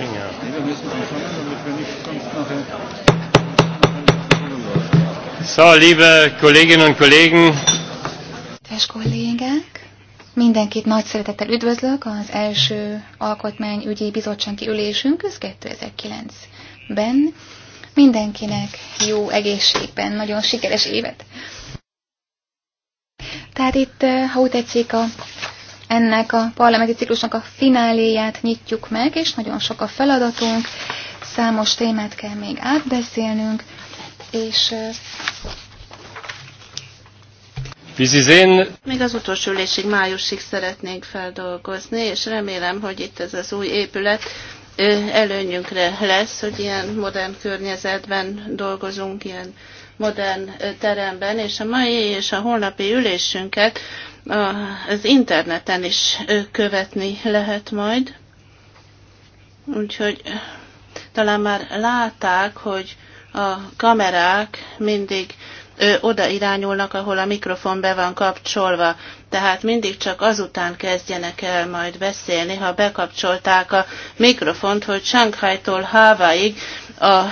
Finger. So, liebe Kolleginnen und Kollegen. Kedves kollégák, mindenkit nagy szeretettel üdvözlök az első alkotmányügyi bizottsági ülésünk, ez 2009-ben. Mindenkinek jó egészségben, nagyon sikeres évet. Tehát itt, eh, ha úgy tetszik, a ennek a parlamenti ciklusnak a fináléját nyitjuk meg, és nagyon sok a feladatunk, számos témát kell még átbeszélnünk, és még az utolsó ülésig májusig szeretnénk feldolgozni, és remélem, hogy itt ez az új épület előnyünkre lesz, hogy ilyen modern környezetben dolgozunk, ilyen modern teremben, és a mai és a holnapi ülésünket az interneten is követni lehet majd. Úgyhogy talán már látták, hogy a kamerák mindig oda irányulnak, ahol a mikrofon be van kapcsolva. Tehát mindig csak azután kezdjenek el majd beszélni, ha bekapcsolták a mikrofont, hogy Shanghai-tól a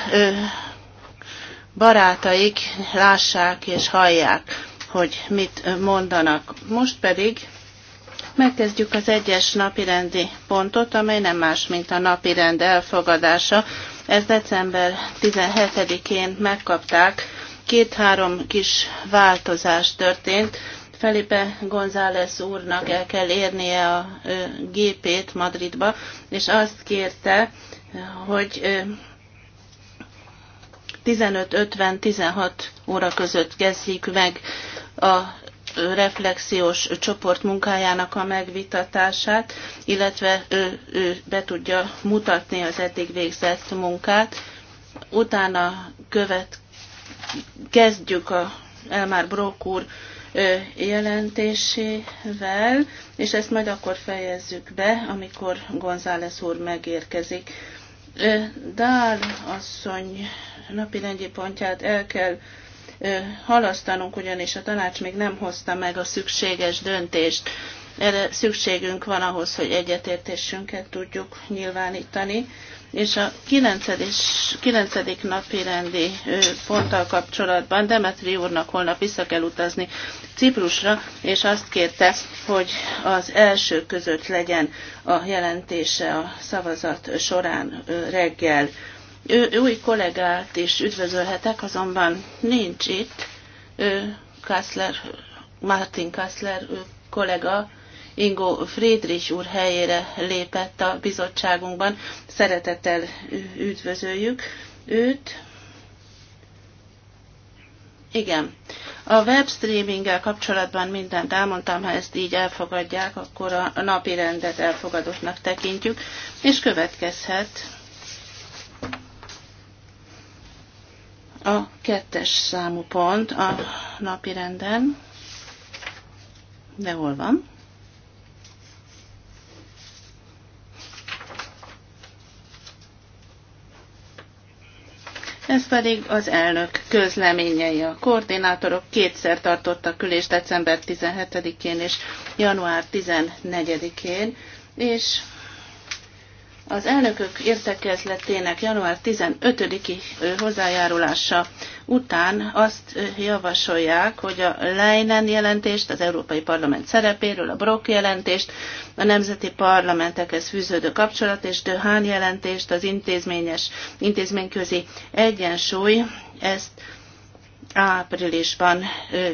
barátaik lássák és hallják hogy mit mondanak. Most pedig megkezdjük az egyes napirendi pontot, amely nem más, mint a napirend elfogadása. Ez december 17-én megkapták. Két-három kis változás történt. Felipe González úrnak el kell érnie a gépét Madridba, és azt kérte, hogy 15-50-16 óra között kezdjük meg a reflexiós csoport munkájának a megvitatását, illetve ő, ő be tudja mutatni az eddig végzett munkát. Utána követ, kezdjük a Elmár Brók úr jelentésével, és ezt majd akkor fejezzük be, amikor González úr megérkezik. Dál asszony napi rendi pontját el kell halasztanunk, ugyanis a tanács még nem hozta meg a szükséges döntést. Erre szükségünk van ahhoz, hogy egyetértésünket tudjuk nyilvánítani. És a 9. 9. napi rendi ponttal kapcsolatban Demetri úrnak holnap vissza kell utazni Ciprusra, és azt kérte, hogy az első között legyen a jelentése a szavazat során reggel. Ő, új kollégát is üdvözölhetek, azonban nincs itt. Ő, Kassler, Martin Kassler ő, kollega, Ingo Friedrich úr helyére lépett a bizottságunkban. Szeretettel üdvözöljük őt. Igen. A webstreaminggel kapcsolatban mindent elmondtam, ha ezt így elfogadják, akkor a napi rendet elfogadottnak tekintjük, és következhet a kettes számú pont a napi renden. De hol van? Ez pedig az elnök közleményei. A koordinátorok kétszer tartottak ülés december 17-én és január 14-én, és az elnökök értekezletének január 15-i hozzájárulása után azt javasolják, hogy a Leinen jelentést, az Európai Parlament szerepéről, a Brock jelentést, a nemzeti parlamentekhez fűződő kapcsolat és de Hán jelentést, az intézményes, intézményközi egyensúly, ezt áprilisban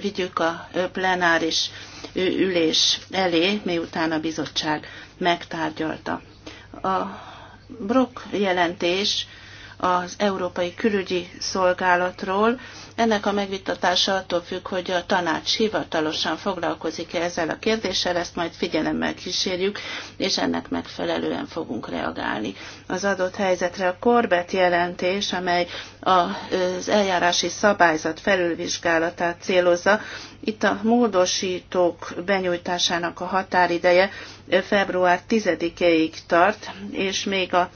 vigyük a plenáris ülés elé, miután a bizottság megtárgyalta a BROK jelentés az Európai Külügyi Szolgálatról ennek a megvitatása attól függ, hogy a tanács hivatalosan foglalkozik-e ezzel a kérdéssel, ezt majd figyelemmel kísérjük, és ennek megfelelően fogunk reagálni. Az adott helyzetre a Korbet jelentés, amely az eljárási szabályzat felülvizsgálatát célozza, itt a módosítók benyújtásának a határideje február 10 éig tart, és még a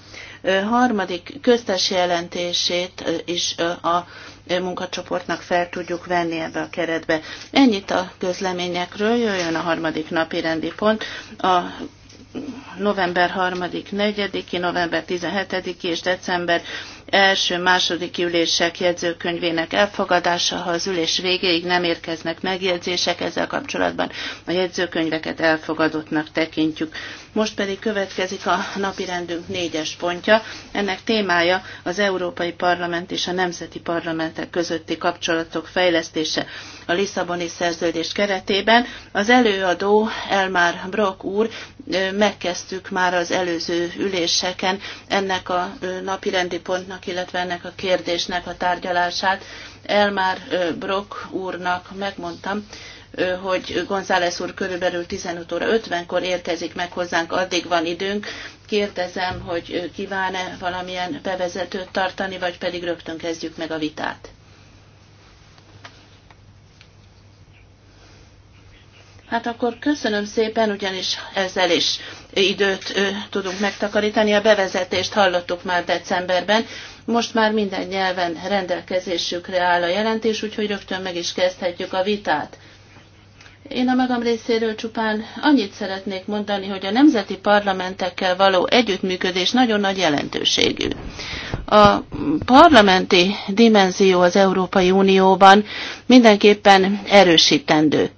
harmadik köztes jelentését is a munkacsoportnak fel tudjuk venni ebbe a keretbe. Ennyit a közleményekről, jöjjön a harmadik napi rendi pont. A november 3 4 november 17 és december első-második ülések jegyzőkönyvének elfogadása, ha az ülés végéig nem érkeznek megjegyzések ezzel kapcsolatban, a jegyzőkönyveket elfogadottnak tekintjük. Most pedig következik a napirendünk négyes pontja. Ennek témája az Európai Parlament és a Nemzeti Parlamentek közötti kapcsolatok fejlesztése a Lisszaboni szerződés keretében. Az előadó Elmár Brock úr, megkezdtük már az előző üléseken ennek a napirendi pontnak témának, illetve ennek a kérdésnek a tárgyalását. Elmár Brock úrnak megmondtam, hogy González úr körülbelül 15 óra 50-kor érkezik meg hozzánk, addig van időnk. Kérdezem, hogy kíván-e valamilyen bevezetőt tartani, vagy pedig rögtön kezdjük meg a vitát. Hát akkor köszönöm szépen, ugyanis ezzel is időt tudunk megtakarítani. A bevezetést hallottuk már decemberben, most már minden nyelven rendelkezésükre áll a jelentés, úgyhogy rögtön meg is kezdhetjük a vitát. Én a magam részéről csupán annyit szeretnék mondani, hogy a nemzeti parlamentekkel való együttműködés nagyon nagy jelentőségű. A parlamenti dimenzió az Európai Unióban mindenképpen erősítendő,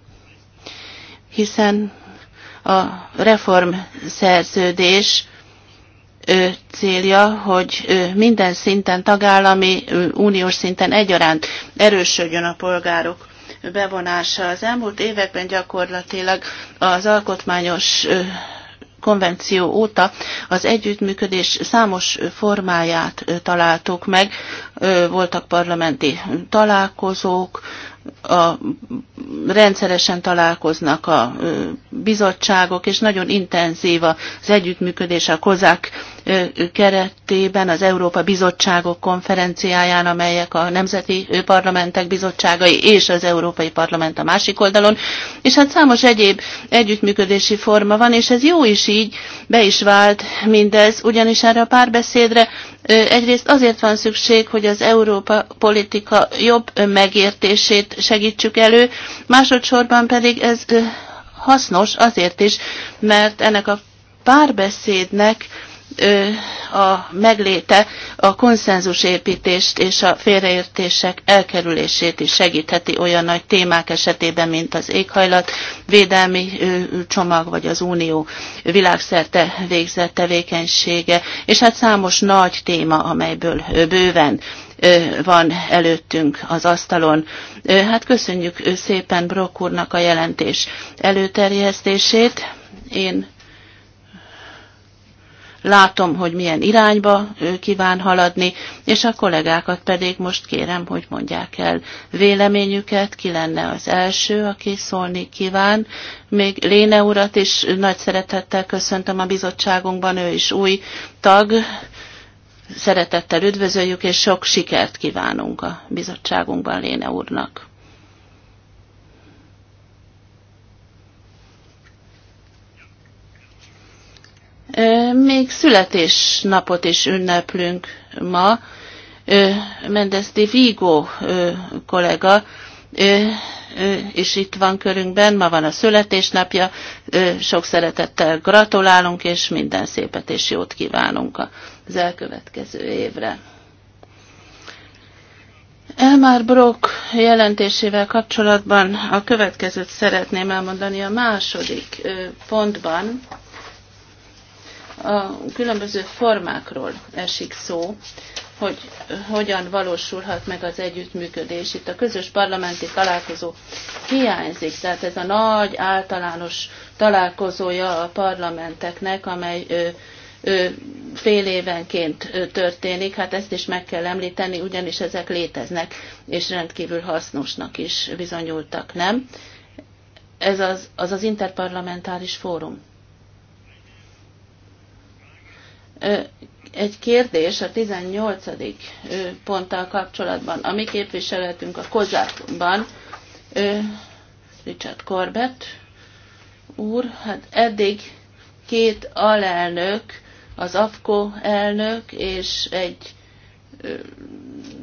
hiszen a reformszerződés célja, hogy minden szinten, tagállami, uniós szinten egyaránt erősödjön a polgárok bevonása. Az elmúlt években gyakorlatilag az alkotmányos konvenció óta az együttműködés számos formáját találtuk meg. Voltak parlamenti találkozók, a, rendszeresen találkoznak a bizottságok, és nagyon intenzív az együttműködés a kozák keretében az Európa Bizottságok konferenciáján, amelyek a Nemzeti Parlamentek Bizottságai és az Európai Parlament a másik oldalon, és hát számos egyéb együttműködési forma van, és ez jó is így, be is vált mindez, ugyanis erre a párbeszédre egyrészt azért van szükség, hogy az Európa politika jobb megértését segítsük elő, másodszorban pedig ez hasznos azért is, mert ennek a párbeszédnek a megléte a konszenzusépítést és a félreértések elkerülését is segítheti olyan nagy témák esetében, mint az éghajlat, védelmi csomag vagy az Unió világszerte végzett tevékenysége, és hát számos nagy téma, amelyből bőven van előttünk az asztalon. Hát köszönjük szépen Brokurnak úrnak a jelentés előterjesztését. Én látom, hogy milyen irányba kíván haladni, és a kollégákat pedig most kérem, hogy mondják el véleményüket, ki lenne az első, aki szólni kíván. Még Léne urat is nagy szeretettel köszöntöm a bizottságunkban, ő is új tag, szeretettel üdvözöljük, és sok sikert kívánunk a bizottságunkban Léne úrnak. Még születésnapot is ünneplünk ma. Mendes de Vigo kollega, és itt van körünkben, ma van a születésnapja, sok szeretettel gratulálunk, és minden szépet és jót kívánunk az elkövetkező évre. Elmar Brock jelentésével kapcsolatban a következőt szeretném elmondani a második pontban a különböző formákról esik szó, hogy hogyan valósulhat meg az együttműködés. Itt a közös parlamenti találkozó hiányzik, tehát ez a nagy általános találkozója a parlamenteknek, amely ö, ö, fél évenként történik, hát ezt is meg kell említeni, ugyanis ezek léteznek, és rendkívül hasznosnak is bizonyultak, nem? Ez az az, az interparlamentáris fórum. egy kérdés a 18. ponttal kapcsolatban. A mi képviseletünk a Kozákban, Richard Corbett úr, hát eddig két alelnök, az AFKO elnök és egy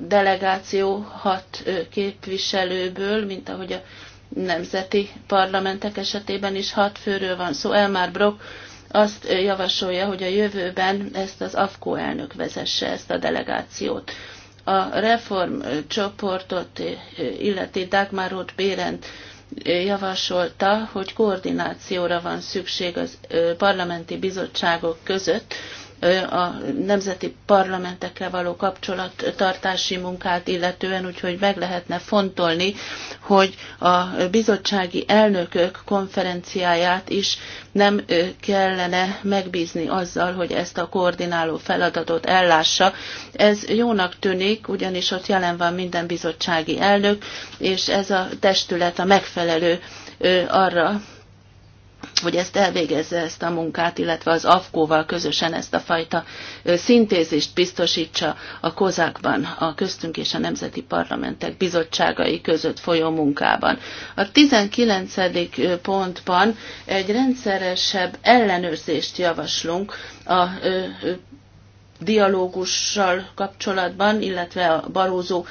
delegáció hat képviselőből, mint ahogy a nemzeti parlamentek esetében is hat főről van szó. Elmar Brock azt javasolja, hogy a jövőben ezt az AFKO elnök vezesse ezt a delegációt. A reformcsoportot illeti Dagmar Roth Bérend javasolta, hogy koordinációra van szükség az parlamenti bizottságok között, a nemzeti parlamentekkel való kapcsolattartási munkát illetően, úgyhogy meg lehetne fontolni, hogy a bizottsági elnökök konferenciáját is nem kellene megbízni azzal, hogy ezt a koordináló feladatot ellássa. Ez jónak tűnik, ugyanis ott jelen van minden bizottsági elnök, és ez a testület a megfelelő arra, hogy ezt elvégezze ezt a munkát, illetve az afko val közösen ezt a fajta szintézist biztosítsa a kozákban, a köztünk és a nemzeti parlamentek bizottságai között folyó munkában. A 19. pontban egy rendszeresebb ellenőrzést javaslunk a dialógussal kapcsolatban, illetve a barózó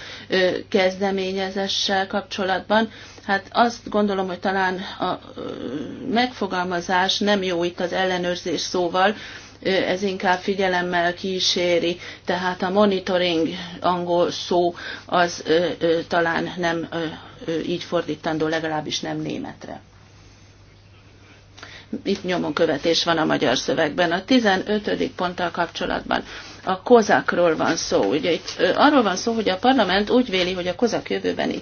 kezdeményezéssel kapcsolatban, Hát azt gondolom, hogy talán a megfogalmazás nem jó itt az ellenőrzés szóval, ez inkább figyelemmel kíséri, tehát a monitoring angol szó az talán nem így fordítandó, legalábbis nem németre. Itt nyomon követés van a magyar szövegben. A 15. ponttal kapcsolatban a kozakról van szó. Ugye itt arról van szó, hogy a parlament úgy véli, hogy a kozak jövőbeni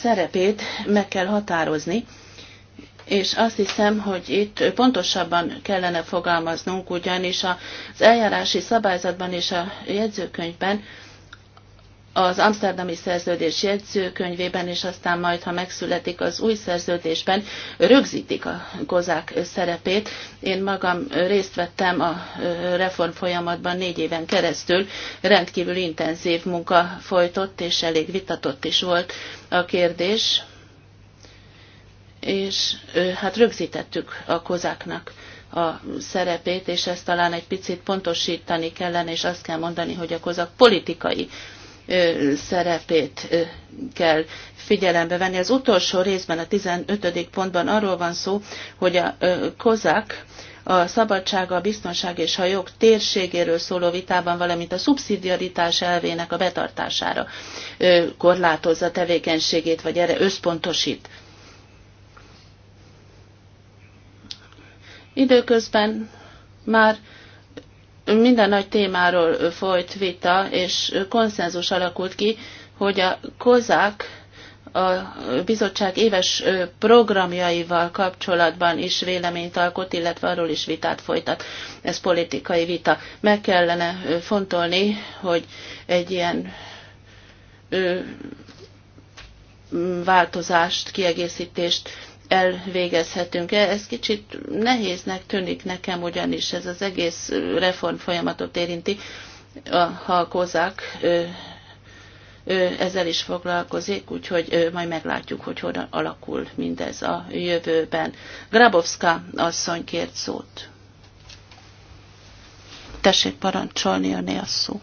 szerepét meg kell határozni, és azt hiszem, hogy itt pontosabban kellene fogalmaznunk, ugyanis az eljárási szabályzatban és a jegyzőkönyvben az Amsterdami szerződés jegyzőkönyvében, és aztán majd, ha megszületik az új szerződésben, rögzítik a kozák szerepét. Én magam részt vettem a reform folyamatban négy éven keresztül, rendkívül intenzív munka folytott, és elég vitatott is volt a kérdés, és hát rögzítettük a kozáknak a szerepét, és ezt talán egy picit pontosítani kellene, és azt kell mondani, hogy a kozak politikai szerepét kell figyelembe venni. Az utolsó részben, a 15. pontban arról van szó, hogy a kozák a szabadsága, a biztonság és a jog térségéről szóló vitában, valamint a szubszidiaritás elvének a betartására korlátozza tevékenységét, vagy erre összpontosít. Időközben már minden nagy témáról folyt vita, és konszenzus alakult ki, hogy a kozák a bizottság éves programjaival kapcsolatban is véleményt alkot, illetve arról is vitát folytat. Ez politikai vita. Meg kellene fontolni, hogy egy ilyen változást, kiegészítést elvégezhetünk-e. Ez kicsit nehéznek tűnik nekem, ugyanis ez az egész reform folyamatot érinti, ha a kozák ezzel is foglalkozik, úgyhogy majd meglátjuk, hogy hogyan alakul mindez a jövőben. Grabowska asszony kért szót. Tessék parancsolni, a szó.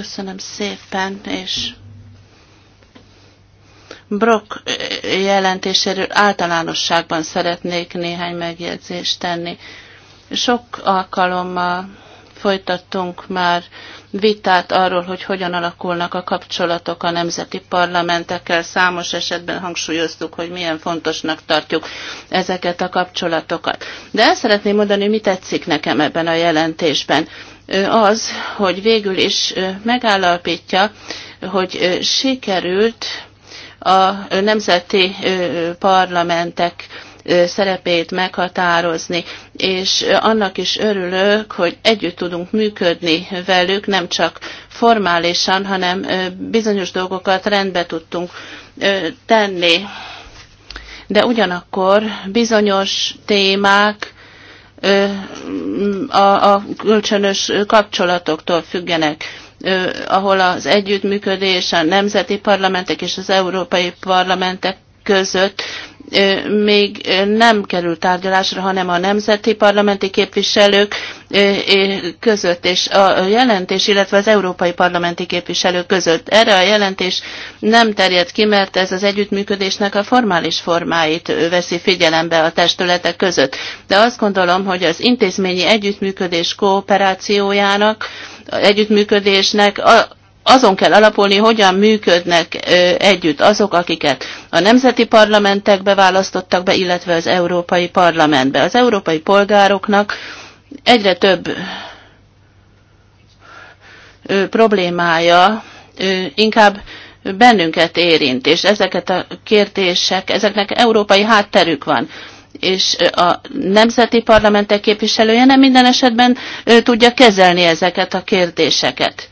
Köszönöm szépen, és Brock jelentéséről általánosságban szeretnék néhány megjegyzést tenni. Sok alkalommal folytattunk már vitát arról, hogy hogyan alakulnak a kapcsolatok a nemzeti parlamentekkel. Számos esetben hangsúlyoztuk, hogy milyen fontosnak tartjuk ezeket a kapcsolatokat. De el szeretném mondani, mi tetszik nekem ebben a jelentésben az, hogy végül is megállapítja, hogy sikerült a nemzeti parlamentek szerepét meghatározni, és annak is örülök, hogy együtt tudunk működni velük, nem csak formálisan, hanem bizonyos dolgokat rendbe tudtunk tenni. De ugyanakkor bizonyos témák a, a kölcsönös kapcsolatoktól függenek ahol az együttműködés a nemzeti parlamentek és az európai parlamentek között még nem került tárgyalásra, hanem a nemzeti parlamenti képviselők között, és a jelentés, illetve az európai parlamenti képviselők között. Erre a jelentés nem terjed ki, mert ez az együttműködésnek a formális formáit veszi figyelembe a testületek között. De azt gondolom, hogy az intézményi együttműködés kooperációjának, együttműködésnek a azon kell alapulni, hogyan működnek együtt azok, akiket a nemzeti parlamentekbe választottak be, illetve az Európai Parlamentbe. Az európai polgároknak egyre több problémája inkább bennünket érint, és ezeket a kérdések, ezeknek európai hátterük van és a nemzeti parlamentek képviselője nem minden esetben tudja kezelni ezeket a kérdéseket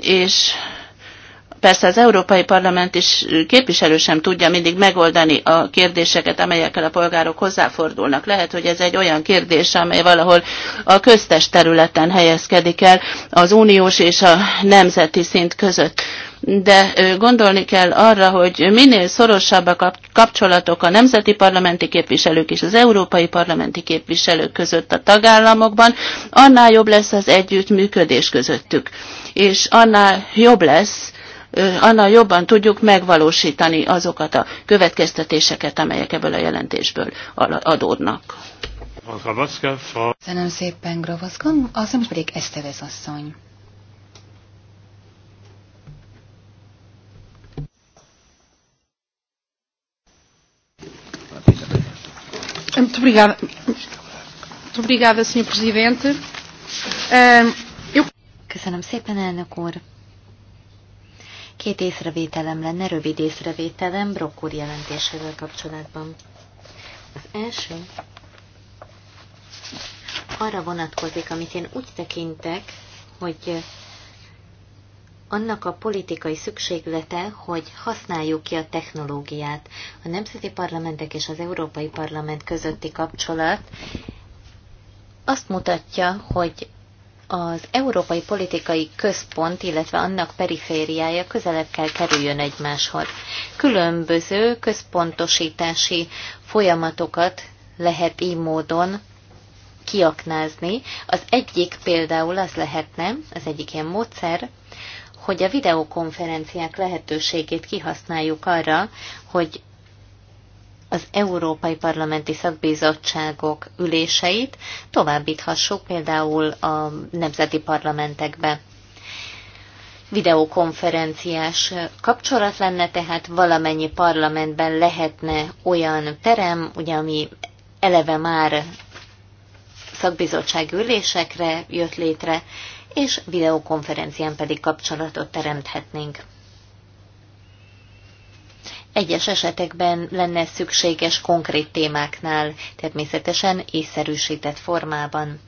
és persze az Európai Parlament is képviselő sem tudja mindig megoldani a kérdéseket, amelyekkel a polgárok hozzáfordulnak. Lehet, hogy ez egy olyan kérdés, amely valahol a köztes területen helyezkedik el az uniós és a nemzeti szint között de gondolni kell arra, hogy minél szorosabb a kapcsolatok a nemzeti parlamenti képviselők és az európai parlamenti képviselők között a tagállamokban, annál jobb lesz az együttműködés közöttük és annál jobb lesz, annál jobban tudjuk megvalósítani azokat a következtetéseket, amelyek ebből a jelentésből adódnak. Köszönöm szépen, Gravaszka. Az most pedig Esztevez asszony. Muito obrigada. Muito obrigada, Sr. Presidente. Uh, Köszönöm szépen, elnök úr. Két észrevételem lenne, rövid észrevételem Brock úr jelentésével kapcsolatban. Az első arra vonatkozik, amit én úgy tekintek, hogy annak a politikai szükséglete, hogy használjuk ki a technológiát. A nemzeti parlamentek és az Európai Parlament közötti kapcsolat azt mutatja, hogy az Európai Politikai Központ, illetve annak perifériája közelebb kell kerüljön egymáshoz. Különböző központosítási folyamatokat lehet így módon kiaknázni. Az egyik például az lehetne, az egyik ilyen módszer, hogy a videokonferenciák lehetőségét kihasználjuk arra, hogy az Európai Parlamenti Szakbizottságok üléseit továbbíthassuk például a nemzeti parlamentekbe. Videokonferenciás kapcsolat lenne, tehát valamennyi parlamentben lehetne olyan terem, ugye, ami eleve már szakbizottsági ülésekre jött létre, és videokonferencián pedig kapcsolatot teremthetnénk. Egyes esetekben lenne szükséges konkrét témáknál, természetesen észszerűsített formában.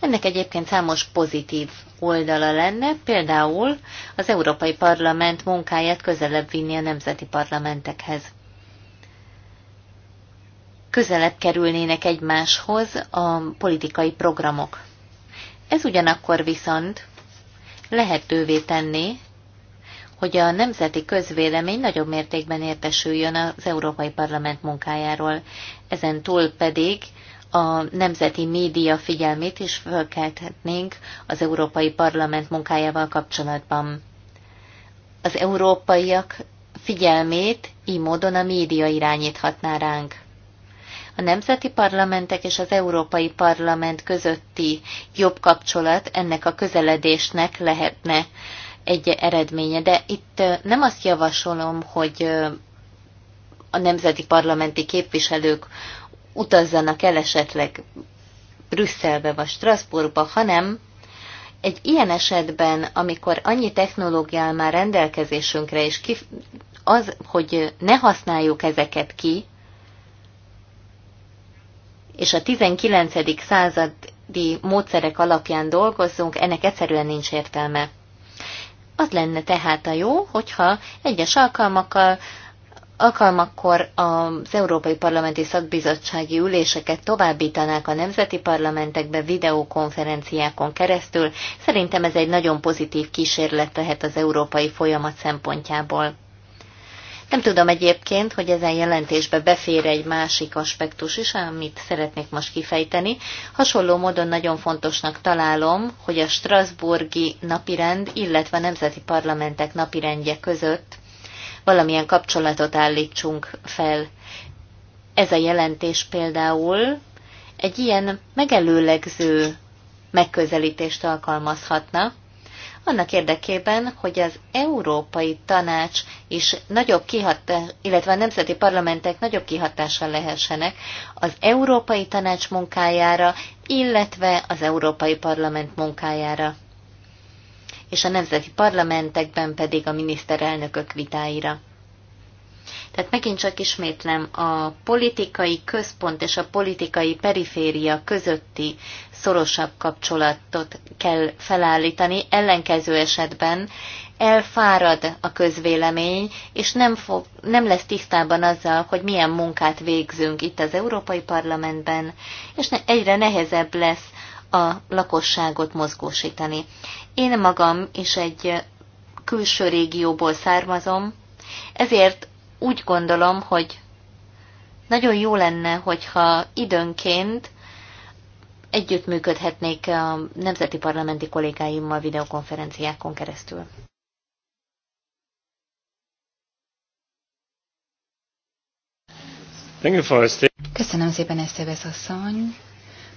Ennek egyébként számos pozitív oldala lenne, például az Európai Parlament munkáját közelebb vinni a nemzeti parlamentekhez. Közelebb kerülnének egymáshoz a politikai programok. Ez ugyanakkor viszont lehetővé tenné, hogy a nemzeti közvélemény nagyobb mértékben értesüljön az Európai Parlament munkájáról. Ezen túl pedig a nemzeti média figyelmét is felkelthetnénk az Európai Parlament munkájával kapcsolatban. Az európaiak figyelmét így módon a média irányíthatná ránk. A nemzeti parlamentek és az Európai Parlament közötti jobb kapcsolat ennek a közeledésnek lehetne egy eredménye, de itt nem azt javasolom, hogy a nemzeti parlamenti képviselők utazzanak el esetleg Brüsszelbe vagy Strasbourgba, hanem egy ilyen esetben, amikor annyi technológia már rendelkezésünkre, és ki, az, hogy ne használjuk ezeket ki, és a 19. századi módszerek alapján dolgozzunk, ennek egyszerűen nincs értelme. Az lenne tehát a jó, hogyha egyes alkalmakkal alkalmakkor az Európai Parlamenti Szakbizottsági üléseket továbbítanák a nemzeti parlamentekbe videokonferenciákon keresztül. Szerintem ez egy nagyon pozitív kísérlet lehet az európai folyamat szempontjából. Nem tudom egyébként, hogy ezen jelentésbe befér egy másik aspektus is, amit szeretnék most kifejteni. Hasonló módon nagyon fontosnak találom, hogy a Strasburgi napirend, illetve a nemzeti parlamentek napirendje között valamilyen kapcsolatot állítsunk fel. Ez a jelentés például egy ilyen megelőlegző megközelítést alkalmazhatna, annak érdekében, hogy az Európai Tanács is nagyobb kihatás, illetve a nemzeti parlamentek nagyobb kihatással lehessenek az Európai Tanács munkájára, illetve az Európai Parlament munkájára és a nemzeti parlamentekben pedig a miniszterelnökök vitáira. Tehát megint csak ismétlem, a politikai központ és a politikai periféria közötti szorosabb kapcsolatot kell felállítani, ellenkező esetben elfárad a közvélemény, és nem, fog, nem lesz tisztában azzal, hogy milyen munkát végzünk itt az Európai Parlamentben, és egyre nehezebb lesz a lakosságot mozgósítani. Én magam is egy külső régióból származom, ezért úgy gondolom, hogy nagyon jó lenne, hogyha időnként együttműködhetnék a nemzeti parlamenti kollégáimmal videokonferenciákon keresztül. Köszönöm szépen, Eszevesz asszony.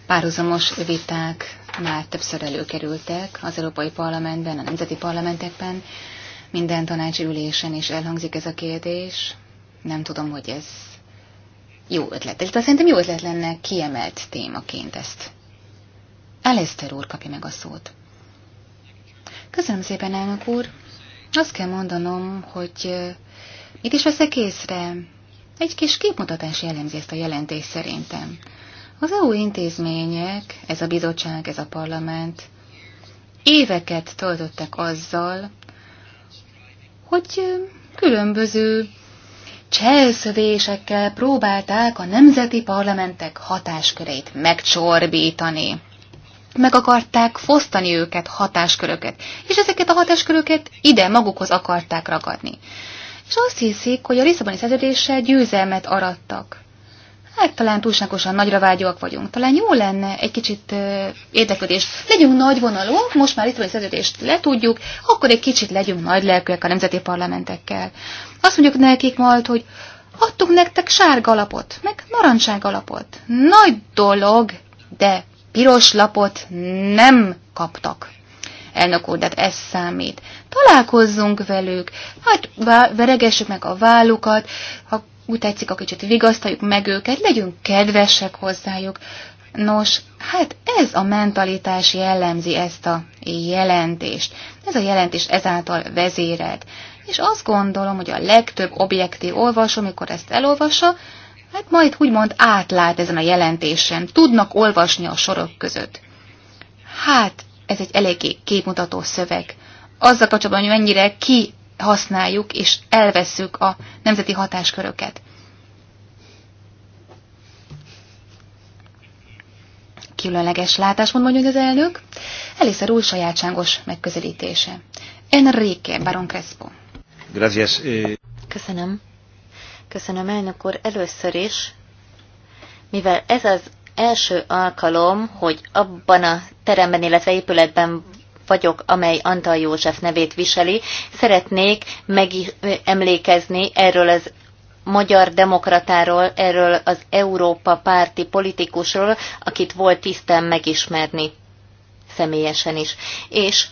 Párhuzamos viták már többször előkerültek az Európai Parlamentben, a nemzeti parlamentekben. Minden tanácsi ülésen is elhangzik ez a kérdés. Nem tudom, hogy ez jó ötlet. Ez szerintem jó ötlet lenne kiemelt témaként ezt. Alistair úr kapja meg a szót. Köszönöm szépen, elnök úr. Azt kell mondanom, hogy mit is veszek észre. Egy kis képmutatás jellemzi ezt a jelentés szerintem. Az EU intézmények, ez a bizottság, ez a parlament éveket töltöttek azzal, hogy különböző cselszövésekkel próbálták a nemzeti parlamentek hatásköreit megcsorbítani. Meg akarták fosztani őket hatásköröket, és ezeket a hatásköröket ide magukhoz akarták ragadni. És azt hiszik, hogy a Lisszaboni szerződéssel győzelmet arattak hát talán túlságosan nagyra vágyóak vagyunk. Talán jó lenne egy kicsit érdeklődés. Legyünk nagy vonalú most már itt a szerződést letudjuk, akkor egy kicsit legyünk nagy lelkűek a nemzeti parlamentekkel. Azt mondjuk nekik majd, hogy adtuk nektek sárga lapot, meg narancság alapot. Nagy dolog, de piros lapot nem kaptak. Elnök úr, de hát ez számít. Találkozzunk velük, hát veregessük meg a vállukat, ha úgy tetszik, a kicsit vigasztaljuk meg őket, legyünk kedvesek hozzájuk. Nos, hát ez a mentalitás jellemzi ezt a jelentést. Ez a jelentés ezáltal vezérelt. És azt gondolom, hogy a legtöbb objektív olvasó, amikor ezt elolvassa, hát majd úgymond átlát ezen a jelentésen, tudnak olvasni a sorok között. Hát, ez egy eléggé képmutató szöveg. Azzal kapcsolatban, hogy mennyire ki használjuk, és elveszük a nemzeti hatásköröket. Különleges látásmód mondja az elnök, Eliszer új sajátságos megközelítése. Enrique Baron Crespo. Gracias. Eh. Köszönöm. Köszönöm, elnök úr. Először is, mivel ez az első alkalom, hogy abban a teremben, illetve épületben vagyok, amely Antal József nevét viseli. Szeretnék megemlékezni erről az magyar demokratáról, erről az Európa párti politikusról, akit volt tisztem megismerni személyesen is. És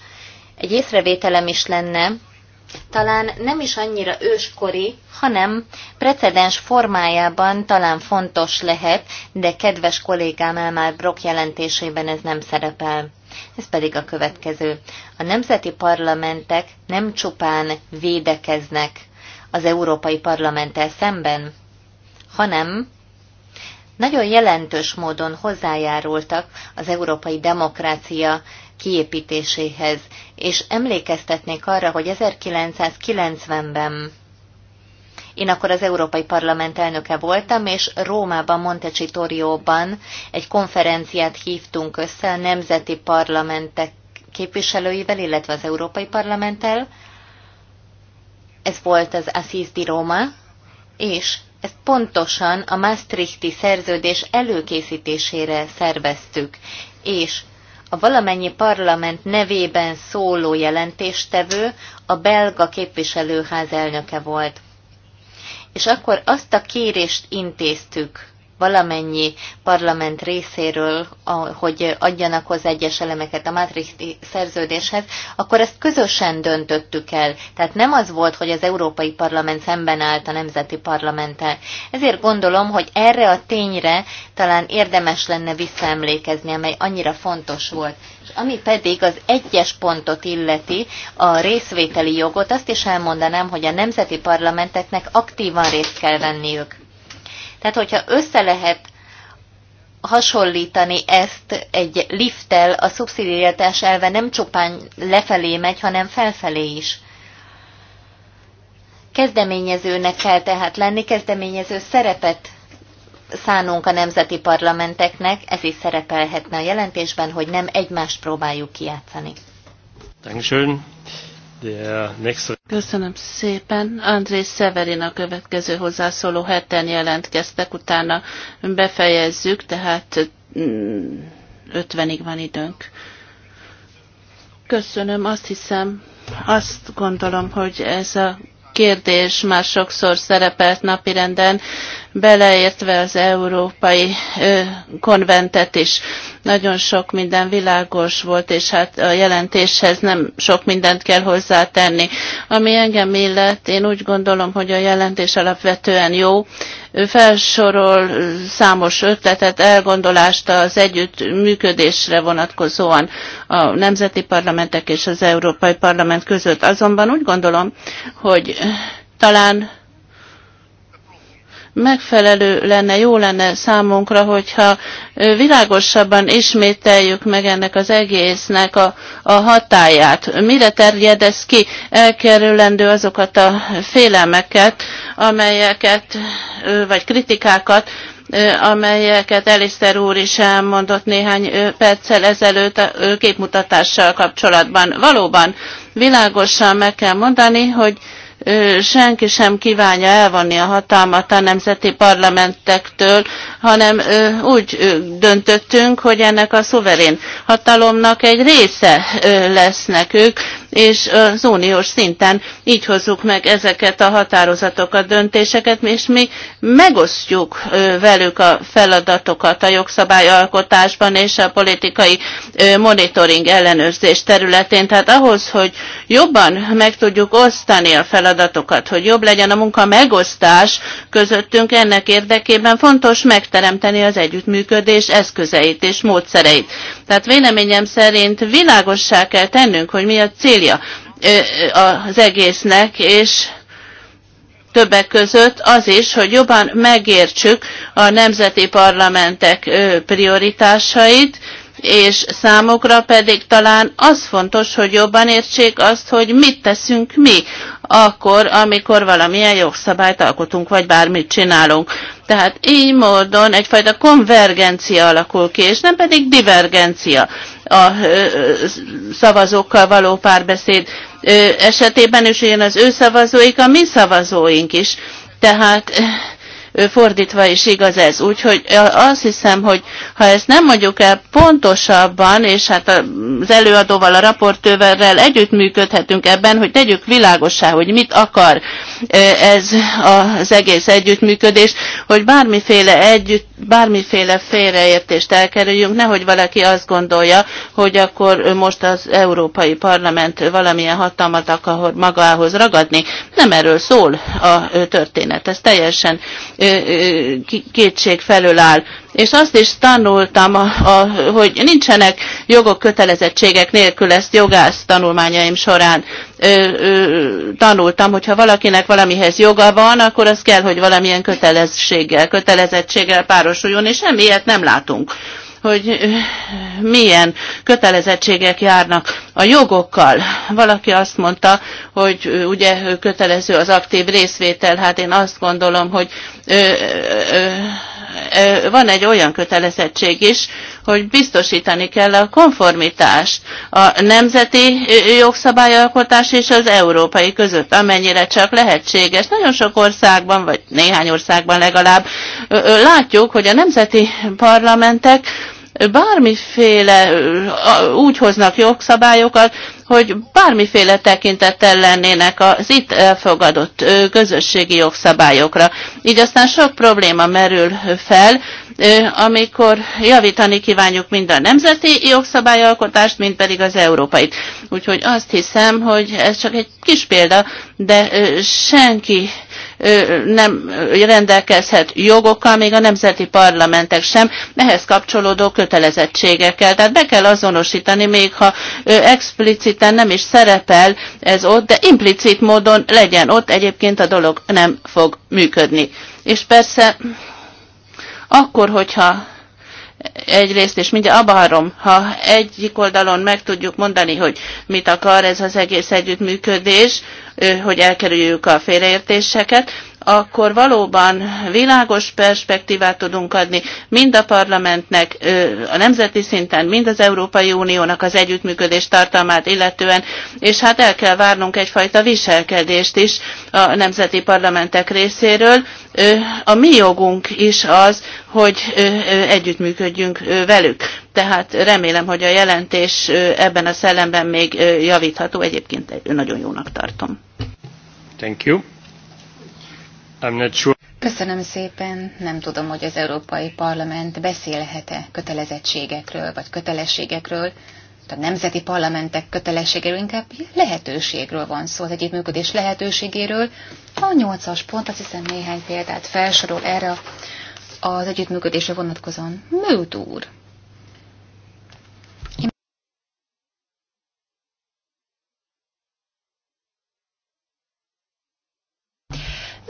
egy észrevételem is lenne, talán nem is annyira őskori, hanem precedens formájában talán fontos lehet, de kedves kollégám Elmár Brock jelentésében ez nem szerepel ez pedig a következő. A nemzeti parlamentek nem csupán védekeznek az Európai Parlamenttel szemben, hanem nagyon jelentős módon hozzájárultak az európai demokrácia kiépítéséhez, és emlékeztetnék arra, hogy 1990-ben én akkor az Európai Parlament elnöke voltam, és Rómában, Montecitorióban ban egy konferenciát hívtunk össze a nemzeti parlamentek képviselőivel, illetve az Európai Parlamenttel. Ez volt az Assis di Roma, és ezt pontosan a Maastrichti szerződés előkészítésére szerveztük, és a valamennyi parlament nevében szóló jelentéstevő a belga képviselőház elnöke volt és akkor azt a kérést intéztük valamennyi parlament részéről, hogy adjanak hozzá egyes elemeket a mátrix szerződéshez, akkor ezt közösen döntöttük el. Tehát nem az volt, hogy az Európai Parlament szemben állt a Nemzeti Parlamenttel. Ezért gondolom, hogy erre a tényre talán érdemes lenne visszaemlékezni, amely annyira fontos volt. És ami pedig az egyes pontot illeti, a részvételi jogot, azt is elmondanám, hogy a nemzeti parlamenteknek aktívan részt kell venniük tehát, hogyha össze lehet hasonlítani ezt egy lifttel, a szubszidiáltás elve nem csupán lefelé megy, hanem felfelé is. Kezdeményezőnek kell tehát lenni, kezdeményező szerepet szánunk a nemzeti parlamenteknek, ez is szerepelhetne a jelentésben, hogy nem egymást próbáljuk kijátszani. Köszönöm szépen. André Severin a következő hozzászóló heten jelentkeztek, utána befejezzük, tehát 50-ig mm, van időnk. Köszönöm, azt hiszem, azt gondolom, hogy ez a kérdés már sokszor szerepelt napirenden, beleértve az európai ö, konventet is. Nagyon sok minden világos volt, és hát a jelentéshez nem sok mindent kell hozzátenni. Ami engem illet, én úgy gondolom, hogy a jelentés alapvetően jó, felsorol számos ötletet, elgondolást az együttműködésre vonatkozóan a nemzeti parlamentek és az Európai Parlament között. Azonban úgy gondolom, hogy talán megfelelő lenne, jó lenne számunkra, hogyha világosabban ismételjük meg ennek az egésznek a, a hatáját. Mire terjed ez ki? Elkerülendő azokat a félelmeket, amelyeket, vagy kritikákat, amelyeket Eliszter úr is elmondott néhány perccel ezelőtt a képmutatással kapcsolatban. Valóban világosan meg kell mondani, hogy senki sem kívánja elvonni a hatalmat a nemzeti parlamentektől, hanem úgy döntöttünk, hogy ennek a szuverén hatalomnak egy része lesznek ők, és az uniós szinten így hozzuk meg ezeket a határozatokat, döntéseket, és mi megosztjuk velük a feladatokat a jogszabályalkotásban és a politikai monitoring ellenőrzés területén. Tehát ahhoz, hogy jobban meg tudjuk osztani a feladatokat, hogy jobb legyen a munka megosztás közöttünk, ennek érdekében fontos megteremteni az együttműködés eszközeit és módszereit. Tehát véleményem szerint világossá kell tennünk, hogy mi a célja alapja az egésznek, és többek között az is, hogy jobban megértsük a nemzeti parlamentek prioritásait, és számokra pedig talán az fontos, hogy jobban értsék azt, hogy mit teszünk mi akkor, amikor valamilyen jogszabályt alkotunk, vagy bármit csinálunk. Tehát így módon egyfajta konvergencia alakul ki, és nem pedig divergencia a szavazókkal való párbeszéd esetében, és ilyen az ő szavazóik, a mi szavazóink is. Tehát fordítva is igaz ez. Úgyhogy azt hiszem, hogy ha ezt nem mondjuk el pontosabban, és hát az előadóval, a raportőverrel együttműködhetünk ebben, hogy tegyük világossá, hogy mit akar ez az egész együttműködés, hogy bármiféle együtt bármiféle félreértést elkerüljünk, nehogy valaki azt gondolja, hogy akkor most az Európai Parlament valamilyen hatalmat akar magához ragadni. Nem erről szól a történet, ez teljesen kétség felől áll és azt is tanultam, a, a, hogy nincsenek jogok, kötelezettségek nélkül, ezt jogász tanulmányaim során ö, ö, tanultam, hogyha valakinek valamihez joga van, akkor az kell, hogy valamilyen kötelezettséggel kötelezettséggel párosuljon, és semmiért nem látunk hogy milyen kötelezettségek járnak a jogokkal. Valaki azt mondta, hogy ugye kötelező az aktív részvétel, hát én azt gondolom, hogy ö, ö, van egy olyan kötelezettség is, hogy biztosítani kell a konformitást a nemzeti jogszabályalkotás és az európai között, amennyire csak lehetséges. Nagyon sok országban, vagy néhány országban legalább látjuk, hogy a nemzeti parlamentek bármiféle, úgy hoznak jogszabályokat, hogy bármiféle tekintettel lennének az itt elfogadott közösségi jogszabályokra. Így aztán sok probléma merül fel, amikor javítani kívánjuk mind a nemzeti jogszabályalkotást, mind pedig az európait. Úgyhogy azt hiszem, hogy ez csak egy kis példa, de senki nem rendelkezhet jogokkal, még a nemzeti parlamentek sem, ehhez kapcsolódó kötelezettségekkel. Tehát be kell azonosítani, még ha expliciten nem is szerepel ez ott, de implicit módon legyen ott, egyébként a dolog nem fog működni. És persze akkor, hogyha egyrészt, és mindjárt abba harom, ha egyik oldalon meg tudjuk mondani, hogy mit akar ez az egész együttműködés, hogy elkerüljük a félreértéseket, akkor valóban világos perspektívát tudunk adni mind a parlamentnek, a nemzeti szinten, mind az Európai Uniónak az együttműködés tartalmát illetően, és hát el kell várnunk egyfajta viselkedést is a nemzeti parlamentek részéről. A mi jogunk is az, hogy együttműködjünk velük. Tehát remélem, hogy a jelentés ebben a szellemben még javítható. Egyébként nagyon jónak tartom. Thank you. Köszönöm szépen. Nem tudom, hogy az Európai Parlament beszélhet-e kötelezettségekről, vagy kötelességekről, a nemzeti parlamentek kötelességéről, inkább lehetőségről van szó, az együttműködés lehetőségéről. A nyolcas pont, azt hiszem néhány példát felsorol erre az együttműködésre vonatkozóan. Mőt úr!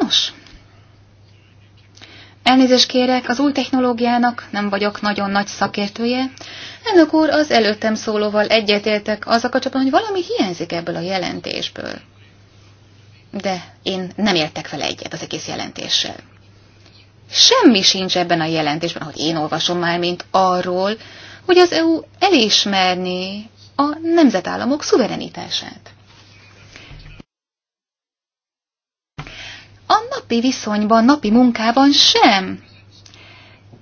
Nos, elnézést kérek, az új technológiának nem vagyok nagyon nagy szakértője. Ennek úr, az előttem szólóval egyetértek az a kacsapon, hogy valami hiányzik ebből a jelentésből. De én nem értek vele egyet az egész jelentéssel. Semmi sincs ebben a jelentésben, hogy én olvasom már, mint arról, hogy az EU elismerné a nemzetállamok szuverenitását. A napi viszonyban, napi munkában sem.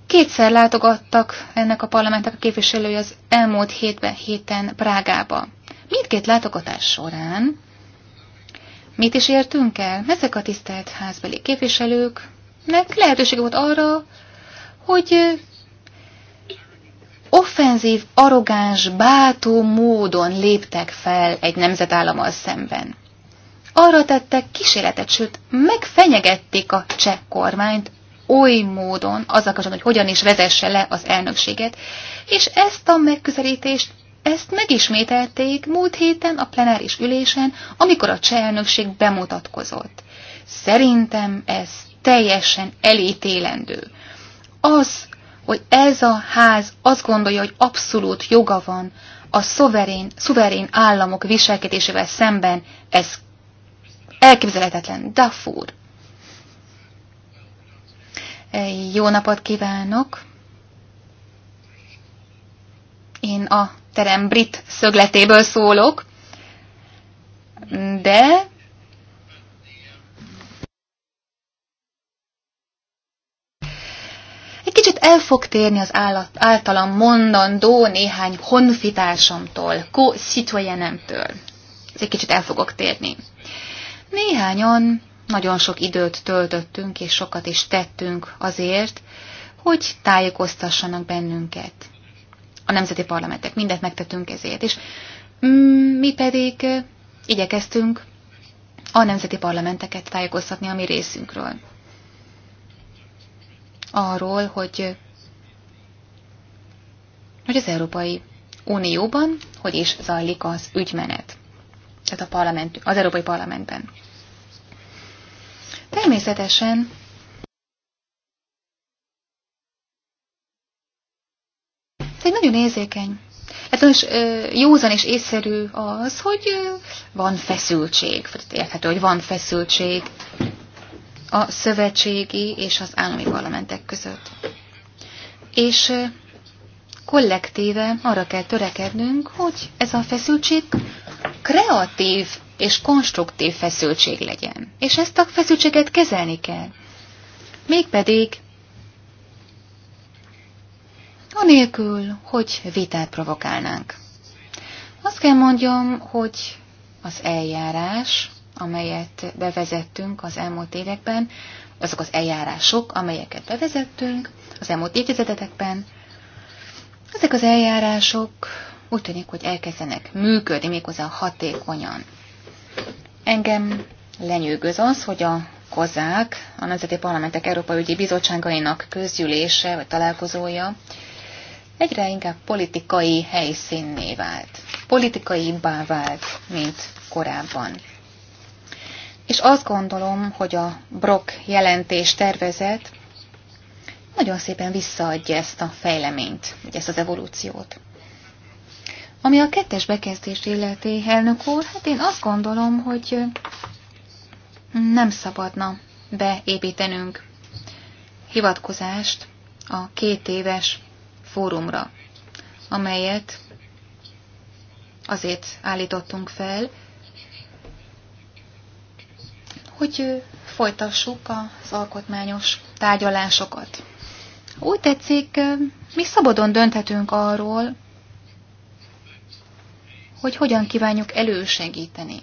Kétszer látogattak ennek a parlamentnek a képviselői az elmúlt hétben, héten Prágába. Mindkét látogatás során mit is értünk el? Ezek a tisztelt házbeli képviselőknek lehetőség volt arra, hogy offenzív, arrogáns, bátó módon léptek fel egy nemzetállammal szemben arra tettek kísérletet, sőt, megfenyegették a cseh kormányt oly módon, azzal kapcsolatban, hogy hogyan is vezesse le az elnökséget, és ezt a megközelítést, ezt megismételték múlt héten a plenáris ülésen, amikor a cseh elnökség bemutatkozott. Szerintem ez teljesen elítélendő. Az, hogy ez a ház azt gondolja, hogy abszolút joga van a szuverén, szuverén államok viselkedésével szemben, ez Elképzelhetetlen. Dafur. Jó napot kívánok! Én a terem brit szögletéből szólok, de egy kicsit el fog térni az állat, általam mondandó néhány honfitársamtól, co-citoyenemtől. Egy kicsit el fogok térni. Néhányan nagyon sok időt töltöttünk, és sokat is tettünk azért, hogy tájékoztassanak bennünket. A nemzeti parlamentek mindent megtettünk ezért, és mm, mi pedig igyekeztünk a nemzeti parlamenteket tájékoztatni a mi részünkről. Arról, hogy, hogy az Európai Unióban hogy is zajlik az ügymenet. Tehát a parlament, az Európai Parlamentben. Természetesen ez egy nagyon érzékeny. Hát most józan és észszerű az, hogy van feszültség, érthető, hogy van feszültség a szövetségi és az állami parlamentek között. És kollektíve arra kell törekednünk, hogy ez a feszültség kreatív és konstruktív feszültség legyen. És ezt a feszültséget kezelni kell. Mégpedig anélkül, hogy vitát provokálnánk. Azt kell mondjam, hogy az eljárás, amelyet bevezettünk az elmúlt években, azok az eljárások, amelyeket bevezettünk az elmúlt évtizedetekben, ezek az eljárások úgy tűnik, hogy elkezdenek működni méghozzá hatékonyan. Engem lenyűgöz az, hogy a kozák, a Nemzeti Parlamentek Európai Ügyi Bizottságainak közgyűlése vagy találkozója egyre inkább politikai helyszínné vált. Politikaibbá vált, mint korábban. És azt gondolom, hogy a Brock jelentés tervezet nagyon szépen visszaadja ezt a fejleményt, vagy ezt az evolúciót. Ami a kettes bekezdést illeti, elnök úr, hát én azt gondolom, hogy nem szabadna beépítenünk hivatkozást a két éves fórumra, amelyet azért állítottunk fel, hogy folytassuk az alkotmányos tárgyalásokat. Úgy tetszik, mi szabadon dönthetünk arról, hogy hogyan kívánjuk elősegíteni.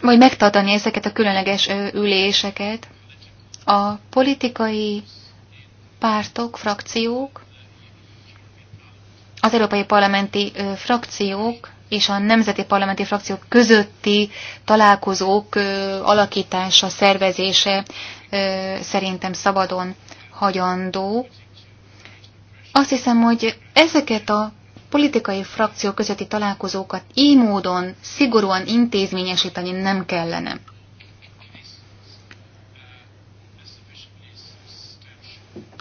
Vagy megtartani ezeket a különleges üléseket. A politikai pártok, frakciók, az európai parlamenti frakciók és a nemzeti parlamenti frakciók közötti találkozók alakítása, szervezése szerintem szabadon hagyandó. Azt hiszem, hogy ezeket a politikai frakció közötti találkozókat így módon szigorúan intézményesíteni nem kellene.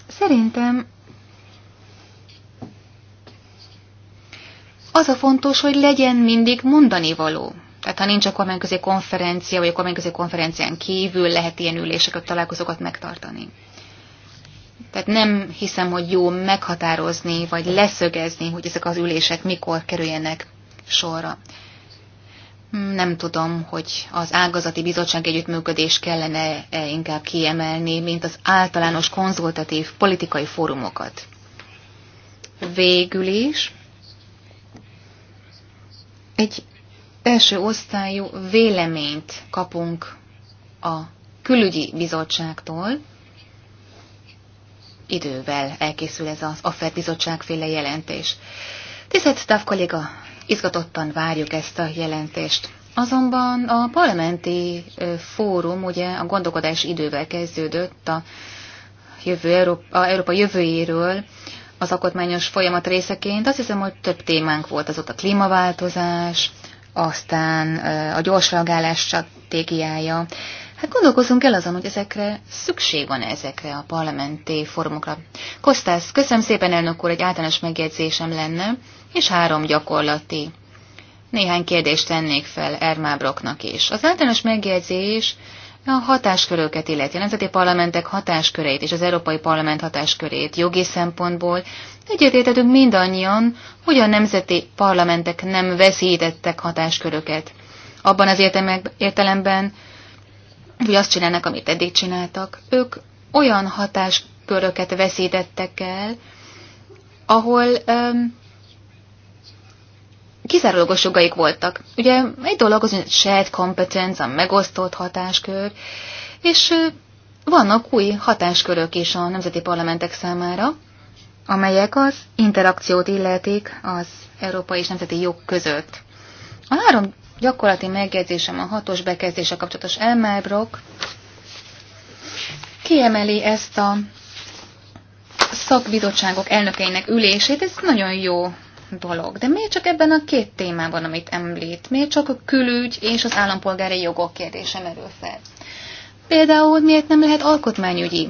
Szerintem Az a fontos, hogy legyen mindig mondani való. Tehát ha nincs a kormányközi konferencia, vagy a kormányközi konferencián kívül lehet ilyen üléseket, találkozókat megtartani. Tehát nem hiszem, hogy jó meghatározni, vagy leszögezni, hogy ezek az ülések mikor kerüljenek sorra. Nem tudom, hogy az ágazati bizottság együttműködés kellene -e inkább kiemelni, mint az általános konzultatív politikai fórumokat. Végül is egy első osztályú véleményt kapunk a külügyi bizottságtól, idővel elkészül ez az AFED bizottságféle jelentés. Tisztelt táv kolléga, izgatottan várjuk ezt a jelentést. Azonban a parlamenti fórum ugye a gondolkodás idővel kezdődött a, jövő Európa, a Európa jövőjéről, az alkotmányos folyamat részeként. Azt hiszem, hogy több témánk volt az ott a klímaváltozás, aztán a gyors reagálás stratégiája. Hát gondolkozunk el azon, hogy ezekre szükség van ezekre a parlamenti fórumokra. Kostász, köszönöm szépen, elnök úr, egy általános megjegyzésem lenne, és három gyakorlati. Néhány kérdést tennék fel Ermábroknak is. Az általános megjegyzés a hatásköröket illeti, a nemzeti parlamentek hatáskörét és az Európai Parlament hatáskörét jogi szempontból egyetértetünk mindannyian, hogy a nemzeti parlamentek nem veszítettek hatásköröket. Abban az értelemben, hogy azt csinálnak, amit eddig csináltak. Ők olyan hatásköröket veszítettek el, ahol um, kizárólagos jogaik voltak. Ugye egy dolog az, hogy shared competence, a megosztott hatáskör, és vannak új hatáskörök is a nemzeti parlamentek számára, amelyek az interakciót illetik az európai és nemzeti jog között. A három gyakorlati megjegyzésem a hatos bekezdése kapcsolatos elmábrok kiemeli ezt a szakbizottságok elnökeinek ülését, ez nagyon jó dolog. De miért csak ebben a két témában, amit említ? Miért csak a külügy és az állampolgári jogok kérdése merül fel? Például miért nem lehet alkotmányügyi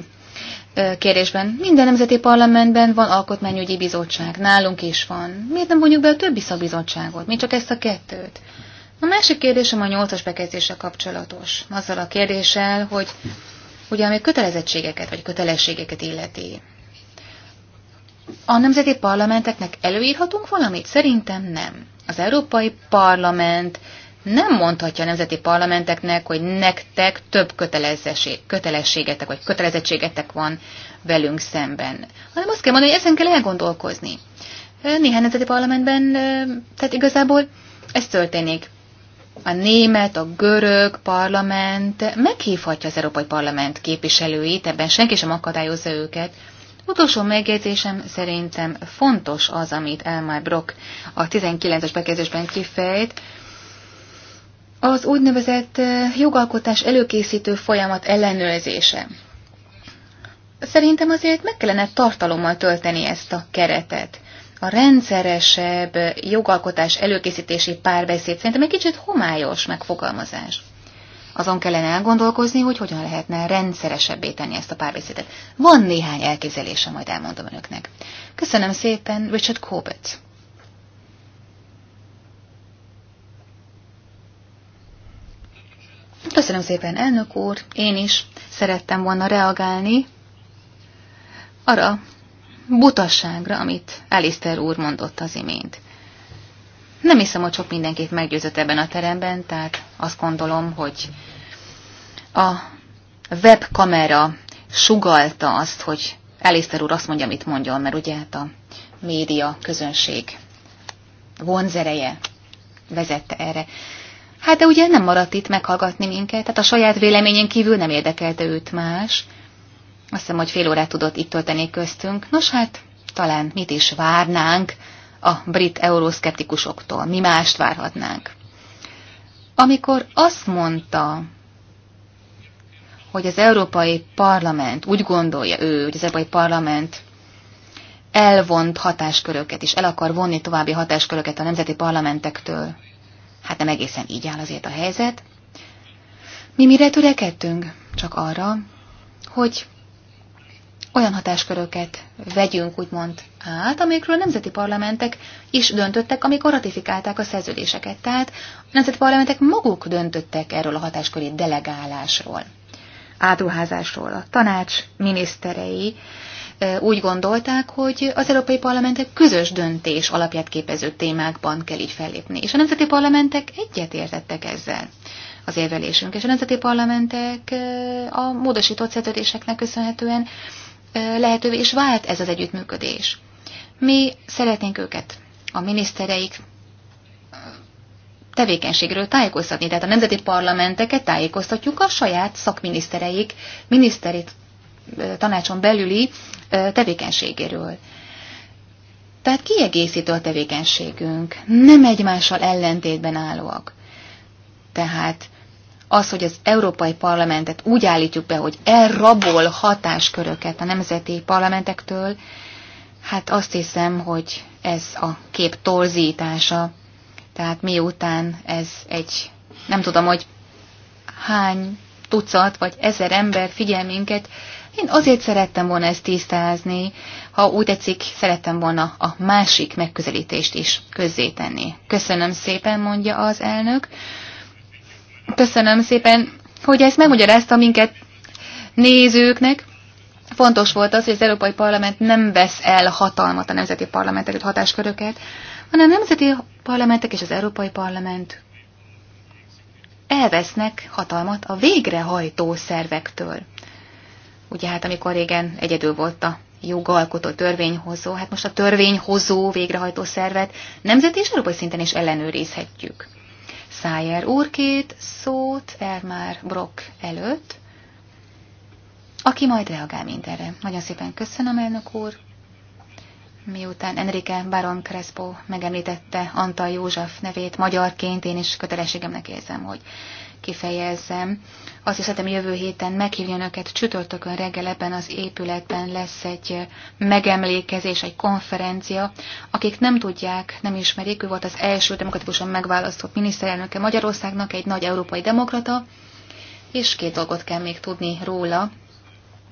kérdésben? Minden nemzeti parlamentben van alkotmányügyi bizottság, nálunk is van. Miért nem vonjuk be a többi szabizottságot? Miért csak ezt a kettőt? A másik kérdésem a nyolcas bekezdése kapcsolatos. Azzal a kérdéssel, hogy ugye ami kötelezettségeket vagy kötelességeket illeti a nemzeti parlamenteknek előírhatunk valamit? Szerintem nem. Az Európai Parlament nem mondhatja a nemzeti parlamenteknek, hogy nektek több kötelességetek vagy kötelezettségetek van velünk szemben, hanem azt kell mondani, hogy ezen kell elgondolkozni. Néhány nemzeti parlamentben, tehát igazából ez történik. A német, a görög parlament meghívhatja az Európai Parlament képviselőit, ebben senki sem akadályozza őket, utolsó megjegyzésem szerintem fontos az, amit Elmar Brock a 19-es bekezdésben kifejt, az úgynevezett jogalkotás előkészítő folyamat ellenőrzése. Szerintem azért meg kellene tartalommal tölteni ezt a keretet. A rendszeresebb jogalkotás előkészítési párbeszéd szerintem egy kicsit homályos megfogalmazás. Azon kellene elgondolkozni, hogy hogyan lehetne rendszeresebbé tenni ezt a párbeszédet. Van néhány elképzelése, majd elmondom önöknek. Köszönöm szépen, Richard Corbett. Köszönöm szépen, elnök úr. Én is szerettem volna reagálni arra butasságra, amit Alistair úr mondott az imént. Nem hiszem, hogy sok mindenkit meggyőzött ebben a teremben, tehát azt gondolom, hogy a webkamera sugalta azt, hogy Eliszter úr azt mondja, amit mondjon, mert ugye hát a média közönség vonzereje vezette erre. Hát de ugye nem maradt itt meghallgatni minket, tehát a saját véleményén kívül nem érdekelte őt más. Azt hiszem, hogy fél órát tudott itt tölteni köztünk. Nos hát, talán mit is várnánk a brit euroszkeptikusoktól. Mi mást várhatnánk? Amikor azt mondta, hogy az Európai Parlament, úgy gondolja ő, hogy az Európai Parlament elvont hatásköröket, és el akar vonni további hatásköröket a nemzeti parlamentektől, hát nem egészen így áll azért a helyzet. Mi mire törekedtünk? Csak arra, hogy olyan hatásköröket vegyünk, úgymond át, amikről a nemzeti parlamentek is döntöttek, amikor ratifikálták a szerződéseket. Tehát a nemzeti parlamentek maguk döntöttek erről a hatásköri delegálásról, átruházásról. A tanács miniszterei úgy gondolták, hogy az európai parlamentek közös döntés alapját képező témákban kell így fellépni, és a nemzeti parlamentek egyetértettek ezzel az érvelésünk, és a nemzeti parlamentek a módosított szerződéseknek köszönhetően lehetővé is vált ez az együttműködés. Mi szeretnénk őket, a minisztereik tevékenységről tájékoztatni. Tehát a nemzeti parlamenteket tájékoztatjuk a saját szakminisztereik, miniszteri tanácson belüli tevékenységéről. Tehát kiegészítő a tevékenységünk, nem egymással ellentétben állóak. Tehát az, hogy az Európai Parlamentet úgy állítjuk be, hogy elrabol hatásköröket a nemzeti parlamentektől, Hát azt hiszem, hogy ez a kép torzítása, tehát miután ez egy, nem tudom, hogy hány tucat vagy ezer ember figyel minket, én azért szerettem volna ezt tisztázni, ha úgy tetszik, szerettem volna a másik megközelítést is közzétenni. Köszönöm szépen, mondja az elnök. Köszönöm szépen, hogy ezt megmagyarázta minket nézőknek. Fontos volt az, hogy az Európai Parlament nem vesz el hatalmat a nemzeti előtt hatásköröket, hanem a nemzeti parlamentek és az Európai Parlament elvesznek hatalmat a végrehajtó szervektől. Ugye hát amikor régen egyedül volt a jogalkotó törvényhozó, hát most a törvényhozó végrehajtó szervet nemzeti és európai szinten is ellenőrizhetjük. Szájer úr két szót már Brock előtt, aki majd reagál mindenre. Nagyon szépen köszönöm, elnök úr. Miután Enrique Baron Crespo megemlítette Antal József nevét magyarként, én is kötelességemnek érzem, hogy kifejezzem. Azt is szeretem jövő héten meghívni önöket, csütörtökön reggel ebben az épületben lesz egy megemlékezés, egy konferencia. Akik nem tudják, nem ismerik, ő volt az első demokratikusan megválasztott miniszterelnöke Magyarországnak, egy nagy európai demokrata, és két dolgot kell még tudni róla,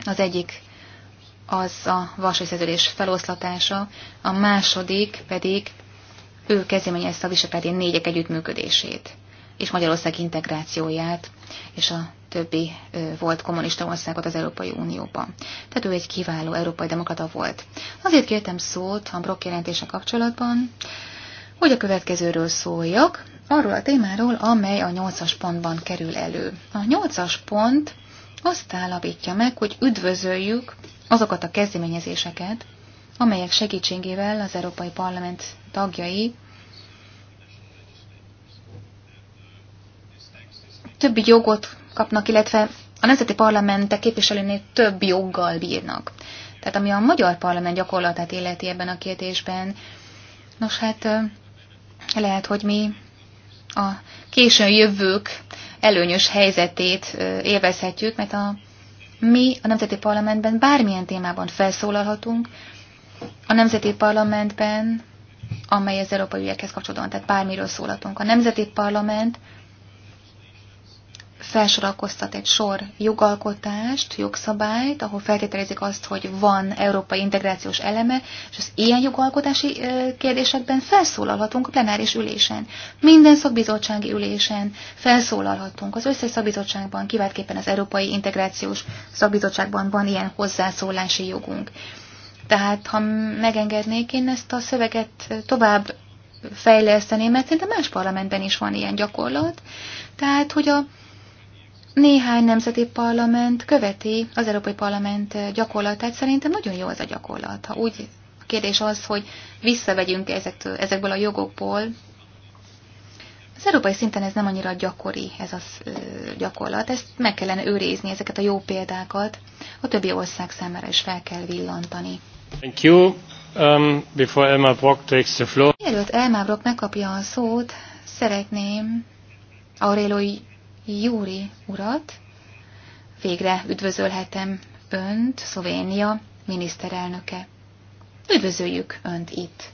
az egyik az a vasúszerződés feloszlatása, a második pedig ő kezdeményezte a visepedi négyek együttműködését és Magyarország integrációját, és a többi volt kommunista országot az Európai Unióban. Tehát ő egy kiváló európai demokrata volt. Azért kértem szót a Brock jelentése kapcsolatban, hogy a következőről szóljak, arról a témáról, amely a nyolcas pontban kerül elő. A nyolcas pont azt állapítja meg, hogy üdvözöljük azokat a kezdeményezéseket, amelyek segítségével az Európai Parlament tagjai többi jogot kapnak, illetve a nemzeti parlamentek képviselőnél több joggal bírnak. Tehát ami a magyar parlament gyakorlatát illeti ebben a kérdésben, nos hát lehet, hogy mi a későn jövők előnyös helyzetét élvezhetjük, mert a, mi a Nemzeti Parlamentben bármilyen témában felszólalhatunk, a Nemzeti Parlamentben, amely az európai ügyekhez kapcsolódóan, tehát bármiről szólhatunk. A Nemzeti Parlament felsorakoztat egy sor jogalkotást, jogszabályt, ahol feltételezik azt, hogy van európai integrációs eleme, és az ilyen jogalkotási kérdésekben felszólalhatunk a plenáris ülésen. Minden szakbizottsági ülésen felszólalhatunk. Az összes szakbizottságban, kiváltképpen az európai integrációs szakbizottságban van ilyen hozzászólási jogunk. Tehát, ha megengednék, én ezt a szöveget tovább fejleszteném, mert szerintem más parlamentben is van ilyen gyakorlat. Tehát, hogy a néhány nemzeti parlament követi az Európai Parlament gyakorlatát. Szerintem nagyon jó az a gyakorlat. Ha úgy a kérdés az, hogy visszavegyünk ezektől, ezekből a jogokból, az európai szinten ez nem annyira gyakori, ez a gyakorlat. Ezt meg kellene őrizni, ezeket a jó példákat a többi ország számára is fel kell villantani. Thank you. Um, before Elmar Brock takes the floor. Mielőtt Elmar Brock megkapja a szót, szeretném Aurélói Júri urat. Végre üdvözölhetem Önt, Szlovénia miniszterelnöke. Üdvözöljük Önt itt!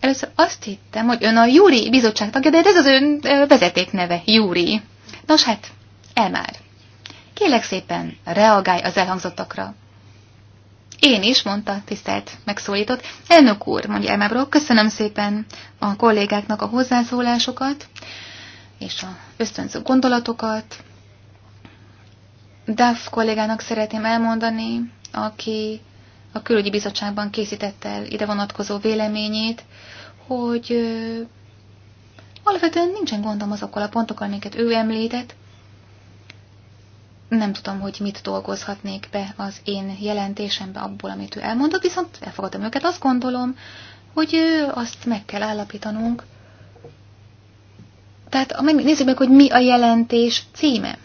Először azt hittem, hogy ön a Júri bizottság tagja, de ez az ön vezetékneve, Júri. Nos hát, el már. Kélek szépen, reagálj az elhangzottakra. Én is, mondta tisztelt megszólított. Elnök úr, mondja Elmábról, köszönöm szépen a kollégáknak a hozzászólásokat és a ösztönző gondolatokat. Duff kollégának szeretném elmondani, aki a külügyi bizottságban készített el ide vonatkozó véleményét, hogy ö, alapvetően nincsen gondom azokkal a pontokkal, amiket ő említett, nem tudom, hogy mit dolgozhatnék be az én jelentésembe abból, amit ő elmondott, viszont elfogadom őket. Azt gondolom, hogy azt meg kell állapítanunk. Tehát nézzük meg, hogy mi a jelentés címe.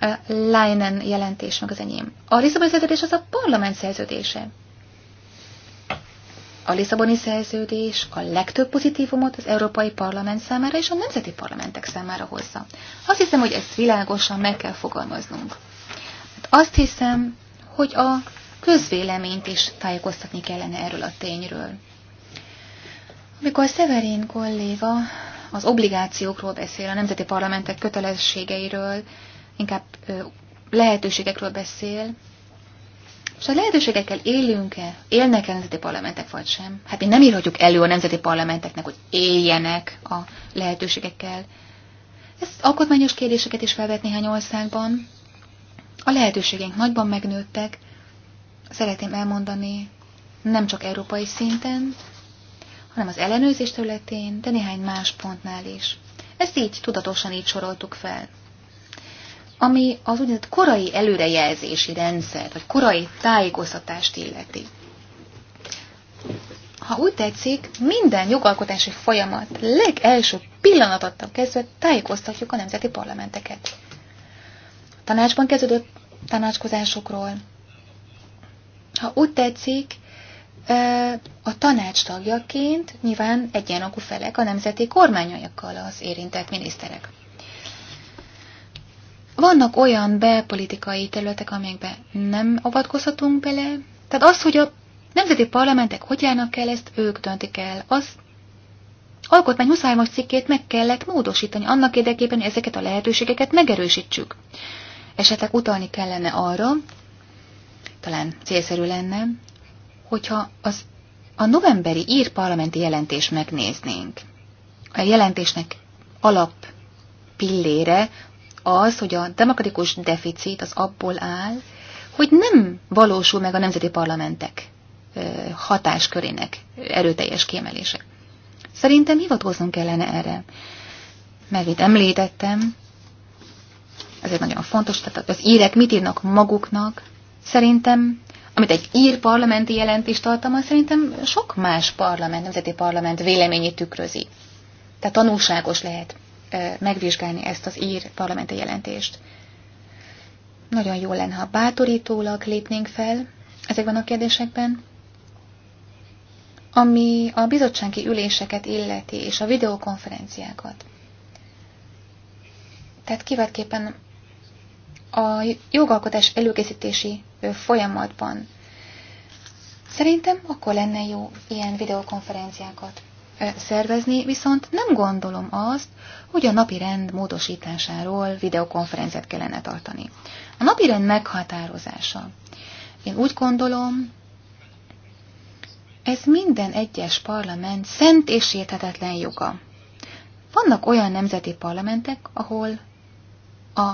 A Leinen jelentés meg az enyém. A Lisszabon szerződés az a parlament szerződése a Lisszaboni szerződés a legtöbb pozitívumot az Európai Parlament számára és a nemzeti parlamentek számára hozza. Azt hiszem, hogy ezt világosan meg kell fogalmaznunk. Hát azt hiszem, hogy a közvéleményt is tájékoztatni kellene erről a tényről. Amikor Severin kolléga az obligációkról beszél, a nemzeti parlamentek kötelességeiről, inkább lehetőségekről beszél, és a lehetőségekkel élünk-e, élnek-e nemzeti parlamentek vagy sem? Hát mi nem írhatjuk elő a nemzeti parlamenteknek, hogy éljenek a lehetőségekkel. Ez alkotmányos kérdéseket is felvet néhány országban. A lehetőségeink nagyban megnőttek. Szeretném elmondani, nem csak európai szinten, hanem az ellenőrzés területén, de néhány más pontnál is. Ezt így tudatosan így soroltuk fel ami az úgynevezett korai előrejelzési rendszer, vagy korai tájékoztatást illeti. Ha úgy tetszik, minden jogalkotási folyamat legelső pillanatattal kezdve tájékoztatjuk a nemzeti parlamenteket. A tanácsban kezdődött tanácskozásokról. Ha úgy tetszik, a tanács tagjaként nyilván egyenlagú felek a nemzeti kormányokkal az érintett miniszterek. Vannak olyan belpolitikai területek, amelyekbe nem avatkozhatunk bele. Tehát az, hogy a nemzeti parlamentek hogy járnak el, ezt ők döntik el. Az alkotmány 23-as cikkét meg kellett módosítani annak érdekében, hogy ezeket a lehetőségeket megerősítsük. Esetleg utalni kellene arra, talán célszerű lenne, hogyha az a novemberi ír parlamenti jelentést megnéznénk. A jelentésnek alap pillére az, hogy a demokratikus deficit az abból áll, hogy nem valósul meg a nemzeti parlamentek hatáskörének erőteljes kiemelése. Szerintem hivatkoznom kellene erre. itt említettem, ezért nagyon fontos, tehát az írek mit írnak maguknak, szerintem, amit egy ír parlamenti jelentés tartalmaz, szerintem sok más parlament, nemzeti parlament véleményét tükrözi. Tehát tanulságos lehet megvizsgálni ezt az ír parlamenti jelentést. Nagyon jó lenne, ha bátorítólag lépnénk fel ezekben a kérdésekben. Ami a bizottsági üléseket illeti, és a videokonferenciákat. Tehát kiváltképpen a jogalkotás előkészítési folyamatban szerintem akkor lenne jó ilyen videokonferenciákat szervezni, viszont nem gondolom azt, hogy a napi rend módosításáról videokonferenciát kellene tartani. A napi rend meghatározása. Én úgy gondolom, ez minden egyes parlament szent és sérthetetlen joga. Vannak olyan nemzeti parlamentek, ahol a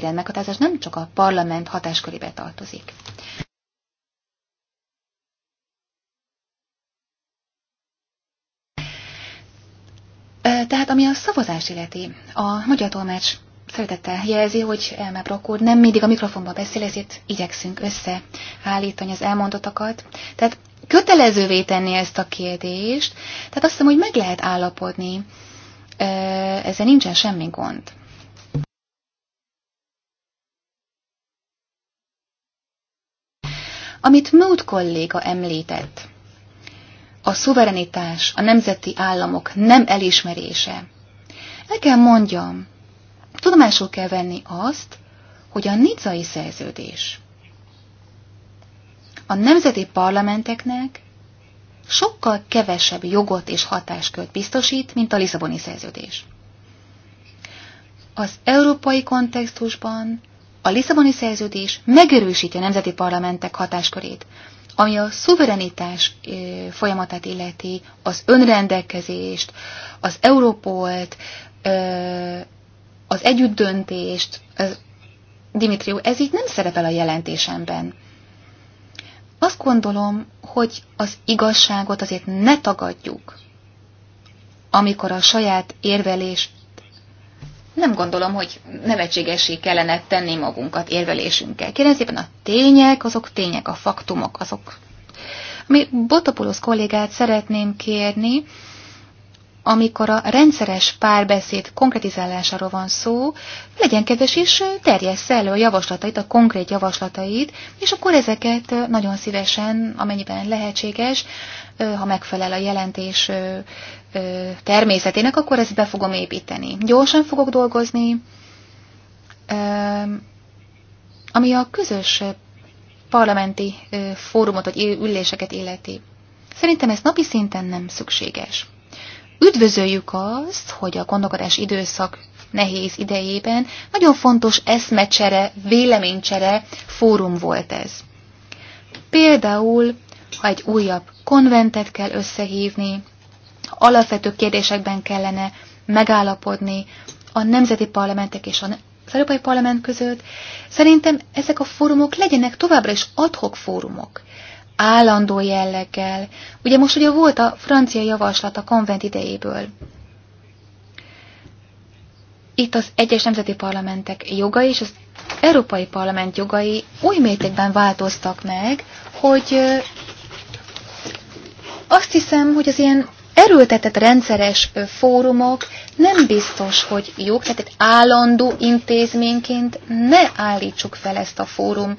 rend meghatározás nem csak a parlament hatáskörébe tartozik. Tehát ami a szavazás illeti, a magyar tolmács szeretettel jelzi, hogy Elmebrok úr nem mindig a mikrofonba beszél, ezért igyekszünk összeállítani az elmondottakat. Tehát kötelezővé tenni ezt a kérdést, tehát azt hiszem, hogy meg lehet állapodni, ezzel nincsen semmi gond. Amit Mód kolléga említett, a szuverenitás, a nemzeti államok nem elismerése. El kell mondjam, tudomásul kell venni azt, hogy a nicai szerződés a nemzeti parlamenteknek sokkal kevesebb jogot és hatáskört biztosít, mint a Lisszaboni szerződés. Az európai kontextusban a Lisszaboni szerződés megerősíti a nemzeti parlamentek hatáskörét. Ami a szuverenitás folyamatát illeti, az önrendelkezést, az Európolt, az együttdöntést, az Dimitrió, ez így nem szerepel a jelentésemben. Azt gondolom, hogy az igazságot azért ne tagadjuk, amikor a saját érvelés nem gondolom, hogy nevetségesé kellene tenni magunkat érvelésünkkel. Kérem szépen a tények, azok tények, a faktumok, azok. Ami Botopulusz kollégát szeretném kérni, amikor a rendszeres párbeszéd konkretizálásáról van szó, legyen kedves is, terjessz elő a javaslatait, a konkrét javaslatait, és akkor ezeket nagyon szívesen, amennyiben lehetséges, ha megfelel a jelentés természetének, akkor ezt be fogom építeni. Gyorsan fogok dolgozni, ami a közös parlamenti fórumot vagy üléseket illeti. Szerintem ez napi szinten nem szükséges. Üdvözöljük azt, hogy a gondolkodás időszak nehéz idejében nagyon fontos eszmecsere, véleménycsere fórum volt ez. Például, ha egy újabb konventet kell összehívni, alapvető kérdésekben kellene megállapodni a nemzeti parlamentek és az Európai Parlament között. Szerintem ezek a fórumok legyenek továbbra is adhok fórumok, állandó jelleggel. Ugye most ugye volt a francia javaslat a konvent idejéből. Itt az egyes nemzeti parlamentek jogai és az Európai Parlament jogai oly mértékben változtak meg, hogy azt hiszem, hogy az ilyen erőltetett rendszeres fórumok nem biztos, hogy jók, tehát egy állandó intézményként ne állítsuk fel ezt a fórumot,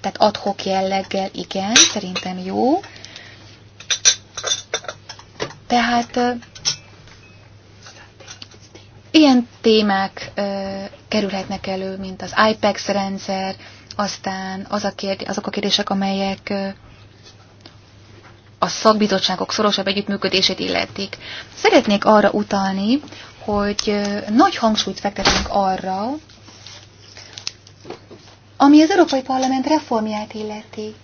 tehát adhok jelleggel igen, szerintem jó. Tehát ilyen témák kerülhetnek elő, mint az IPEX rendszer, aztán az a kérdé, azok a kérdések, amelyek a szakbizottságok szorosabb együttműködését illetik. Szeretnék arra utalni, hogy nagy hangsúlyt fektetünk arra, ami az Európai Parlament reformját illeti.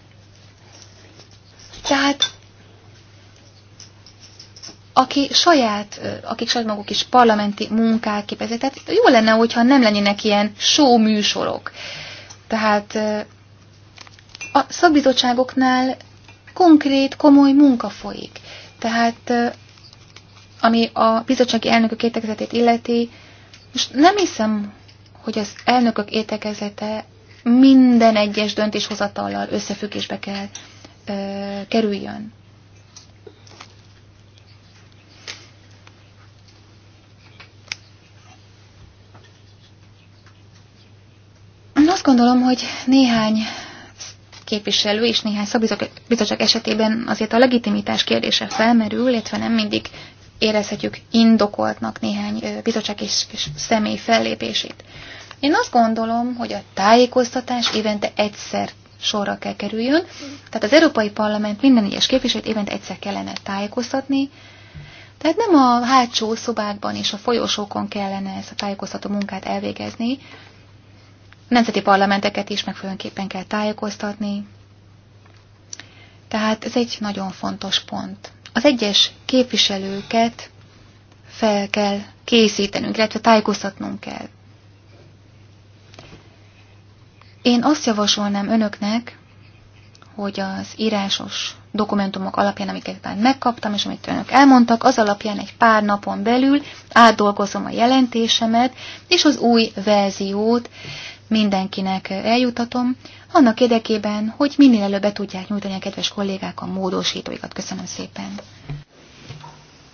Tehát aki saját, akik saját maguk is parlamenti munkák képezik, tehát jó lenne, hogyha nem lennének ilyen show műsorok. Tehát a szakbizottságoknál konkrét, komoly munka folyik. Tehát ami a bizottsági elnökök értekezetét illeti, most nem hiszem, hogy az elnökök értekezete minden egyes döntéshozatallal összefüggésbe kell ö, kerüljön. azt gondolom, hogy néhány képviselő és néhány szabizottság esetében azért a legitimitás kérdése felmerül, illetve nem mindig érezhetjük indokoltnak néhány bizottság és, és személy fellépését. Én azt gondolom, hogy a tájékoztatás évente egyszer sorra kell kerüljön, tehát az Európai Parlament minden egyes képviselőt évente egyszer kellene tájékoztatni, tehát nem a hátsó szobákban és a folyosókon kellene ezt a tájékoztató munkát elvégezni, nemzeti parlamenteket is megfelelőképpen kell tájékoztatni. Tehát ez egy nagyon fontos pont. Az egyes képviselőket fel kell készítenünk, illetve tájékoztatnunk kell. Én azt javasolnám önöknek, hogy az írásos dokumentumok alapján, amiket már megkaptam, és amit önök elmondtak, az alapján egy pár napon belül átdolgozom a jelentésemet, és az új verziót mindenkinek eljutatom, annak érdekében, hogy minél előbb be tudják nyújtani a kedves kollégák a módosítóikat. Köszönöm szépen!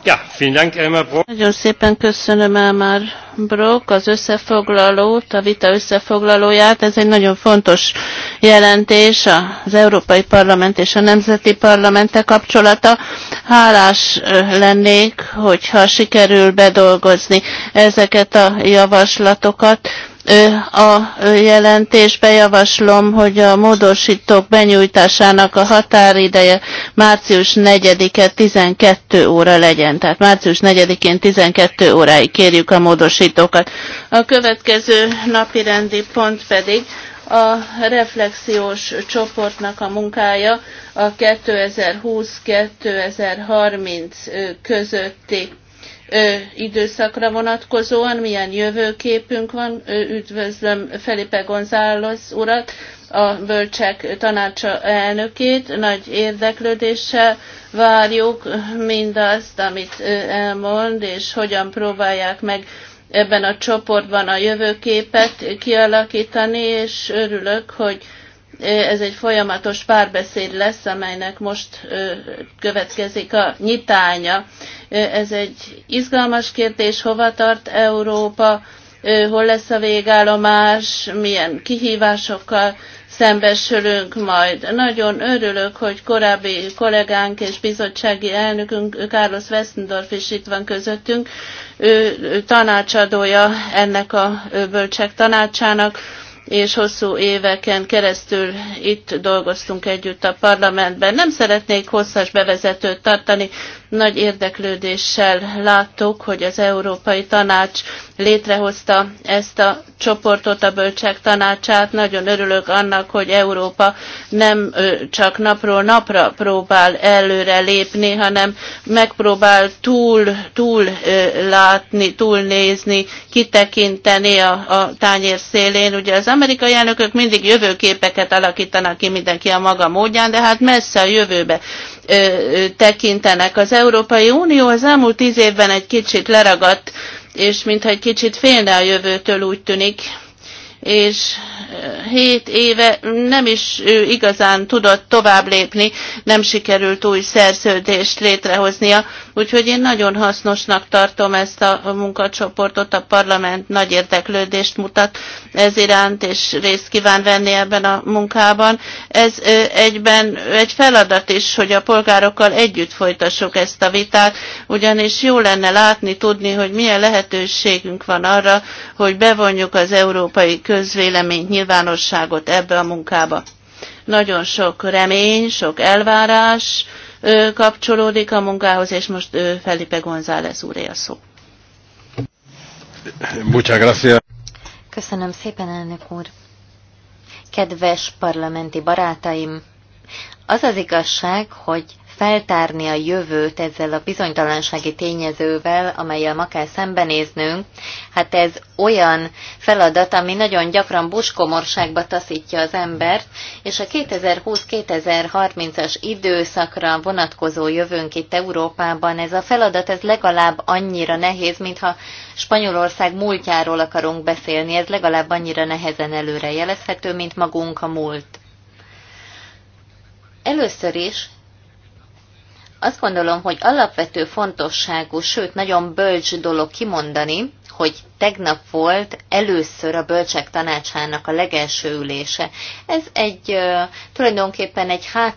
Ja, Dank, Elmar Brock. Nagyon szépen köszönöm Elmar Brock az összefoglalót, a vita összefoglalóját. Ez egy nagyon fontos jelentés az Európai Parlament és a Nemzeti Parlamente kapcsolata. Hálás lennék, hogyha sikerül bedolgozni ezeket a javaslatokat a jelentésbe javaslom, hogy a módosítók benyújtásának a határideje március 4-e 12 óra legyen. Tehát március 4-én 12 óráig kérjük a módosítókat. A következő napi rendi pont pedig a reflexiós csoportnak a munkája a 2020-2030 közötti időszakra vonatkozóan, milyen jövőképünk van. Üdvözlöm Felipe González urat, a bölcsek tanácsa elnökét. Nagy érdeklődéssel várjuk mindazt, amit elmond, és hogyan próbálják meg ebben a csoportban a jövőképet kialakítani, és örülök, hogy ez egy folyamatos párbeszéd lesz, amelynek most következik a nyitánya. Ez egy izgalmas kérdés, hova tart Európa, hol lesz a végállomás, milyen kihívásokkal szembesülünk majd. Nagyon örülök, hogy korábbi kollégánk és bizottsági elnökünk, Carlos Westendorf is itt van közöttünk, ő tanácsadója ennek a bölcsek tanácsának és hosszú éveken keresztül itt dolgoztunk együtt a parlamentben. Nem szeretnék hosszas bevezetőt tartani, nagy érdeklődéssel láttuk, hogy az Európai Tanács létrehozta ezt a csoportot, a Bölcsek Tanácsát. Nagyon örülök annak, hogy Európa nem csak napról napra próbál előre lépni, hanem megpróbál túl, túl látni, nézni, kitekinteni a, a tányér szélén. Ugye az amerikai elnökök mindig jövőképeket alakítanak ki mindenki a maga módján, de hát messze a jövőbe tekintenek. Az Európai Unió az elmúlt tíz évben egy kicsit leragadt, és mintha egy kicsit félne a jövőtől úgy tűnik és hét éve nem is ő igazán tudott tovább lépni, nem sikerült új szerződést létrehoznia, Úgyhogy én nagyon hasznosnak tartom ezt a munkacsoportot, a parlament nagy érdeklődést mutat ez iránt, és részt kíván venni ebben a munkában. Ez egyben egy feladat is, hogy a polgárokkal együtt folytassuk ezt a vitát, ugyanis jó lenne látni, tudni, hogy milyen lehetőségünk van arra, hogy bevonjuk az európai közvéleményt, nyilvánosságot ebbe a munkába. Nagyon sok remény, sok elvárás, kapcsolódik a munkához, és most Felipe González úré a szó. Köszönöm szépen, elnök úr. Kedves parlamenti barátaim, az az igazság, hogy feltárni a jövőt ezzel a bizonytalansági tényezővel, amelyel ma kell szembenéznünk, hát ez olyan feladat, ami nagyon gyakran buskomorságba taszítja az embert, és a 2020-2030-as időszakra vonatkozó jövőnk itt Európában ez a feladat ez legalább annyira nehéz, mintha Spanyolország múltjáról akarunk beszélni, ez legalább annyira nehezen előrejelezhető, mint magunk a múlt. Először is azt gondolom, hogy alapvető fontosságú, sőt nagyon bölcs dolog kimondani, hogy tegnap volt először a bölcsek tanácsának a legelső ülése. Ez egy tulajdonképpen egy hát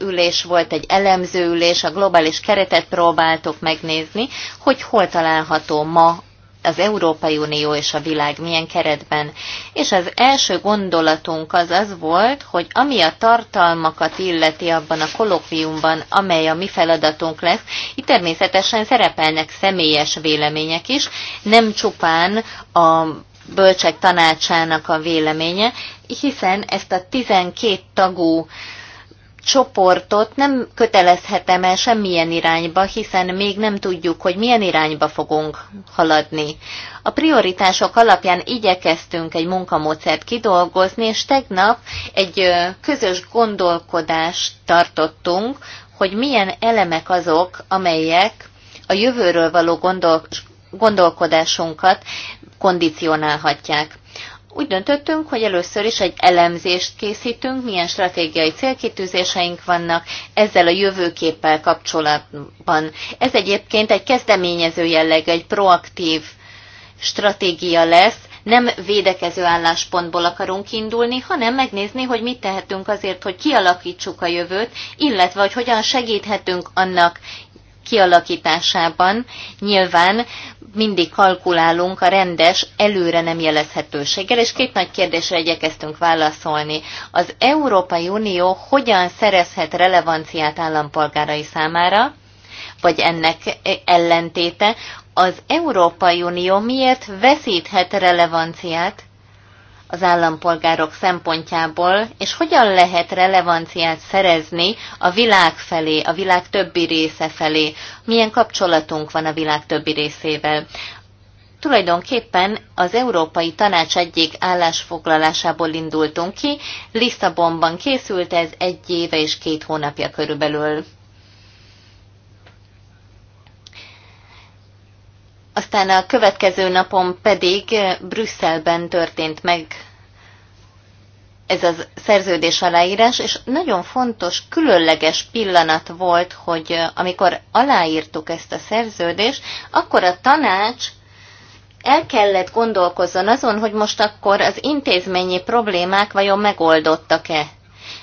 ülés volt, egy elemző ülés, a globális keretet próbáltuk megnézni, hogy hol található ma az Európai Unió és a világ milyen keretben. És az első gondolatunk az az volt, hogy ami a tartalmakat illeti abban a kolokviumban, amely a mi feladatunk lesz, itt természetesen szerepelnek személyes vélemények is, nem csupán a bölcsek tanácsának a véleménye, hiszen ezt a 12 tagú csoportot nem kötelezhetem el semmilyen irányba, hiszen még nem tudjuk, hogy milyen irányba fogunk haladni. A prioritások alapján igyekeztünk egy munkamódszert kidolgozni, és tegnap egy közös gondolkodást tartottunk, hogy milyen elemek azok, amelyek a jövőről való gondol- gondolkodásunkat kondicionálhatják. Úgy döntöttünk, hogy először is egy elemzést készítünk, milyen stratégiai célkitűzéseink vannak ezzel a jövőképpel kapcsolatban. Ez egyébként egy kezdeményező jelleg, egy proaktív stratégia lesz, nem védekező álláspontból akarunk indulni, hanem megnézni, hogy mit tehetünk azért, hogy kialakítsuk a jövőt, illetve hogy hogyan segíthetünk annak kialakításában nyilván mindig kalkulálunk a rendes, előre nem jelezhetőséggel, és két nagy kérdésre igyekeztünk válaszolni. Az Európai Unió hogyan szerezhet relevanciát állampolgárai számára, vagy ennek ellentéte, az Európai Unió miért veszíthet relevanciát az állampolgárok szempontjából, és hogyan lehet relevanciát szerezni a világ felé, a világ többi része felé, milyen kapcsolatunk van a világ többi részével. Tulajdonképpen az Európai Tanács egyik állásfoglalásából indultunk ki, Lisszabonban készült ez egy éve és két hónapja körülbelül. Aztán a következő napon pedig eh, Brüsszelben történt meg ez a szerződés aláírás, és nagyon fontos, különleges pillanat volt, hogy eh, amikor aláírtuk ezt a szerződést, akkor a tanács el kellett gondolkozzon azon, hogy most akkor az intézményi problémák vajon megoldottak-e.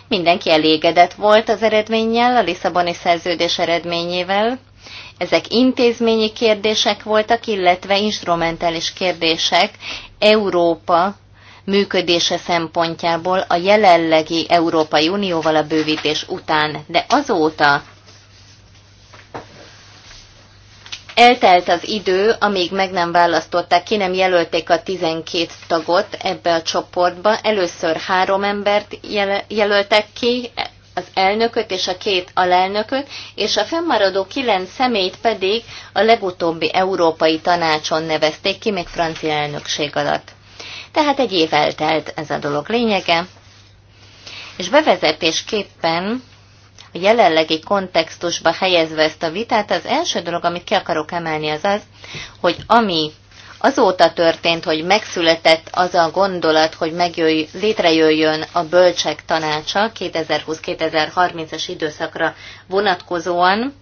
Mindenki elégedett volt az eredménnyel, a Lisszaboni szerződés eredményével, ezek intézményi kérdések voltak, illetve instrumentális kérdések Európa működése szempontjából a jelenlegi Európai Unióval a bővítés után. De azóta Eltelt az idő, amíg meg nem választották, ki nem jelölték a 12 tagot ebbe a csoportba. Először három embert jelöltek ki, az elnököt és a két alelnököt, és a fennmaradó kilenc személyt pedig a legutóbbi Európai Tanácson nevezték ki, még francia elnökség alatt. Tehát egy év eltelt ez a dolog lényege, és bevezetésképpen a jelenlegi kontextusba helyezve ezt a vitát, az első dolog, amit ki akarok emelni, az az, hogy ami Azóta történt, hogy megszületett az a gondolat, hogy megjöjj, létrejöjjön a bölcsek tanácsa 2020 2030 es időszakra vonatkozóan.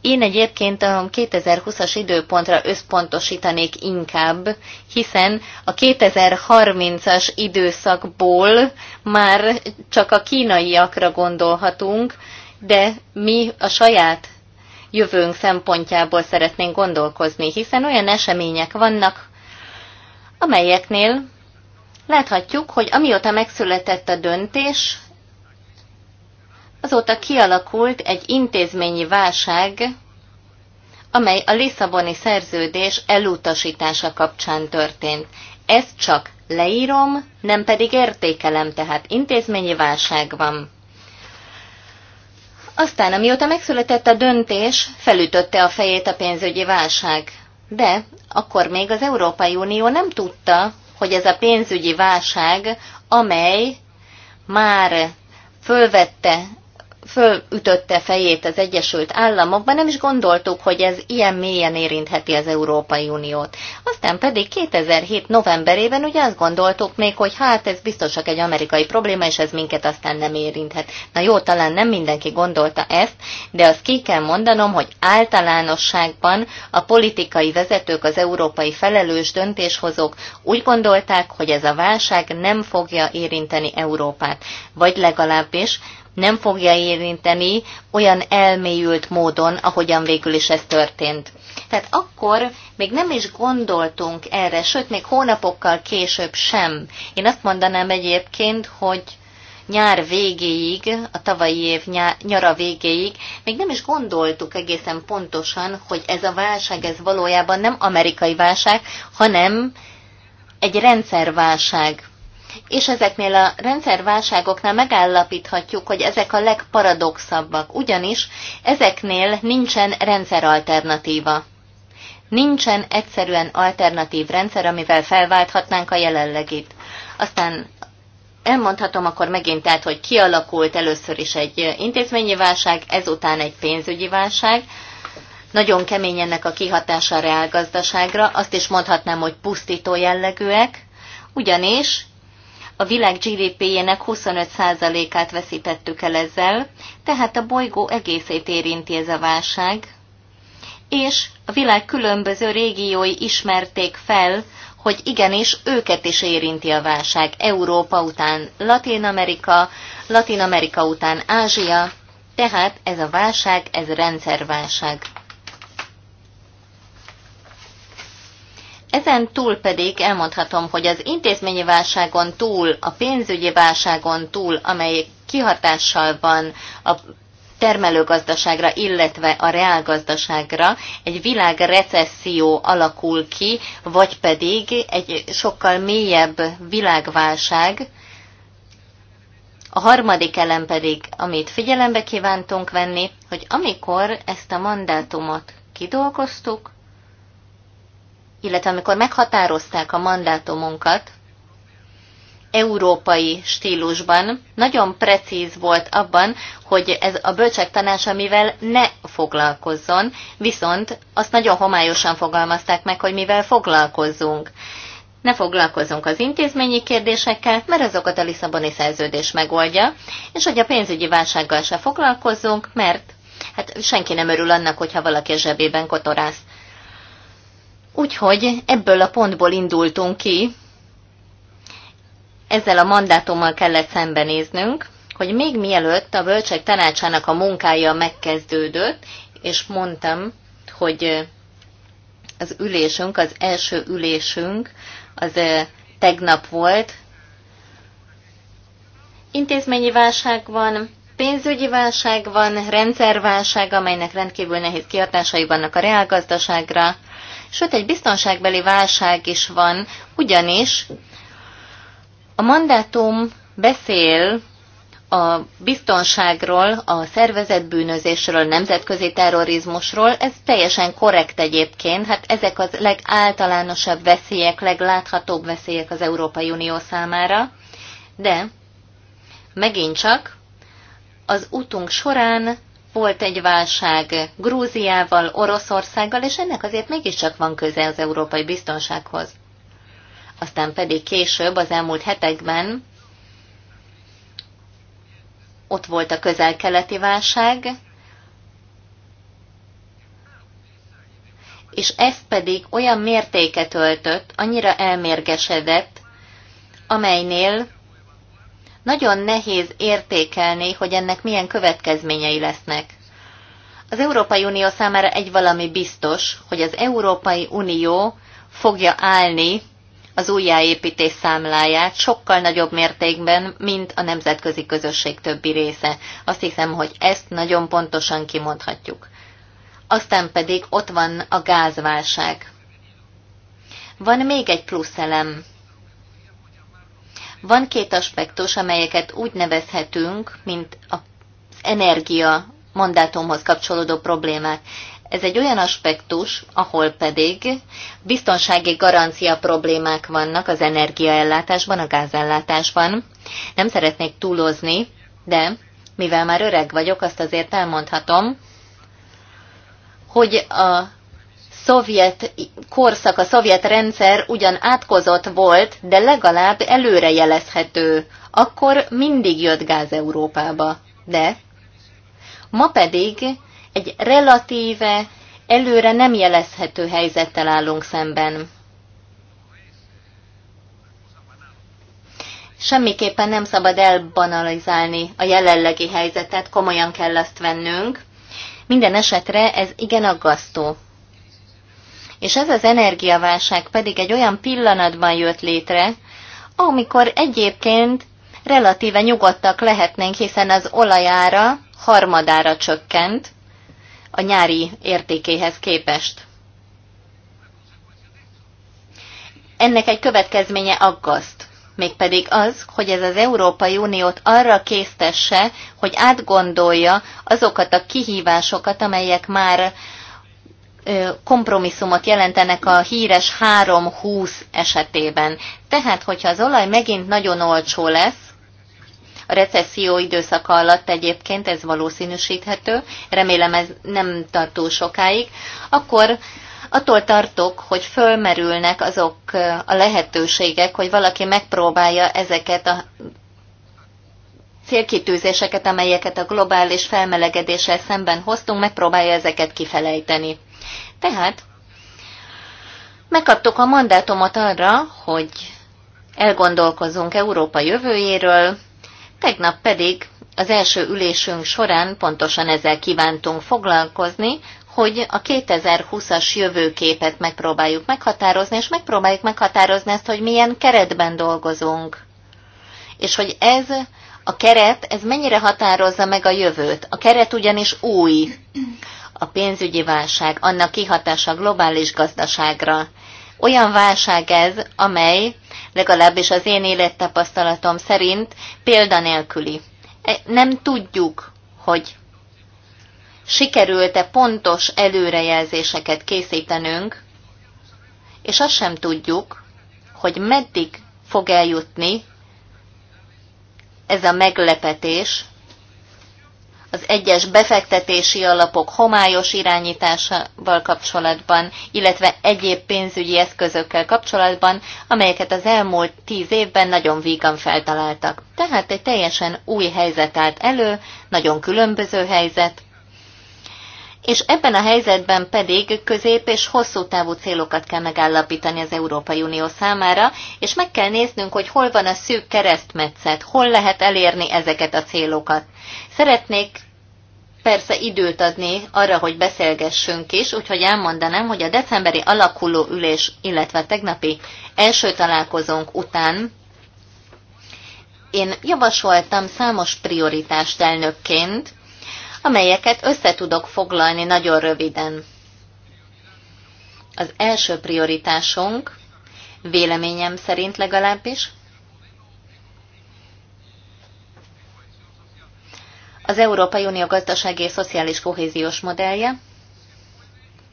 Én egyébként a 2020-as időpontra összpontosítanék inkább, hiszen a 2030-as időszakból már csak a kínaiakra gondolhatunk, de mi a saját jövőnk szempontjából szeretnénk gondolkozni, hiszen olyan események vannak, amelyeknél láthatjuk, hogy amióta megszületett a döntés, azóta kialakult egy intézményi válság, amely a Lisszaboni szerződés elutasítása kapcsán történt. Ezt csak leírom, nem pedig értékelem, tehát intézményi válság van. Aztán, amióta megszületett a döntés, felütötte a fejét a pénzügyi válság. De akkor még az Európai Unió nem tudta, hogy ez a pénzügyi válság, amely már fölvette fölütötte fejét az Egyesült Államokban, nem is gondoltuk, hogy ez ilyen mélyen érintheti az Európai Uniót. Aztán pedig 2007 novemberében ugye azt gondoltuk még, hogy hát ez biztosak egy amerikai probléma, és ez minket aztán nem érinthet. Na jó, talán nem mindenki gondolta ezt, de azt ki kell mondanom, hogy általánosságban a politikai vezetők, az európai felelős döntéshozók úgy gondolták, hogy ez a válság nem fogja érinteni Európát, vagy legalábbis nem fogja érinteni olyan elmélyült módon, ahogyan végül is ez történt. Tehát akkor még nem is gondoltunk erre, sőt, még hónapokkal később sem. Én azt mondanám egyébként, hogy nyár végéig, a tavalyi év nyara végéig még nem is gondoltuk egészen pontosan, hogy ez a válság, ez valójában nem amerikai válság, hanem egy rendszerválság és ezeknél a rendszerválságoknál megállapíthatjuk, hogy ezek a legparadoxabbak, ugyanis ezeknél nincsen rendszeralternatíva. Nincsen egyszerűen alternatív rendszer, amivel felválthatnánk a jelenlegit. Aztán elmondhatom akkor megint, tehát, hogy kialakult először is egy intézményi válság, ezután egy pénzügyi válság, nagyon kemény ennek a kihatása a reálgazdaságra, azt is mondhatnám, hogy pusztító jellegűek, ugyanis a világ GDP-jének 25%-át veszítettük el ezzel, tehát a bolygó egészét érinti ez a válság, és a világ különböző régiói ismerték fel, hogy igenis őket is érinti a válság. Európa után Latin Amerika, Latin Amerika után Ázsia, tehát ez a válság, ez rendszerválság. Ezen túl pedig elmondhatom, hogy az intézményi válságon túl, a pénzügyi válságon túl, amely kihatással van a termelőgazdaságra, illetve a reálgazdaságra egy világrecesszió alakul ki, vagy pedig egy sokkal mélyebb világválság. A harmadik elem pedig, amit figyelembe kívántunk venni, hogy amikor ezt a mandátumot kidolgoztuk, illetve amikor meghatározták a mandátumunkat, európai stílusban, nagyon precíz volt abban, hogy ez a bölcsek tanácsa mivel ne foglalkozzon, viszont azt nagyon homályosan fogalmazták meg, hogy mivel foglalkozzunk. Ne foglalkozunk az intézményi kérdésekkel, mert azokat a Lisszaboni szerződés megoldja, és hogy a pénzügyi válsággal se foglalkozzunk, mert hát senki nem örül annak, hogyha valaki a zsebében kotorász. Úgyhogy ebből a pontból indultunk ki, ezzel a mandátummal kellett szembenéznünk, hogy még mielőtt a bölcsek tanácsának a munkája megkezdődött, és mondtam, hogy az ülésünk, az első ülésünk, az tegnap volt. Intézményi válság van, pénzügyi válság van, rendszerválság, amelynek rendkívül nehéz kihatásai vannak a reálgazdaságra, sőt egy biztonságbeli válság is van, ugyanis a mandátum beszél a biztonságról, a szervezetbűnözésről, nemzetközi terrorizmusról, ez teljesen korrekt egyébként, hát ezek az legáltalánosabb veszélyek, legláthatóbb veszélyek az Európai Unió számára, de megint csak az utunk során volt egy válság Grúziával, Oroszországgal, és ennek azért mégiscsak van köze az európai biztonsághoz. Aztán pedig később, az elmúlt hetekben ott volt a közel-keleti válság, és ez pedig olyan mértéket öltött, annyira elmérgesedett, amelynél nagyon nehéz értékelni, hogy ennek milyen következményei lesznek. Az Európai Unió számára egy valami biztos, hogy az Európai Unió fogja állni az újjáépítés számláját sokkal nagyobb mértékben, mint a nemzetközi közösség többi része. Azt hiszem, hogy ezt nagyon pontosan kimondhatjuk. Aztán pedig ott van a gázválság. Van még egy plusz elem van két aspektus, amelyeket úgy nevezhetünk, mint az energia mandátumhoz kapcsolódó problémák. Ez egy olyan aspektus, ahol pedig biztonsági garancia problémák vannak az energiaellátásban, a gázellátásban. Nem szeretnék túlozni, de mivel már öreg vagyok, azt azért elmondhatom, hogy a szovjet korszak, a szovjet rendszer ugyan átkozott volt, de legalább előrejelezhető. Akkor mindig jött gáz Európába. De ma pedig egy relatíve, előre nem jelezhető helyzettel állunk szemben. Semmiképpen nem szabad elbanalizálni a jelenlegi helyzetet, komolyan kell azt vennünk. Minden esetre ez igen aggasztó. És ez az energiaválság pedig egy olyan pillanatban jött létre, amikor egyébként relatíve nyugodtak lehetnénk, hiszen az olajára harmadára csökkent a nyári értékéhez képest. Ennek egy következménye aggaszt, mégpedig az, hogy ez az Európai Uniót arra késztesse, hogy átgondolja azokat a kihívásokat, amelyek már kompromisszumot jelentenek a híres 3-20 esetében. Tehát, hogyha az olaj megint nagyon olcsó lesz, a recesszió időszaka alatt egyébként ez valószínűsíthető, remélem ez nem tart túl sokáig, akkor attól tartok, hogy fölmerülnek azok a lehetőségek, hogy valaki megpróbálja ezeket a célkitűzéseket, amelyeket a globális felmelegedéssel szemben hoztunk, megpróbálja ezeket kifelejteni. Tehát megkaptuk a mandátumot arra, hogy elgondolkozunk Európa jövőjéről, tegnap pedig az első ülésünk során pontosan ezzel kívántunk foglalkozni, hogy a 2020-as jövőképet megpróbáljuk meghatározni, és megpróbáljuk meghatározni ezt, hogy milyen keretben dolgozunk. És hogy ez a keret, ez mennyire határozza meg a jövőt. A keret ugyanis új a pénzügyi válság, annak kihatása a globális gazdaságra. Olyan válság ez, amely legalábbis az én élettapasztalatom szerint példanélküli. E, nem tudjuk, hogy sikerült-e pontos előrejelzéseket készítenünk, és azt sem tudjuk, hogy meddig fog eljutni ez a meglepetés, az egyes befektetési alapok homályos irányításával kapcsolatban, illetve egyéb pénzügyi eszközökkel kapcsolatban, amelyeket az elmúlt tíz évben nagyon vígan feltaláltak. Tehát egy teljesen új helyzet állt elő, nagyon különböző helyzet, és ebben a helyzetben pedig közép és hosszú távú célokat kell megállapítani az Európai Unió számára, és meg kell néznünk, hogy hol van a szűk keresztmetszet, hol lehet elérni ezeket a célokat. Szeretnék persze időt adni arra, hogy beszélgessünk is, úgyhogy elmondanám, hogy a decemberi alakuló ülés, illetve tegnapi első találkozónk után én javasoltam számos prioritást elnökként, amelyeket összetudok foglalni nagyon röviden. Az első prioritásunk, véleményem szerint legalábbis, az Európai Unió gazdasági és szociális kohéziós modellje.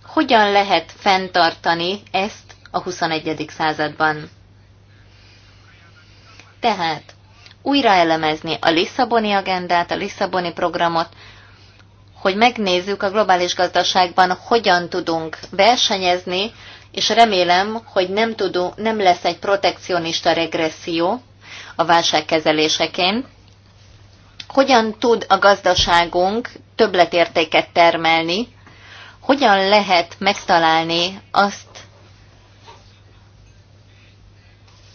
Hogyan lehet fenntartani ezt a 21. században? Tehát újra elemezni a Lisszaboni agendát, a Lisszaboni programot, hogy megnézzük a globális gazdaságban, hogyan tudunk versenyezni, és remélem, hogy nem, tudunk, nem lesz egy protekcionista regresszió a válságkezeléseként. Hogyan tud a gazdaságunk többletértéket termelni, hogyan lehet megtalálni azt,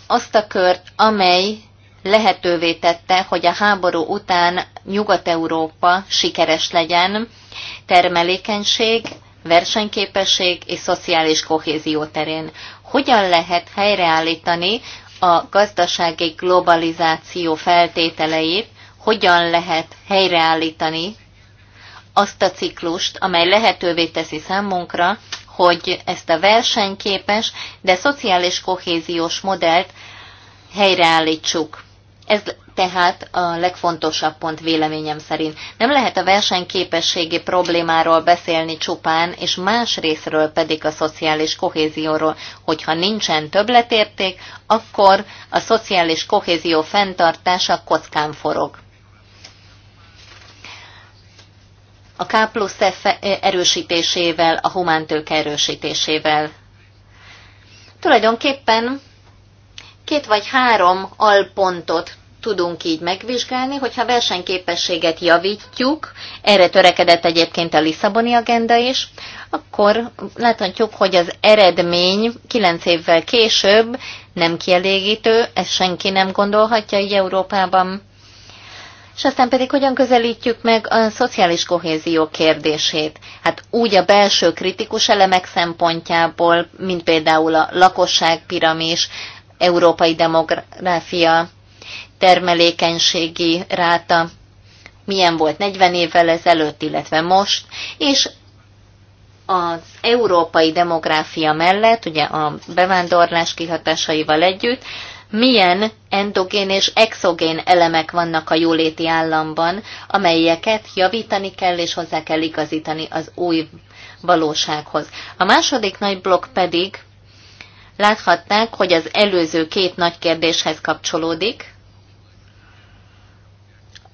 azt a kört, amely lehetővé tette, hogy a háború után Nyugat-Európa sikeres legyen termelékenység, versenyképesség és szociális kohézió terén. Hogyan lehet helyreállítani a gazdasági globalizáció feltételeit, hogyan lehet helyreállítani azt a ciklust, amely lehetővé teszi számunkra, hogy ezt a versenyképes, de szociális kohéziós modellt helyreállítsuk. Ez tehát a legfontosabb pont véleményem szerint. Nem lehet a versenyképességi problémáról beszélni csupán, és más részről pedig a szociális kohézióról. Hogyha nincsen többletérték, akkor a szociális kohézió fenntartása kockán forog. A K plusz F erősítésével, a humántők erősítésével. Tulajdonképpen két vagy három alpontot tudunk így megvizsgálni, hogyha versenyképességet javítjuk, erre törekedett egyébként a Lisszaboni agenda is, akkor láthatjuk, hogy az eredmény kilenc évvel később nem kielégítő, ezt senki nem gondolhatja így Európában. És aztán pedig hogyan közelítjük meg a szociális kohézió kérdését? Hát úgy a belső kritikus elemek szempontjából, mint például a lakosságpiramis, európai demográfia, termelékenységi ráta, milyen volt 40 évvel ezelőtt, illetve most, és az európai demográfia mellett, ugye a bevándorlás kihatásaival együtt, milyen endogén és exogén elemek vannak a jóléti államban, amelyeket javítani kell és hozzá kell igazítani az új valósághoz. A második nagy blokk pedig láthatnák, hogy az előző két nagy kérdéshez kapcsolódik.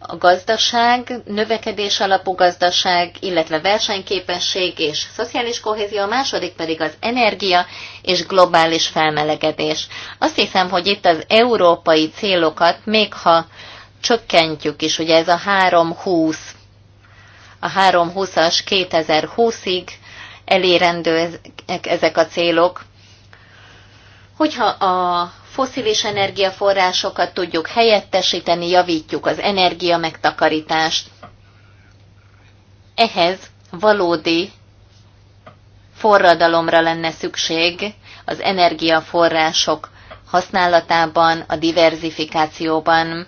A gazdaság, növekedés alapú gazdaság, illetve versenyképesség és szociális kohézió, a második pedig az energia és globális felmelegedés. Azt hiszem, hogy itt az európai célokat, még ha csökkentjük is, ugye ez a 320, a 320-as 2020-ig elérendő ezek a célok, Hogyha a foszilis energiaforrásokat tudjuk helyettesíteni, javítjuk az energia megtakarítást. Ehhez valódi forradalomra lenne szükség az energiaforrások használatában, a diverzifikációban,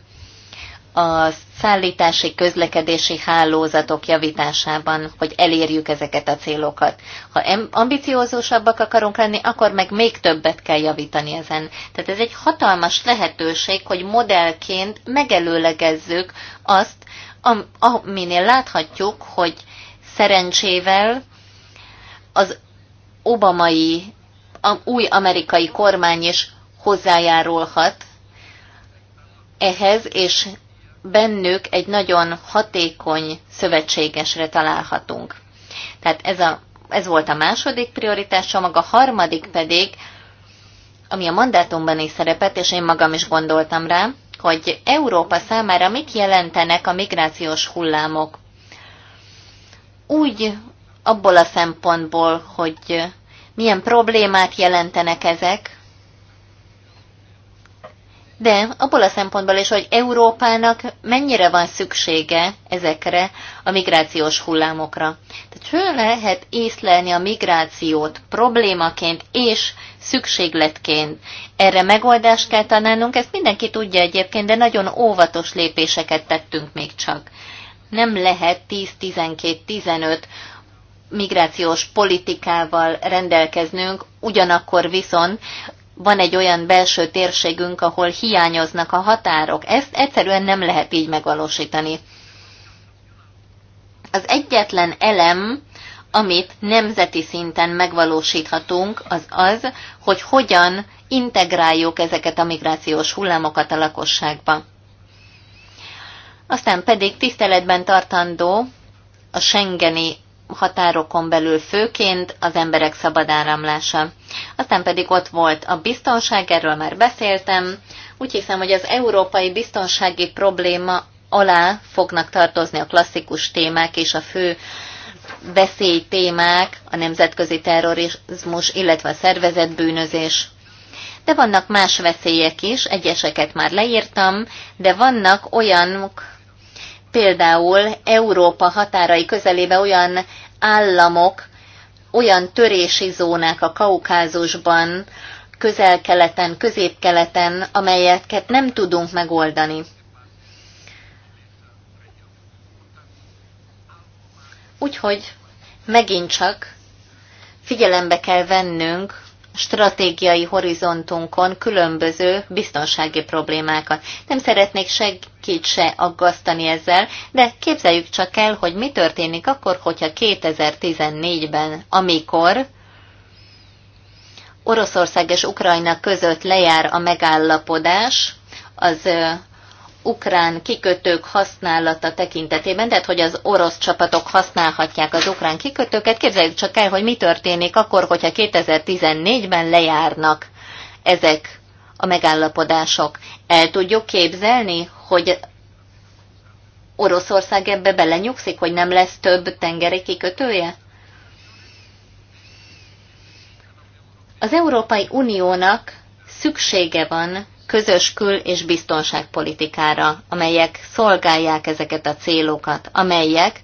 az szállítási, közlekedési hálózatok javításában, hogy elérjük ezeket a célokat. Ha ambiciózusabbak akarunk lenni, akkor meg még többet kell javítani ezen. Tehát ez egy hatalmas lehetőség, hogy modellként megelőlegezzük azt, aminél láthatjuk, hogy szerencsével az obamai, a új amerikai kormány is hozzájárulhat ehhez, és bennük egy nagyon hatékony szövetségesre találhatunk. Tehát ez, a, ez volt a második prioritásom, a harmadik pedig, ami a mandátumban is szerepet, és én magam is gondoltam rá, hogy Európa számára mit jelentenek a migrációs hullámok. Úgy abból a szempontból, hogy milyen problémát jelentenek ezek, de abból a szempontból is, hogy Európának mennyire van szüksége ezekre a migrációs hullámokra. Tehát föl lehet észlelni a migrációt problémaként és szükségletként. Erre megoldást kell tanálnunk, ezt mindenki tudja egyébként, de nagyon óvatos lépéseket tettünk még csak. Nem lehet 10-12-15 migrációs politikával rendelkeznünk, ugyanakkor viszont van egy olyan belső térségünk, ahol hiányoznak a határok. Ezt egyszerűen nem lehet így megvalósítani. Az egyetlen elem, amit nemzeti szinten megvalósíthatunk, az az, hogy hogyan integráljuk ezeket a migrációs hullámokat a lakosságba. Aztán pedig tiszteletben tartandó a Schengeni határokon belül főként az emberek szabad áramlása. Aztán pedig ott volt a biztonság, erről már beszéltem. Úgy hiszem, hogy az európai biztonsági probléma alá fognak tartozni a klasszikus témák és a fő veszélytémák, a nemzetközi terrorizmus, illetve a szervezetbűnözés. De vannak más veszélyek is, egyeseket már leírtam, de vannak olyanok, például Európa határai közelébe olyan államok, olyan törési zónák a Kaukázusban, közel-keleten, közép-keleten, amelyeket nem tudunk megoldani. Úgyhogy megint csak figyelembe kell vennünk stratégiai horizontunkon különböző biztonsági problémákat. Nem szeretnék segít se aggasztani ezzel, de képzeljük csak el, hogy mi történik akkor, hogyha 2014-ben, amikor Oroszország és Ukrajna között lejár a megállapodás, az ukrán kikötők használata tekintetében, tehát hogy az orosz csapatok használhatják az ukrán kikötőket. Képzeljük csak el, hogy mi történik akkor, hogyha 2014-ben lejárnak ezek a megállapodások. El tudjuk képzelni, hogy Oroszország ebbe belenyugszik, hogy nem lesz több tengeri kikötője? Az Európai Uniónak szüksége van közös kül- és biztonságpolitikára, amelyek szolgálják ezeket a célokat, amelyek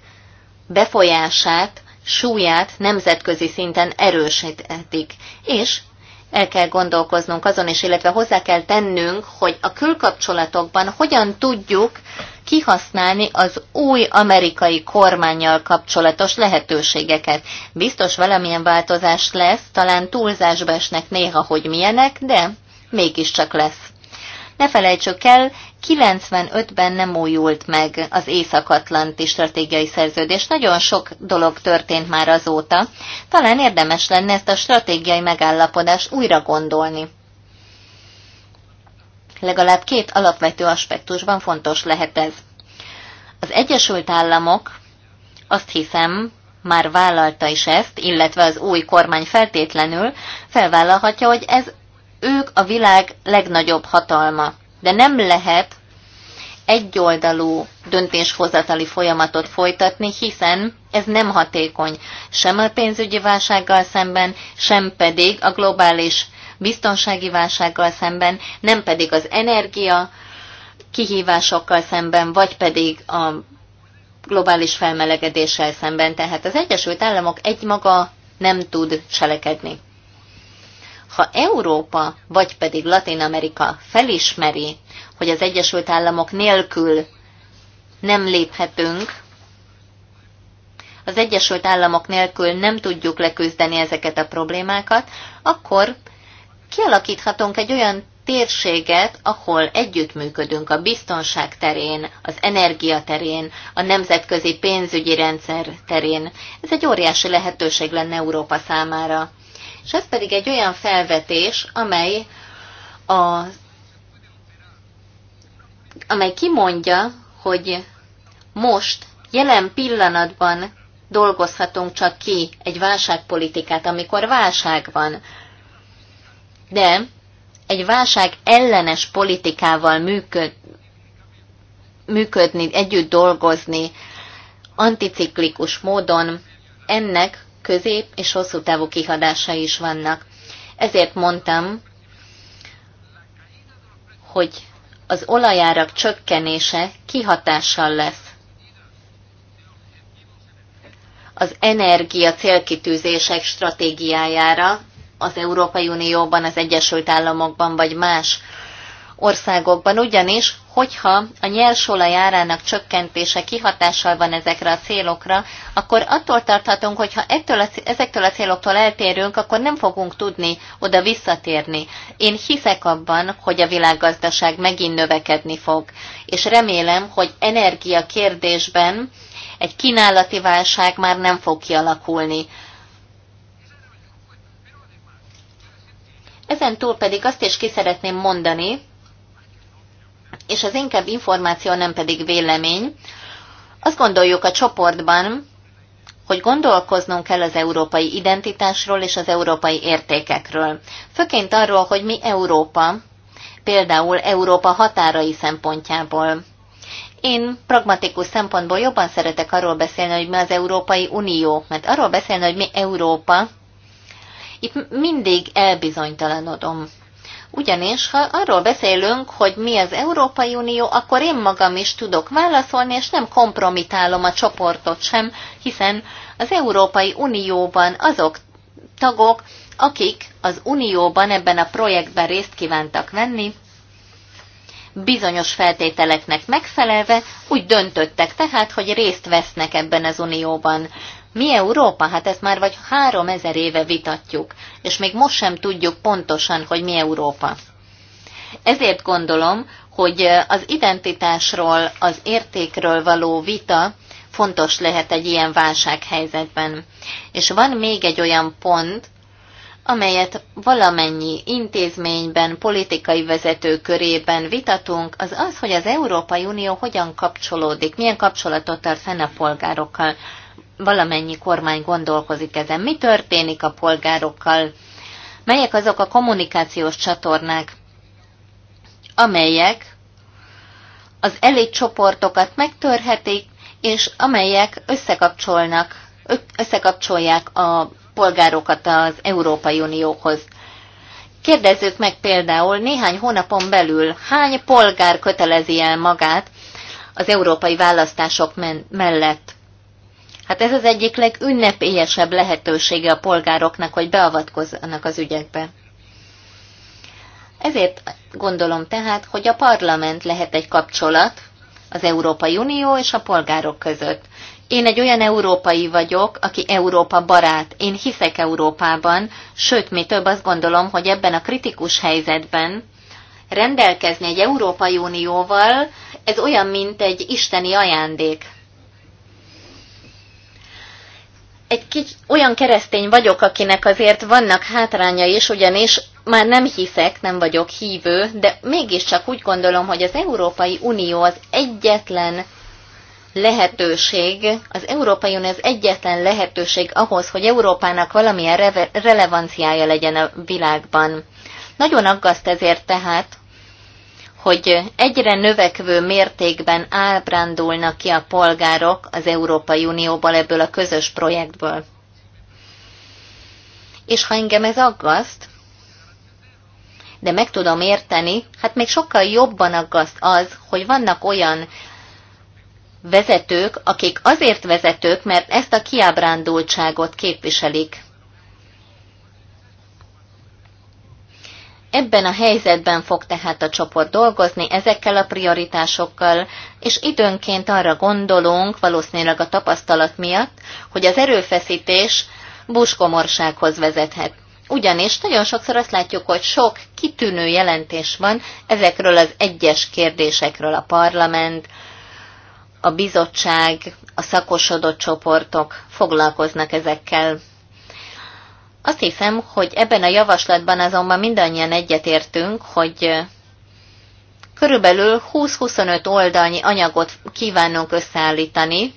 befolyását, súlyát nemzetközi szinten erősíthetik, és el kell gondolkoznunk azon is, illetve hozzá kell tennünk, hogy a külkapcsolatokban hogyan tudjuk kihasználni az új amerikai kormányjal kapcsolatos lehetőségeket. Biztos valamilyen változás lesz, talán túlzásba esnek néha, hogy milyenek, de mégiscsak lesz. Ne felejtsük el, 95-ben nem újult meg az Észak-Atlanti stratégiai szerződés. Nagyon sok dolog történt már azóta. Talán érdemes lenne ezt a stratégiai megállapodást újra gondolni. Legalább két alapvető aspektusban fontos lehet ez. Az Egyesült Államok azt hiszem, már vállalta is ezt, illetve az új kormány feltétlenül felvállalhatja, hogy ez ők a világ legnagyobb hatalma, de nem lehet egyoldalú döntéshozatali folyamatot folytatni, hiszen ez nem hatékony sem a pénzügyi válsággal szemben, sem pedig a globális biztonsági válsággal szemben, nem pedig az energia kihívásokkal szemben, vagy pedig a globális felmelegedéssel szemben. Tehát az Egyesült Államok egymaga nem tud cselekedni. Ha Európa vagy pedig Latin Amerika felismeri, hogy az Egyesült Államok nélkül nem léphetünk, az Egyesült Államok nélkül nem tudjuk leküzdeni ezeket a problémákat, akkor kialakíthatunk egy olyan térséget, ahol együttműködünk a biztonság terén, az energia terén, a nemzetközi pénzügyi rendszer terén. Ez egy óriási lehetőség lenne Európa számára és ez pedig egy olyan felvetés, amely, a, amely kimondja, hogy most, jelen pillanatban dolgozhatunk csak ki egy válságpolitikát, amikor válság van. De egy válság ellenes politikával működ, működni, együtt dolgozni, anticiklikus módon, ennek közép és hosszú távú kihatásai is vannak. Ezért mondtam, hogy az olajárak csökkenése kihatással lesz az energia célkitűzések stratégiájára az Európai Unióban, az Egyesült Államokban vagy más országokban, ugyanis, hogyha a nyersolaj árának csökkentése kihatással van ezekre a célokra, akkor attól tarthatunk, hogyha ettől a, ezektől a céloktól eltérünk, akkor nem fogunk tudni oda visszatérni. Én hiszek abban, hogy a világgazdaság megint növekedni fog, és remélem, hogy energia kérdésben egy kínálati válság már nem fog kialakulni. Ezen túl pedig azt is ki szeretném mondani, és az inkább információ, nem pedig vélemény. Azt gondoljuk a csoportban, hogy gondolkoznunk kell az európai identitásról és az európai értékekről. Főként arról, hogy mi Európa, például Európa határai szempontjából. Én pragmatikus szempontból jobban szeretek arról beszélni, hogy mi az Európai Unió, mert arról beszélni, hogy mi Európa, itt mindig elbizonytalanodom. Ugyanis, ha arról beszélünk, hogy mi az Európai Unió, akkor én magam is tudok válaszolni, és nem kompromitálom a csoportot sem, hiszen az Európai Unióban azok tagok, akik az Unióban ebben a projektben részt kívántak venni, bizonyos feltételeknek megfelelve úgy döntöttek tehát, hogy részt vesznek ebben az unióban. Mi Európa? Hát ezt már vagy három ezer éve vitatjuk, és még most sem tudjuk pontosan, hogy mi Európa. Ezért gondolom, hogy az identitásról, az értékről való vita fontos lehet egy ilyen válsághelyzetben. És van még egy olyan pont, amelyet valamennyi intézményben, politikai vezető körében vitatunk, az az, hogy az Európai Unió hogyan kapcsolódik, milyen kapcsolatot tart fenn a polgárokkal valamennyi kormány gondolkozik ezen. Mi történik a polgárokkal? Melyek azok a kommunikációs csatornák, amelyek az elit csoportokat megtörhetik, és amelyek összekapcsolnak, összekapcsolják a polgárokat az Európai Unióhoz. Kérdezzük meg például néhány hónapon belül, hány polgár kötelezi el magát az európai választások mellett. Hát ez az egyik legünnepélyesebb lehetősége a polgároknak, hogy beavatkozzanak az ügyekbe. Ezért gondolom tehát, hogy a parlament lehet egy kapcsolat az Európai Unió és a polgárok között. Én egy olyan európai vagyok, aki Európa barát. Én hiszek Európában, sőt, mi több azt gondolom, hogy ebben a kritikus helyzetben rendelkezni egy Európai Unióval, ez olyan, mint egy isteni ajándék. egy kicsi, olyan keresztény vagyok, akinek azért vannak hátránya is, ugyanis már nem hiszek, nem vagyok hívő, de mégiscsak úgy gondolom, hogy az Európai Unió az egyetlen lehetőség, az Európai Unió az egyetlen lehetőség ahhoz, hogy Európának valamilyen relevanciája legyen a világban. Nagyon aggaszt ezért tehát, hogy egyre növekvő mértékben ábrándulnak ki a polgárok az Európai Unióból ebből a közös projektből. És ha engem ez aggaszt, de meg tudom érteni, hát még sokkal jobban aggaszt az, hogy vannak olyan vezetők, akik azért vezetők, mert ezt a kiábrándultságot képviselik. Ebben a helyzetben fog tehát a csoport dolgozni ezekkel a prioritásokkal, és időnként arra gondolunk, valószínűleg a tapasztalat miatt, hogy az erőfeszítés buskomorsághoz vezethet. Ugyanis nagyon sokszor azt látjuk, hogy sok kitűnő jelentés van ezekről az egyes kérdésekről a parlament, a bizottság, a szakosodott csoportok foglalkoznak ezekkel. Azt hiszem, hogy ebben a javaslatban azonban mindannyian egyetértünk, hogy körülbelül 20-25 oldalnyi anyagot kívánunk összeállítani,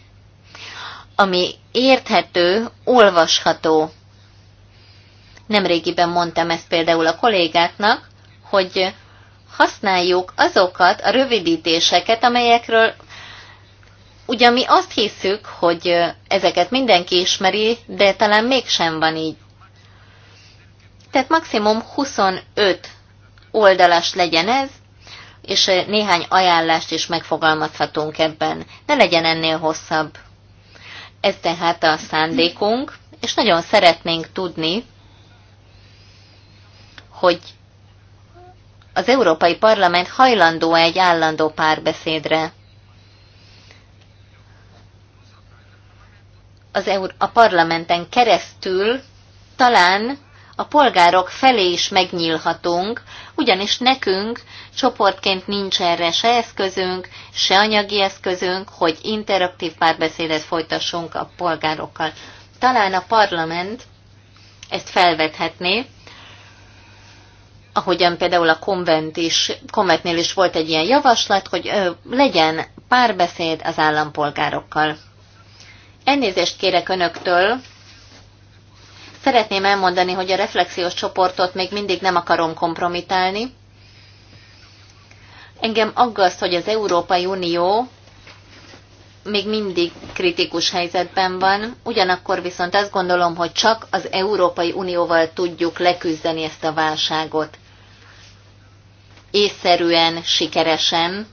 ami érthető, olvasható. Nemrégiben mondtam ezt például a kollégáknak, hogy használjuk azokat a rövidítéseket, amelyekről ugyan mi azt hiszük, hogy ezeket mindenki ismeri, de talán mégsem van így. Tehát maximum 25 oldalas legyen ez, és eh, néhány ajánlást is megfogalmazhatunk ebben. Ne legyen ennél hosszabb. Ez tehát a szándékunk, és nagyon szeretnénk tudni, hogy az Európai Parlament hajlandó -e egy állandó párbeszédre. Az Euró- a parlamenten keresztül talán a polgárok felé is megnyílhatunk, ugyanis nekünk csoportként nincs erre se eszközünk, se anyagi eszközünk, hogy interaktív párbeszédet folytassunk a polgárokkal. Talán a parlament ezt felvethetné, ahogyan például a konvent is, konventnél is volt egy ilyen javaslat, hogy ö, legyen párbeszéd az állampolgárokkal. Elnézést kérek önöktől, Szeretném elmondani, hogy a reflexiós csoportot még mindig nem akarom kompromitálni. Engem aggaszt, hogy az Európai Unió még mindig kritikus helyzetben van, ugyanakkor viszont azt gondolom, hogy csak az Európai Unióval tudjuk leküzdeni ezt a válságot. Észszerűen, sikeresen,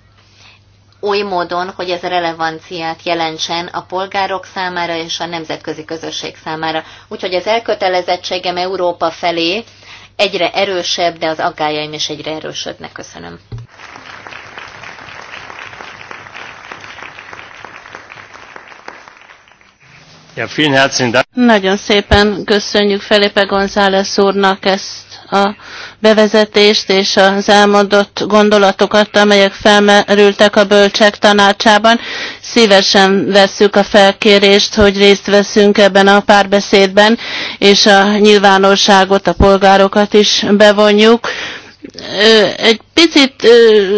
oly módon, hogy ez relevanciát jelentsen a polgárok számára és a nemzetközi közösség számára. Úgyhogy az elkötelezettségem Európa felé egyre erősebb, de az aggájaim is egyre erősödnek. Köszönöm. Nagyon szépen köszönjük Felipe González úrnak ezt a bevezetést és az elmondott gondolatokat, amelyek felmerültek a bölcsek tanácsában. Szívesen vesszük a felkérést, hogy részt veszünk ebben a párbeszédben, és a nyilvánosságot, a polgárokat is bevonjuk egy picit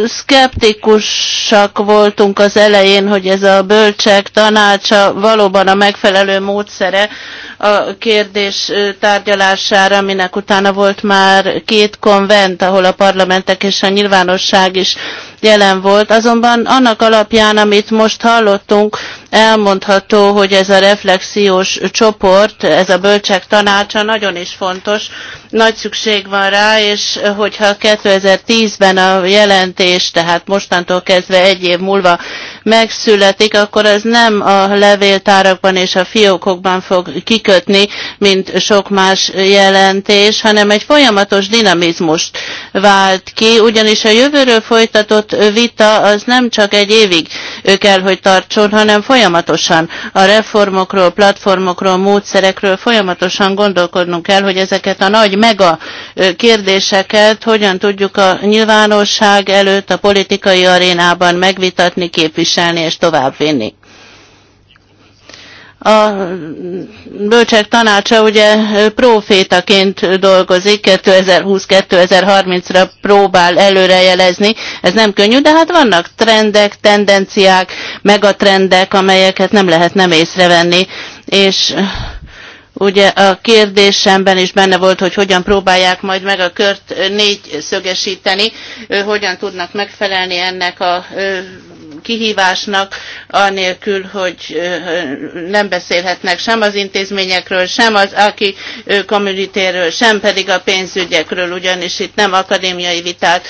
szkeptikusak voltunk az elején, hogy ez a bölcsek tanácsa valóban a megfelelő módszere a kérdés tárgyalására, aminek utána volt már két konvent, ahol a parlamentek és a nyilvánosság is jelen volt. Azonban annak alapján, amit most hallottunk, elmondható, hogy ez a reflexiós csoport, ez a bölcsek tanácsa nagyon is fontos, nagy szükség van rá, és hogyha 2010-ben a jelentés, tehát mostantól kezdve egy év múlva megszületik, akkor ez nem a levéltárakban és a fiókokban fog kikötni, mint sok más jelentés, hanem egy folyamatos dinamizmust vált ki, ugyanis a jövőről folytatott folytatott vita az nem csak egy évig kell, hogy tartson, hanem folyamatosan a reformokról, platformokról, módszerekről folyamatosan gondolkodnunk kell, hogy ezeket a nagy mega kérdéseket hogyan tudjuk a nyilvánosság előtt a politikai arénában megvitatni, képviselni és továbbvinni a bölcsek tanácsa ugye profétaként dolgozik, 2020-2030-ra próbál előrejelezni. Ez nem könnyű, de hát vannak trendek, tendenciák, megatrendek, amelyeket nem lehet nem észrevenni. És ugye a kérdésemben is benne volt, hogy hogyan próbálják majd meg a kört négy szögesíteni, hogyan tudnak megfelelni ennek a kihívásnak, anélkül, hogy nem beszélhetnek sem az intézményekről, sem az aki kommunitéről, sem pedig a pénzügyekről, ugyanis itt nem akadémiai vitát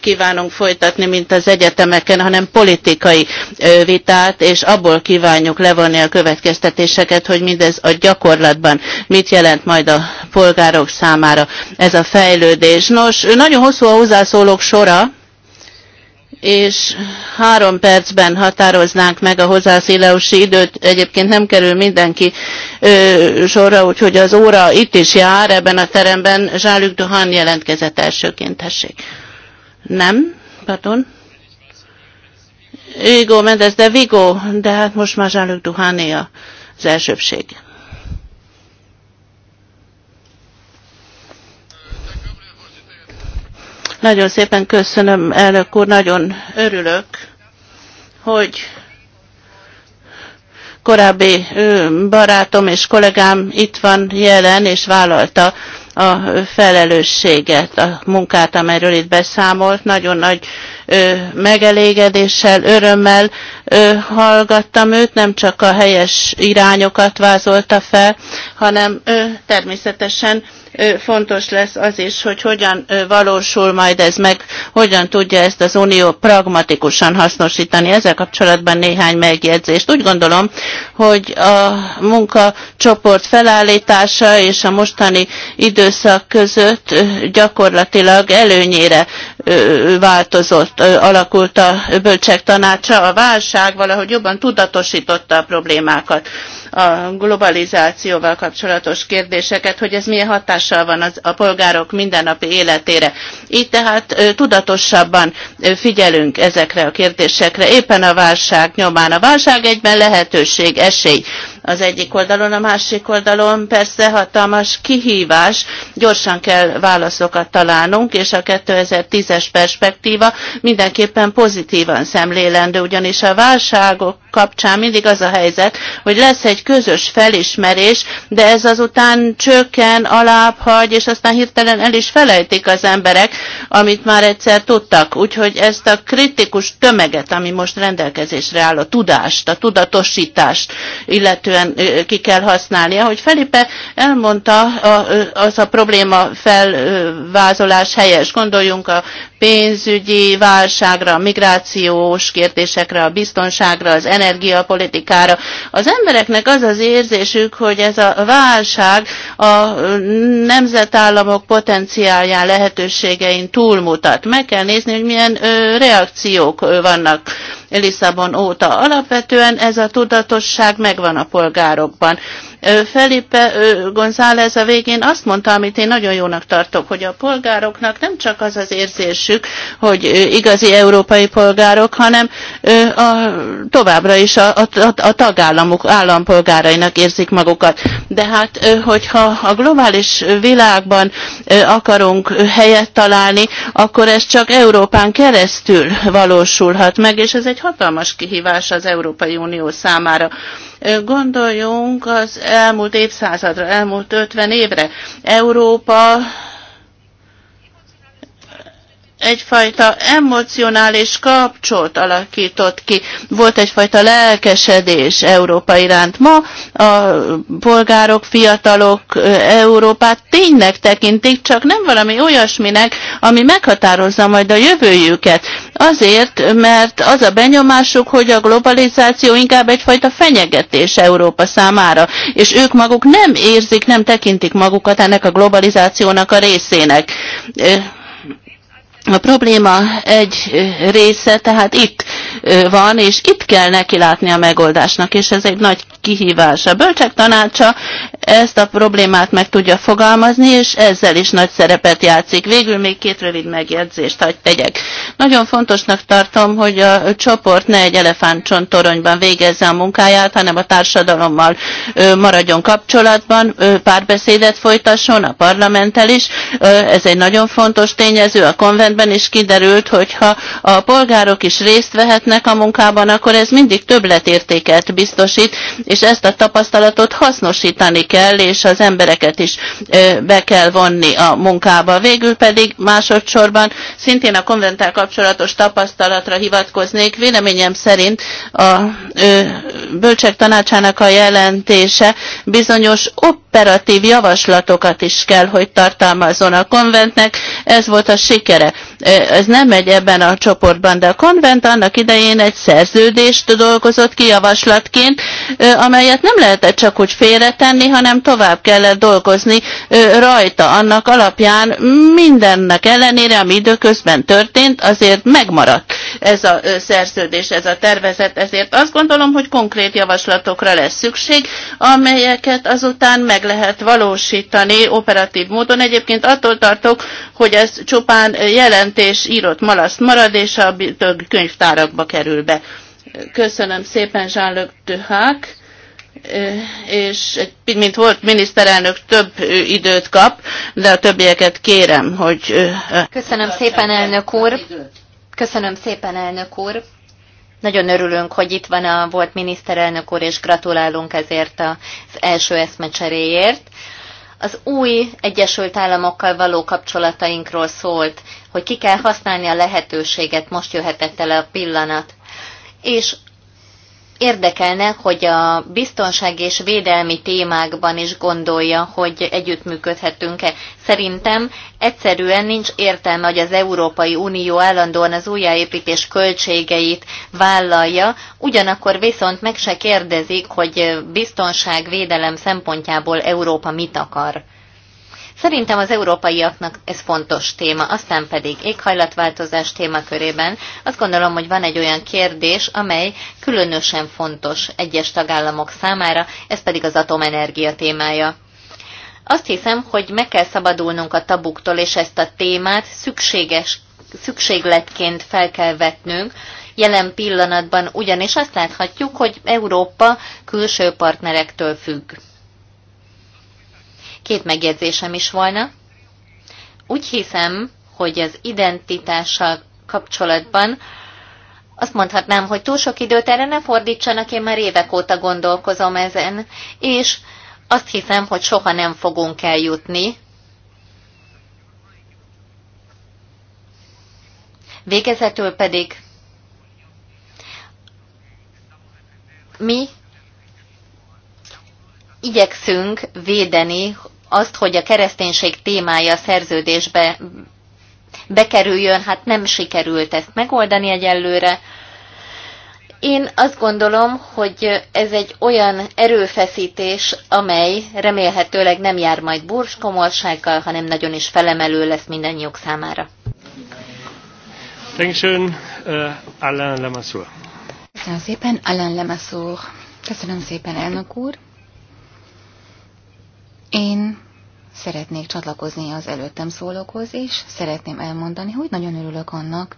kívánunk folytatni, mint az egyetemeken, hanem politikai vitát, és abból kívánjuk levonni a következtetéseket, hogy mindez a gyakorlatban mit jelent majd a polgárok számára ez a fejlődés. Nos, nagyon hosszú a hozzászólók sora, és három percben határoznánk meg a hozzászíleusi időt. Egyébként nem kerül mindenki ö, sorra, úgyhogy az óra itt is jár ebben a teremben. Zsálük Dohan jelentkezett elsőként, tessék. Nem? Pardon? Vigo Mendez, de Vigo, de hát most már Zsálük Duhánia az elsőbség. Nagyon szépen köszönöm, elnök úr, nagyon örülök, hogy korábbi barátom és kollégám itt van jelen, és vállalta a felelősséget, a munkát, amelyről itt beszámolt. Nagyon nagy megelégedéssel, örömmel hallgattam őt, nem csak a helyes irányokat vázolta fel, hanem természetesen fontos lesz az is, hogy hogyan valósul majd ez meg, hogyan tudja ezt az Unió pragmatikusan hasznosítani. Ezzel kapcsolatban néhány megjegyzést. Úgy gondolom, hogy a munkacsoport felállítása és a mostani időszak között gyakorlatilag előnyére változott alakult a bölcsek tanácsa, a válság valahogy jobban tudatosította a problémákat a globalizációval kapcsolatos kérdéseket, hogy ez milyen hatással van az, a polgárok mindennapi életére. Így tehát tudatosabban figyelünk ezekre a kérdésekre, éppen a válság nyomán. A válság egyben lehetőség, esély az egyik oldalon, a másik oldalon persze hatalmas kihívás, gyorsan kell válaszokat találnunk, és a 2010-es perspektíva mindenképpen pozitívan szemlélendő, ugyanis a válságok kapcsán mindig az a helyzet, hogy lesz egy egy közös felismerés, de ez azután csökken, alábbhagy, és aztán hirtelen el is felejtik az emberek, amit már egyszer tudtak. Úgyhogy ezt a kritikus tömeget, ami most rendelkezésre áll, a tudást, a tudatosítást, illetően ki kell használni, ahogy Felipe elmondta, az a probléma felvázolás helyes. Gondoljunk a pénzügyi válságra, a migrációs kérdésekre, a biztonságra, az energiapolitikára. Az embereknek az az érzésük, hogy ez a válság a nemzetállamok potenciálján, lehetőségein túlmutat. Meg kell nézni, hogy milyen reakciók vannak Lisszabon óta. Alapvetően ez a tudatosság megvan a polgárokban. Felipe González a végén azt mondta, amit én nagyon jónak tartok, hogy a polgároknak nem csak az az érzésük, hogy igazi európai polgárok, hanem a, továbbra is a, a, a tagállamok állampolgárainak érzik magukat. De hát, hogyha a globális világban akarunk helyet találni, akkor ez csak Európán keresztül valósulhat meg, és ez egy hatalmas kihívás az Európai Unió számára. Gondoljunk az elmúlt évszázadra, elmúlt 50 évre. Európa egyfajta emocionális kapcsot alakított ki. Volt egyfajta lelkesedés Európa iránt. Ma a polgárok, fiatalok Európát tényleg tekintik, csak nem valami olyasminek, ami meghatározza majd a jövőjüket. Azért, mert az a benyomásuk, hogy a globalizáció inkább egyfajta fenyegetés Európa számára, és ők maguk nem érzik, nem tekintik magukat ennek a globalizációnak a részének a probléma egy része tehát itt van, és itt kell neki látni a megoldásnak, és ez egy nagy kihívás. A bölcsek tanácsa ezt a problémát meg tudja fogalmazni, és ezzel is nagy szerepet játszik. Végül még két rövid megjegyzést hagy tegyek. Nagyon fontosnak tartom, hogy a csoport ne egy elefántcsont toronyban végezze a munkáját, hanem a társadalommal maradjon kapcsolatban, párbeszédet folytasson a parlamenttel is. Ez egy nagyon fontos tényező. A konventben is kiderült, hogyha a polgárok is részt vehet vezetnek a munkában, akkor ez mindig többletértéket biztosít, és ezt a tapasztalatot hasznosítani kell, és az embereket is be kell vonni a munkába. Végül pedig másodszorban szintén a konventál kapcsolatos tapasztalatra hivatkoznék. Véleményem szerint a bölcsek tanácsának a jelentése bizonyos operatív javaslatokat is kell, hogy tartalmazzon a konventnek. Ez volt a sikere ez nem megy ebben a csoportban, de a konvent annak idején egy szerződést dolgozott ki javaslatként, amelyet nem lehetett csak úgy félretenni, hanem tovább kellett dolgozni rajta. Annak alapján mindennek ellenére, ami időközben történt, azért megmaradt ez a szerződés, ez a tervezet, ezért azt gondolom, hogy konkrét javaslatokra lesz szükség, amelyeket azután meg lehet valósítani operatív módon. Egyébként attól tartok, hogy ez csupán jelentés írott malaszt marad, és a könyvtárakba kerül be. Köszönöm szépen, Jean-Luc Duhák és mint volt miniszterelnök több időt kap, de a többieket kérem, hogy... Köszönöm szépen, elnök úr. Köszönöm szépen, elnök úr! Nagyon örülünk, hogy itt van a volt miniszterelnök úr, és gratulálunk ezért az első eszmecseréért. Az új Egyesült Államokkal való kapcsolatainkról szólt, hogy ki kell használni a lehetőséget, most jöhetett el a pillanat. És Érdekelne, hogy a biztonság és védelmi témákban is gondolja, hogy együttműködhetünk-e. Szerintem egyszerűen nincs értelme, hogy az Európai Unió állandóan az újjáépítés költségeit vállalja, ugyanakkor viszont meg se kérdezik, hogy biztonság, védelem szempontjából Európa mit akar. Szerintem az európaiaknak ez fontos téma, aztán pedig éghajlatváltozás témakörében azt gondolom, hogy van egy olyan kérdés, amely különösen fontos egyes tagállamok számára, ez pedig az atomenergia témája. Azt hiszem, hogy meg kell szabadulnunk a tabuktól, és ezt a témát szükséges, szükségletként fel kell vetnünk, Jelen pillanatban ugyanis azt láthatjuk, hogy Európa külső partnerektől függ. Két megjegyzésem is volna. Úgy hiszem, hogy az identitással kapcsolatban azt mondhatnám, hogy túl sok időt erre ne fordítsanak, én már évek óta gondolkozom ezen, és azt hiszem, hogy soha nem fogunk eljutni. Végezetül pedig mi igyekszünk védeni azt, hogy a kereszténység témája a szerződésbe bekerüljön, hát nem sikerült ezt megoldani egyelőre. Én azt gondolom, hogy ez egy olyan erőfeszítés, amely remélhetőleg nem jár majd burskomorsággal, hanem nagyon is felemelő lesz mindannyiuk számára. Köszönöm uh, Alain Lemassur. Köszönöm szépen, Alain Lemassur. Köszönöm szépen, elnök úr. Én szeretnék csatlakozni az előttem szólókhoz, és szeretném elmondani, hogy nagyon örülök annak,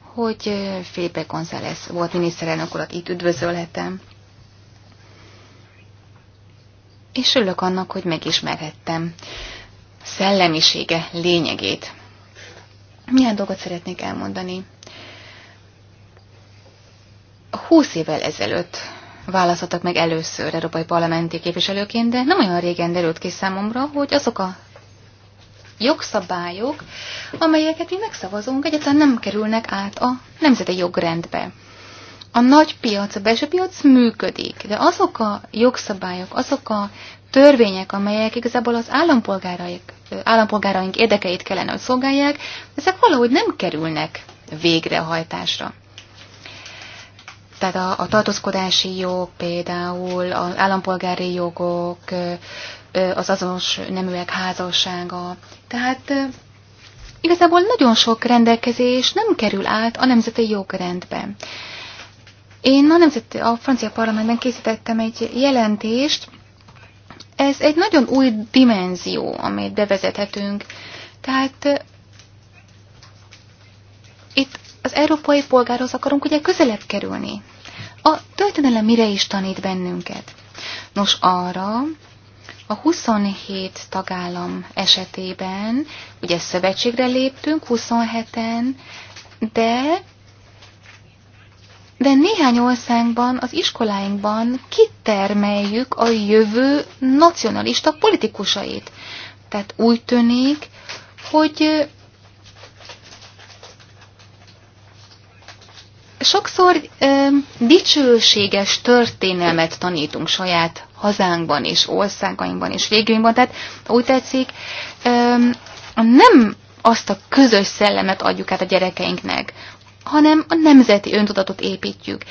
hogy Felipe González volt miniszterelnök urat itt üdvözölhetem. És örülök annak, hogy megismerhettem szellemisége lényegét. Milyen dolgot szeretnék elmondani? Húsz évvel ezelőtt választottak meg először európai parlamenti képviselőként, de nem olyan régen derült ki számomra, hogy azok a jogszabályok, amelyeket mi megszavazunk, egyáltalán nem kerülnek át a nemzeti jogrendbe. A nagy piac, a belső piac működik, de azok a jogszabályok, azok a törvények, amelyek igazából az állampolgáraik, állampolgáraink érdekeit kellene, hogy szolgálják, ezek valahogy nem kerülnek végrehajtásra tehát a, a tartózkodási jog, például az állampolgári jogok, az azonos neműek házassága. Tehát igazából nagyon sok rendelkezés nem kerül át a nemzeti jogrendbe. Én a, nemzeti, a francia parlamentben készítettem egy jelentést, ez egy nagyon új dimenzió, amit bevezethetünk. Tehát itt az európai polgárhoz akarunk ugye közelebb kerülni. A történelem mire is tanít bennünket? Nos, arra, a 27 tagállam esetében, ugye szövetségre léptünk 27-en, de de néhány országban, az iskoláinkban kitermeljük a jövő nacionalista politikusait. Tehát úgy tűnik, hogy sokszor ö, dicsőséges történelmet tanítunk saját hazánkban és országainkban és régióinkban, tehát úgy tetszik, ö, nem azt a közös szellemet adjuk át a gyerekeinknek, hanem a nemzeti öntudatot építjük.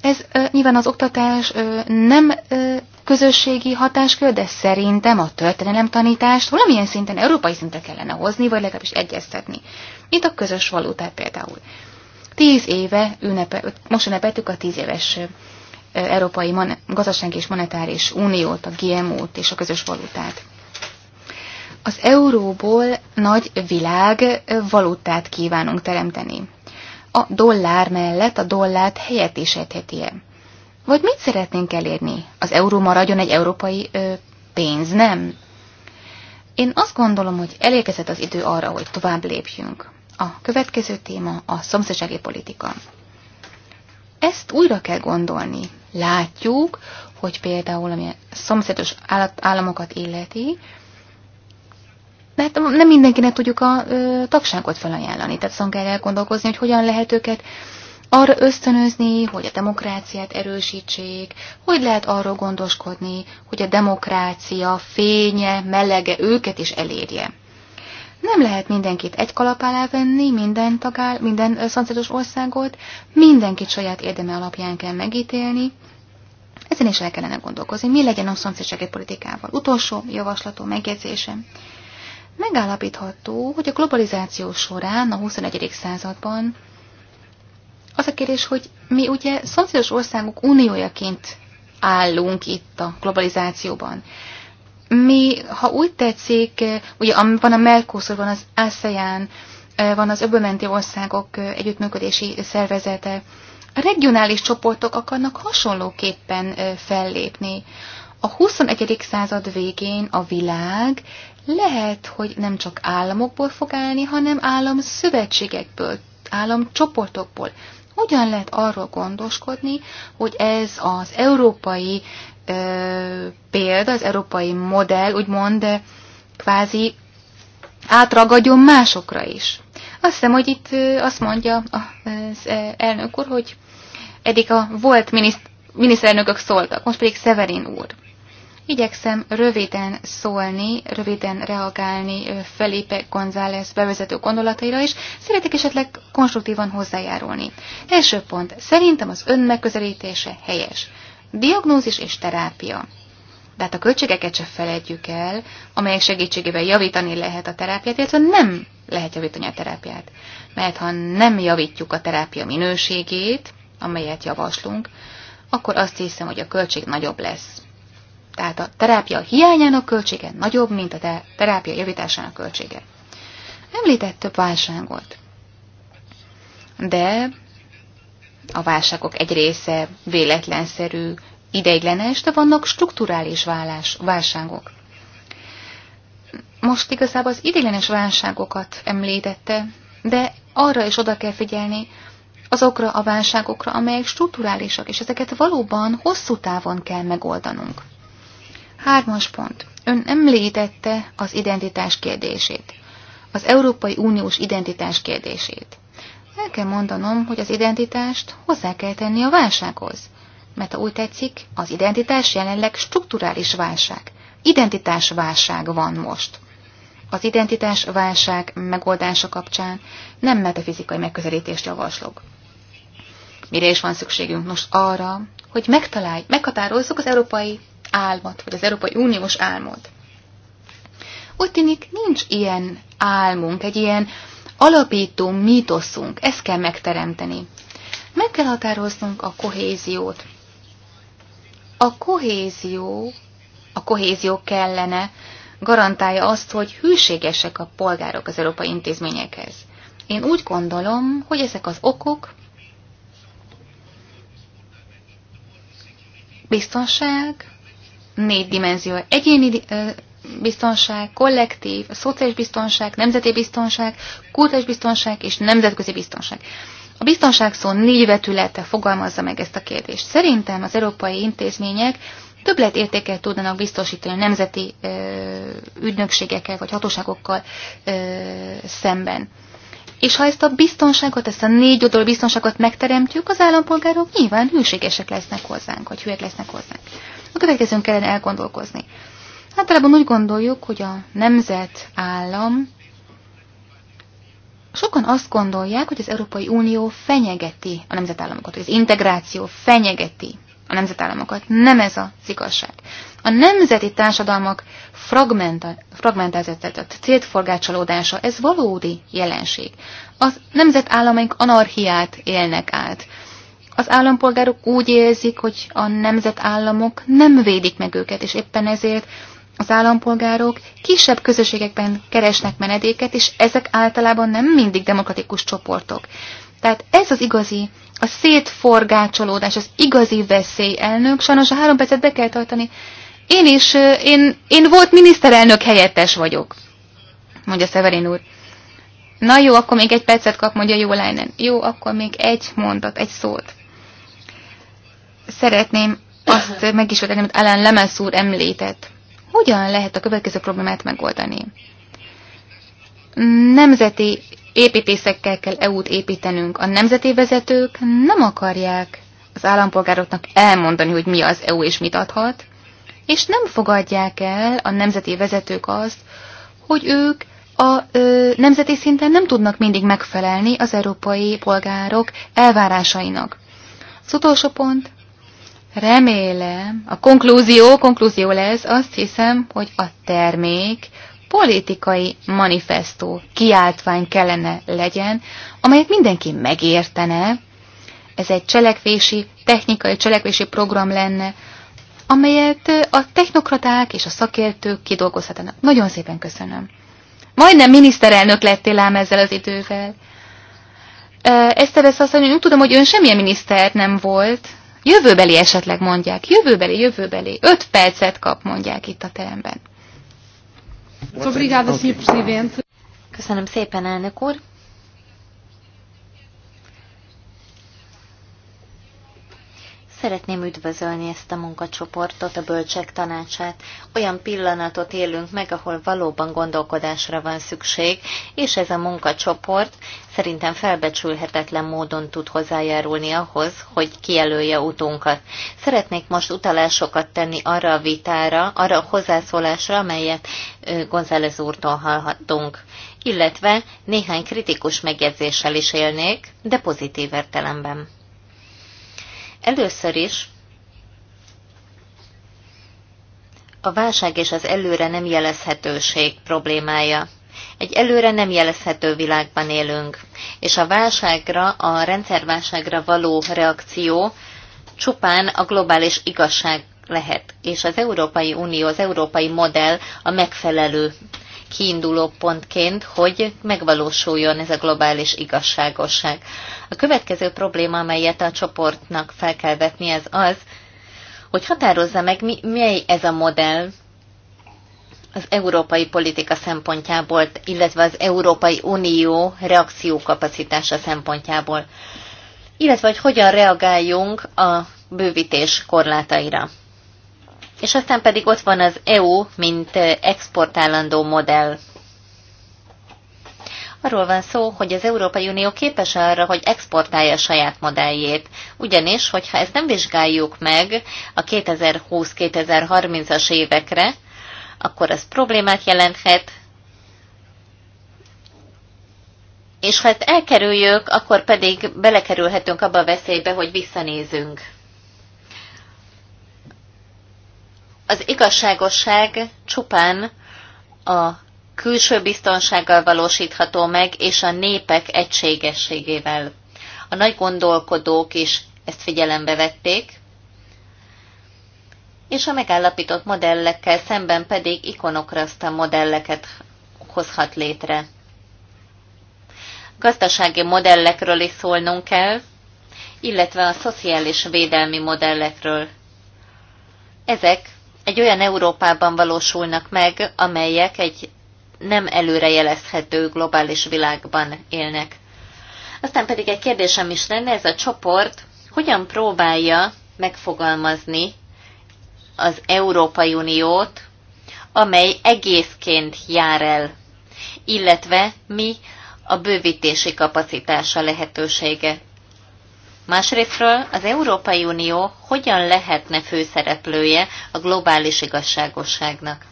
Ez ö, nyilván az oktatás ö, nem ö, közösségi hatáskör, de szerintem a történelem tanítást valamilyen szinten, európai szinten kellene hozni, vagy legalábbis egyeztetni. Itt a közös valutát például. Tíz éve ünnepe, most ünnepeltük a tíz éves Európai Mon- Gazdasági és Monetáris Uniót, a GMO-t és a közös valutát. Az euróból nagy világ valutát kívánunk teremteni. A dollár mellett a dollárt helyettesítheti -e? Vagy mit szeretnénk elérni? Az euró maradjon egy európai ö, pénz, nem? Én azt gondolom, hogy elérkezett az idő arra, hogy tovább lépjünk. A következő téma a szomszédsági politika. Ezt újra kell gondolni. Látjuk, hogy például ami a szomszédos államokat illeti, mert hát nem mindenkinek tudjuk a ö, tagságot felajánlani. Tehát szóval kell elgondolkozni, hogy hogyan lehet őket arra ösztönözni, hogy a demokráciát erősítsék, hogy lehet arról gondoskodni, hogy a demokrácia fénye, melege őket is elérje. Nem lehet mindenkit egy kalap alá venni, minden tagál, minden szomszédos országot, mindenkit saját érdeme alapján kell megítélni. Ezen is el kellene gondolkozni, mi legyen a szomszédsági politikával. Utolsó javaslatom, megjegyzésem. Megállapítható, hogy a globalizáció során a 21. században az a kérdés, hogy mi ugye szomszédos országok uniójaként állunk itt a globalizációban mi, ha úgy tetszik, eh, ugye van a Mercosur, van az ASEAN, eh, van az öbölmenti országok eh, együttműködési szervezete. A regionális csoportok akarnak hasonlóképpen fellépni. A 21. század végén a világ lehet, hogy nem csak államokból fog állni, hanem állam szövetségekből, állam csoportokból. Hogyan lehet arról gondoskodni, hogy ez az európai példa, az európai modell, úgymond kvázi átragadjon másokra is. Azt hiszem, hogy itt azt mondja az elnök úr, hogy eddig a volt miniszt, miniszterelnökök szóltak, most pedig Severin úr. Igyekszem röviden szólni, röviden reagálni Felipe González bevezető gondolataira is, szeretek esetleg konstruktívan hozzájárulni. Első pont, szerintem az ön megközelítése helyes. Diagnózis és terápia. De hát a költségeket se felejtjük el, amelyek segítségével javítani lehet a terápiát, illetve nem lehet javítani a terápiát. Mert ha nem javítjuk a terápia minőségét, amelyet javaslunk, akkor azt hiszem, hogy a költség nagyobb lesz. Tehát a terápia hiányának költsége nagyobb, mint a terápia javításának költsége. Említett több válságot. De a válságok egy része véletlenszerű, ideiglenes, de vannak strukturális válás, válságok. Most igazából az ideiglenes válságokat említette, de arra is oda kell figyelni, azokra a válságokra, amelyek strukturálisak, és ezeket valóban hosszú távon kell megoldanunk. Hármas pont. Ön említette az identitás kérdését. Az Európai Uniós identitás kérdését. El kell mondanom, hogy az identitást hozzá kell tenni a válsághoz. Mert ha úgy tetszik, az identitás jelenleg strukturális válság. Identitás válság van most. Az identitás válság megoldása kapcsán nem metafizikai megközelítést javaslok. Mire is van szükségünk most arra, hogy megtalálj, meghatározzuk az európai álmat, vagy az Európai Uniós álmot. Úgy tűnik, nincs ilyen álmunk, egy ilyen alapító mítoszunk, ezt kell megteremteni. Meg kell határoznunk a kohéziót. A kohézió, a kohézió kellene garantálja azt, hogy hűségesek a polgárok az európai intézményekhez. Én úgy gondolom, hogy ezek az okok biztonság, négy dimenzió egyéni biztonság, kollektív, a szociális biztonság, nemzeti biztonság, kultúrás biztonság és nemzetközi biztonság. A biztonság szó négy vetülete fogalmazza meg ezt a kérdést. Szerintem az európai intézmények többletértéket tudnának biztosítani a nemzeti ö, ügynökségekkel vagy hatóságokkal ö, szemben. És ha ezt a biztonságot, ezt a négy oldalú biztonságot megteremtjük, az állampolgárok nyilván hűségesek lesznek hozzánk, vagy hülyek lesznek hozzánk. A következőn kellene elgondolkozni. Általában úgy gondoljuk, hogy a nemzetállam Sokan azt gondolják, hogy az Európai Unió fenyegeti a nemzetállamokat, hogy az integráció fenyegeti a nemzetállamokat. Nem ez a igazság. A nemzeti társadalmak a céltforgácsolódása, ez valódi jelenség. Az nemzetállamaink anarchiát élnek át. Az állampolgárok úgy érzik, hogy a nemzetállamok nem védik meg őket, és éppen ezért az állampolgárok kisebb közösségekben keresnek menedéket, és ezek általában nem mindig demokratikus csoportok. Tehát ez az igazi, a szétforgácsolódás, az igazi veszély elnök, sajnos a három percet be kell tartani. Én is, én, én volt miniszterelnök helyettes vagyok, mondja Szeverin úr. Na jó, akkor még egy percet kap, mondja jó lányen. Jó, akkor még egy mondat, egy szót. Szeretném azt megismételni, amit Alan Lemesz úr említett. Hogyan lehet a következő problémát megoldani? Nemzeti építészekkel kell EU-t építenünk. A nemzeti vezetők nem akarják az állampolgároknak elmondani, hogy mi az EU és mit adhat, és nem fogadják el a nemzeti vezetők azt, hogy ők a ö, nemzeti szinten nem tudnak mindig megfelelni az európai polgárok elvárásainak. Az utolsó pont, Remélem, a konklúzió, konklúzió lesz, azt hiszem, hogy a termék politikai manifestó, kiáltvány kellene legyen, amelyet mindenki megértene. Ez egy cselekvési, technikai cselekvési program lenne, amelyet a technokraták és a szakértők kidolgozhatnak. Nagyon szépen köszönöm. Majdnem miniszterelnök lettél ám ezzel az idővel. Ezt azt hogy úgy tudom, hogy ön semmilyen miniszter nem volt, Jövőbeli esetleg mondják, jövőbeli, jövőbeli. Öt percet kap, mondják itt a teremben. Szóval Köszönöm szépen, elnök úr. Szeretném üdvözölni ezt a munkacsoportot, a bölcsek tanácsát. Olyan pillanatot élünk meg, ahol valóban gondolkodásra van szükség, és ez a munkacsoport szerintem felbecsülhetetlen módon tud hozzájárulni ahhoz, hogy kijelölje utunkat. Szeretnék most utalásokat tenni arra a vitára, arra a hozzászólásra, amelyet González úrtól hallhattunk illetve néhány kritikus megjegyzéssel is élnék, de pozitív értelemben. Először is a válság és az előre nem jelezhetőség problémája. Egy előre nem jelezhető világban élünk, és a válságra, a rendszerválságra való reakció csupán a globális igazság lehet, és az Európai Unió, az európai modell a megfelelő kiinduló pontként, hogy megvalósuljon ez a globális igazságosság. A következő probléma, amelyet a csoportnak fel kell vetni, ez az, hogy határozza meg, mi, mely ez a modell az európai politika szempontjából, illetve az Európai Unió reakciókapacitása szempontjából, illetve hogy hogyan reagáljunk a bővítés korlátaira. És aztán pedig ott van az EU, mint exportálandó modell. Arról van szó, hogy az Európai Unió képes arra, hogy exportálja saját modelljét. Ugyanis, hogyha ezt nem vizsgáljuk meg a 2020-2030-as évekre, akkor ez problémát jelenthet, és ha ezt elkerüljük, akkor pedig belekerülhetünk abba a veszélybe, hogy visszanézünk. az igazságosság csupán a külső biztonsággal valósítható meg, és a népek egységességével. A nagy gondolkodók is ezt figyelembe vették, és a megállapított modellekkel szemben pedig a modelleket hozhat létre. Gazdasági modellekről is szólnunk kell, illetve a szociális védelmi modellekről. Ezek egy olyan Európában valósulnak meg, amelyek egy nem előrejelezhető globális világban élnek. Aztán pedig egy kérdésem is lenne, ez a csoport hogyan próbálja megfogalmazni az Európai Uniót, amely egészként jár el, illetve mi a bővítési kapacitása lehetősége. Másrésztről az Európai Unió hogyan lehetne főszereplője a globális igazságosságnak?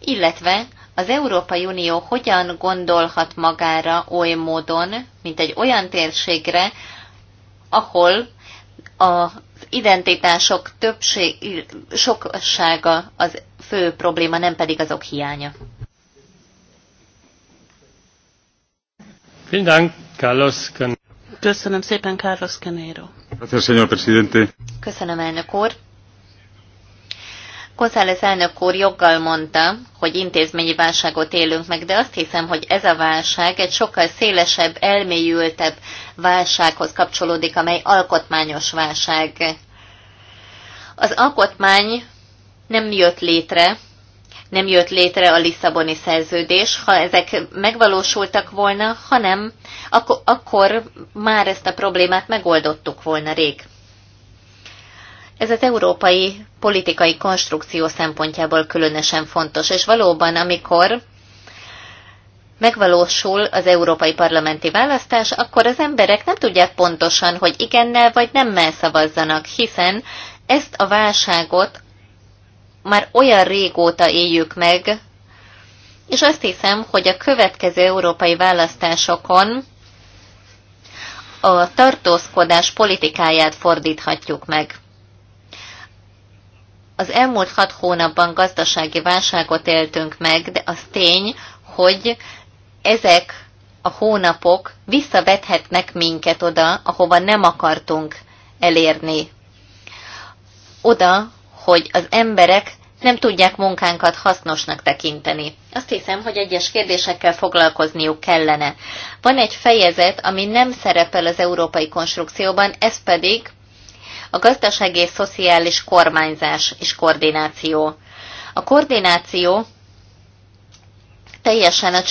Illetve az Európai Unió hogyan gondolhat magára oly módon, mint egy olyan térségre, ahol az identitások többség, sokassága az fő probléma, nem pedig azok hiánya. Vielen Dank, Carlos. Köszönöm szépen, Carlos Canero. Köszönöm, elnök úr. González elnök úr joggal mondta, hogy intézményi válságot élünk meg, de azt hiszem, hogy ez a válság egy sokkal szélesebb, elmélyültebb válsághoz kapcsolódik, amely alkotmányos válság. Az alkotmány nem jött létre nem jött létre a Lisszaboni szerződés. Ha ezek megvalósultak volna, hanem akkor, akkor már ezt a problémát megoldottuk volna rég. Ez az európai politikai konstrukció szempontjából különösen fontos, és valóban, amikor megvalósul az európai parlamenti választás, akkor az emberek nem tudják pontosan, hogy igennel vagy nemmel szavazzanak, hiszen ezt a válságot már olyan régóta éljük meg, és azt hiszem, hogy a következő európai választásokon a tartózkodás politikáját fordíthatjuk meg. Az elmúlt hat hónapban gazdasági válságot éltünk meg, de az tény, hogy ezek a hónapok visszavethetnek minket oda, ahova nem akartunk elérni. Oda, hogy az emberek nem tudják munkánkat hasznosnak tekinteni. Azt hiszem, hogy egyes kérdésekkel foglalkozniuk kellene. Van egy fejezet, ami nem szerepel az európai konstrukcióban, ez pedig a gazdasági és szociális kormányzás és koordináció. A koordináció teljesen a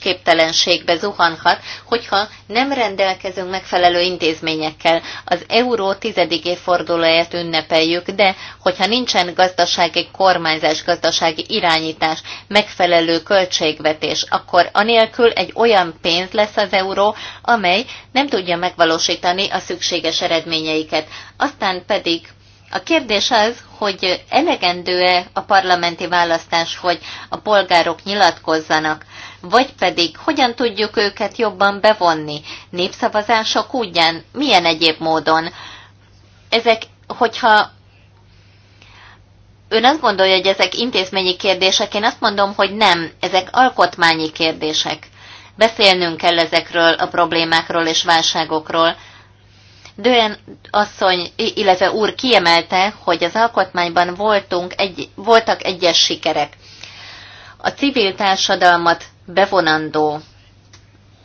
képtelenségbe zuhanhat, hogyha nem rendelkezünk megfelelő intézményekkel. Az euró tizedik évfordulóját ünnepeljük, de hogyha nincsen gazdasági kormányzás, gazdasági irányítás, megfelelő költségvetés, akkor anélkül egy olyan pénz lesz az euró, amely nem tudja megvalósítani a szükséges eredményeiket. Aztán pedig a kérdés az, hogy elegendő-e a parlamenti választás, hogy a polgárok nyilatkozzanak, vagy pedig hogyan tudjuk őket jobban bevonni, népszavazások útján, milyen egyéb módon. Ezek, hogyha Ön azt gondolja, hogy ezek intézményi kérdések, én azt mondom, hogy nem, ezek alkotmányi kérdések. Beszélnünk kell ezekről a problémákról és válságokról, Dően asszony, illetve úr kiemelte, hogy az alkotmányban voltunk egy, voltak egyes sikerek. A civil társadalmat bevonandó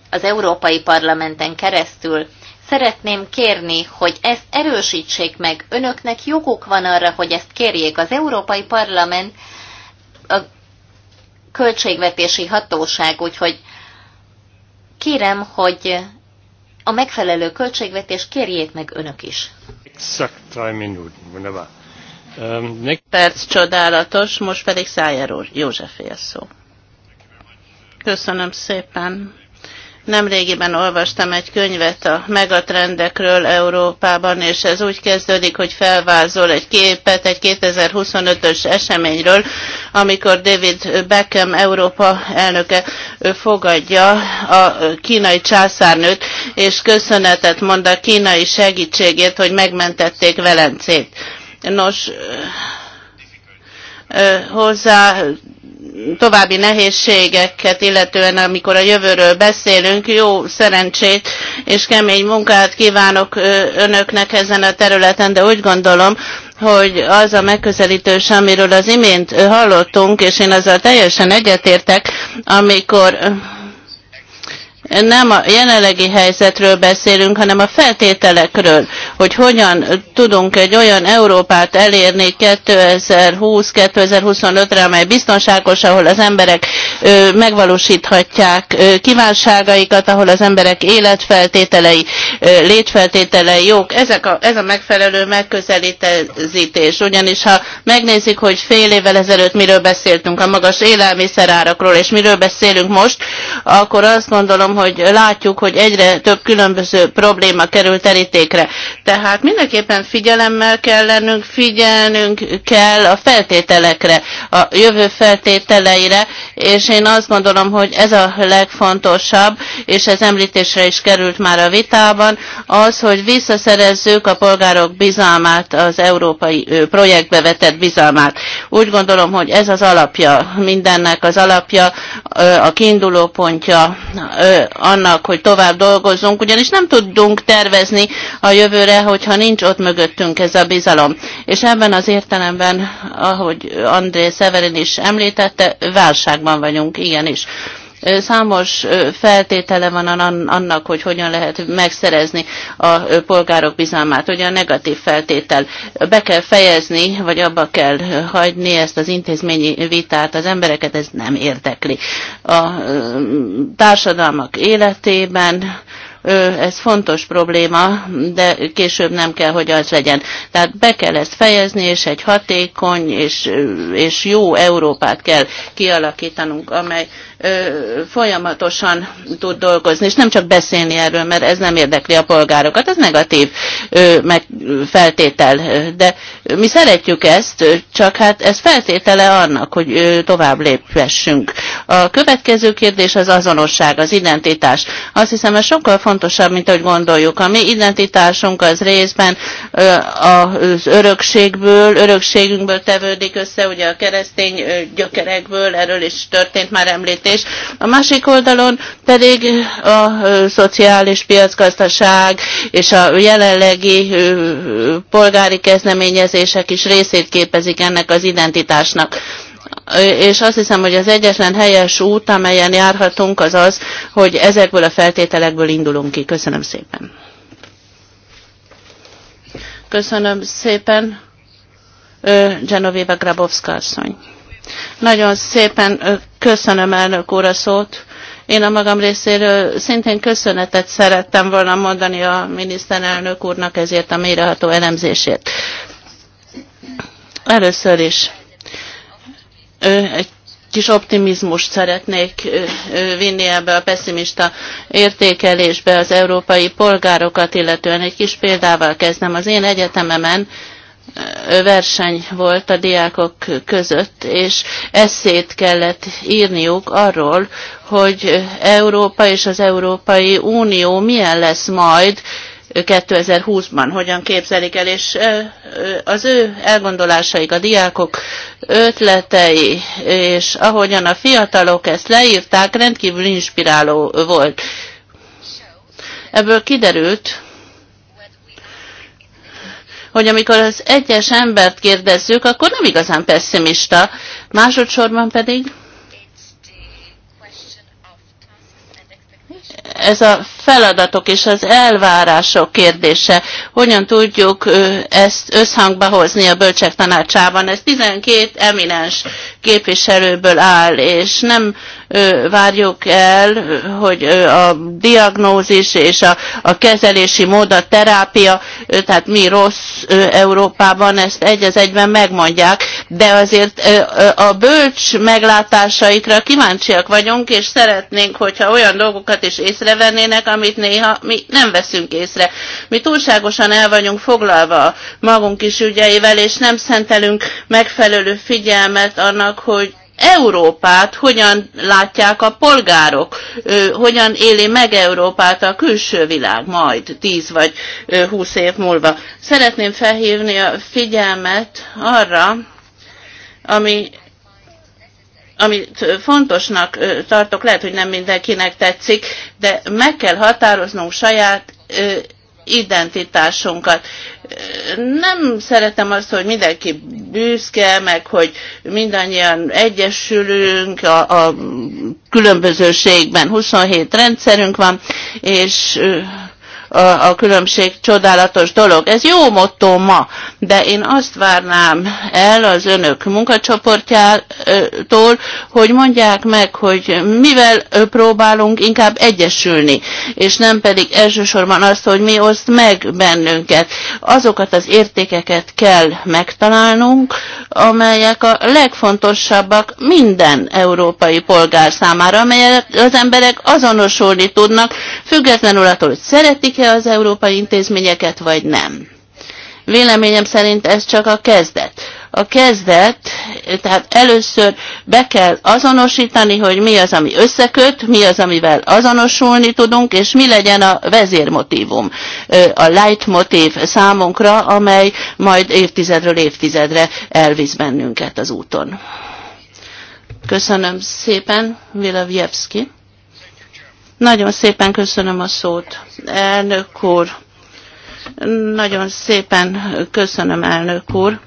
az Európai Parlamenten keresztül Szeretném kérni, hogy ezt erősítsék meg. Önöknek joguk van arra, hogy ezt kérjék. Az Európai Parlament a költségvetési hatóság, úgyhogy kérem, hogy a megfelelő költségvetés kérjék meg önök is. Exakt 3 Perc csodálatos, most pedig Szájer úr, József szó. Köszönöm szépen. Nemrégiben olvastam egy könyvet a megatrendekről Európában, és ez úgy kezdődik, hogy felvázol egy képet egy 2025-ös eseményről, amikor David Beckham Európa elnöke fogadja a kínai császárnőt, és köszönetet mond a kínai segítségét, hogy megmentették Velencét. Nos, hozzá további nehézségeket, illetően amikor a jövőről beszélünk, jó szerencsét és kemény munkát kívánok önöknek ezen a területen, de úgy gondolom, hogy az a megközelítős, amiről az imént hallottunk, és én azzal teljesen egyetértek, amikor nem a jelenlegi helyzetről beszélünk, hanem a feltételekről, hogy hogyan tudunk egy olyan Európát elérni 2020-2025-re, amely biztonságos, ahol az emberek ö, megvalósíthatják ö, kívánságaikat, ahol az emberek életfeltételei, ö, létfeltételei jók. Ezek a, ez a megfelelő megközelítés. Ugyanis ha megnézik, hogy fél évvel ezelőtt miről beszéltünk, a magas élelmiszerárakról, és miről beszélünk most, akkor azt gondolom, hogy látjuk, hogy egyre több különböző probléma kerül terítékre. Tehát mindenképpen figyelemmel kell lennünk, figyelnünk kell a feltételekre, a jövő feltételeire, és én azt gondolom, hogy ez a legfontosabb, és ez említésre is került már a vitában, az, hogy visszaszerezzük a polgárok bizalmát, az európai projektbe vetett bizalmát. Úgy gondolom, hogy ez az alapja mindennek, az alapja, a kiinduló pontja annak, hogy tovább dolgozzunk, ugyanis nem tudunk tervezni a jövőre, hogyha nincs ott mögöttünk ez a bizalom. És ebben az értelemben, ahogy André Severin is említette, válságban vagyunk, igenis. is Számos feltétele van annak, hogy hogyan lehet megszerezni a polgárok bizalmát, hogy a negatív feltétel be kell fejezni, vagy abba kell hagyni ezt az intézményi vitát, az embereket ez nem érdekli. A társadalmak életében ez fontos probléma, de később nem kell, hogy az legyen. Tehát be kell ezt fejezni, és egy hatékony és, és jó Európát kell kialakítanunk, amely folyamatosan tud dolgozni, és nem csak beszélni erről, mert ez nem érdekli a polgárokat, ez negatív meg feltétel. De mi szeretjük ezt, csak hát ez feltétele annak, hogy tovább lépessünk. A következő kérdés az azonosság, az identitás. Azt hiszem, ez sokkal fontosabb, mint ahogy gondoljuk. A mi identitásunk az részben az örökségből, örökségünkből tevődik össze, ugye a keresztény gyökerekből, erről is történt már említés, fejlesztés. A másik oldalon pedig a szociális piacgazdaság és a jelenlegi polgári kezdeményezések is részét képezik ennek az identitásnak és azt hiszem, hogy az egyetlen helyes út, amelyen járhatunk, az az, hogy ezekből a feltételekből indulunk ki. Köszönöm szépen. Köszönöm szépen, Genovéva Grabowska asszony. Nagyon szépen köszönöm elnök úr a szót. Én a magam részéről szintén köszönetet szerettem volna mondani a miniszterelnök úrnak ezért a mélyreható elemzését. Először is egy kis optimizmust szeretnék vinni ebbe a pessimista értékelésbe az európai polgárokat, illetően egy kis példával kezdem. Az én egyetememen verseny volt a diákok között, és eszét kellett írniuk arról, hogy Európa és az Európai Unió milyen lesz majd 2020-ban, hogyan képzelik el, és az ő elgondolásaik, a diákok ötletei, és ahogyan a fiatalok ezt leírták, rendkívül inspiráló volt. Ebből kiderült, hogy amikor az egyes embert kérdezzük, akkor nem igazán pessimista, másodszorban pedig ez a feladatok és az elvárások kérdése, hogyan tudjuk ezt összhangba hozni a bölcsek tanácsában. Ez 12 eminens képviselőből áll, és nem várjuk el, hogy a diagnózis és a, a kezelési mód, a terápia, tehát mi rossz Európában, ezt egy az egyben megmondják, de azért a bölcs meglátásaikra kíváncsiak vagyunk, és szeretnénk, hogyha olyan dolgokat is észrevennének, amit néha mi nem veszünk észre. Mi túlságosan el vagyunk foglalva magunk is ügyeivel, és nem szentelünk megfelelő figyelmet annak, annak, hogy Európát hogyan látják a polgárok, hogyan éli meg Európát a külső világ majd 10 vagy 20 év múlva. Szeretném felhívni a figyelmet arra, ami amit fontosnak tartok, lehet, hogy nem mindenkinek tetszik, de meg kell határoznunk saját identitásunkat nem szeretem azt, hogy mindenki büszke, meg hogy mindannyian egyesülünk a, a különbözőségben. 27 rendszerünk van, és a, a különbség csodálatos dolog. Ez jó motto ma, de én azt várnám el az önök munkacsoportjától, hogy mondják meg, hogy mivel próbálunk inkább egyesülni, és nem pedig elsősorban azt, hogy mi oszt meg bennünket. Azokat az értékeket kell megtalálnunk, amelyek a legfontosabbak minden európai polgár számára, amelyek az emberek azonosulni tudnak, függetlenül attól, hogy szeretik segítik-e az európai intézményeket, vagy nem. Véleményem szerint ez csak a kezdet. A kezdet, tehát először be kell azonosítani, hogy mi az, ami összeköt, mi az, amivel azonosulni tudunk, és mi legyen a vezérmotívum, a leitmotív számunkra, amely majd évtizedről évtizedre elvisz bennünket az úton. Köszönöm szépen, Vila Vievski. Nagyon szépen köszönöm a szót, elnök úr. Nagyon szépen köszönöm, elnök úr.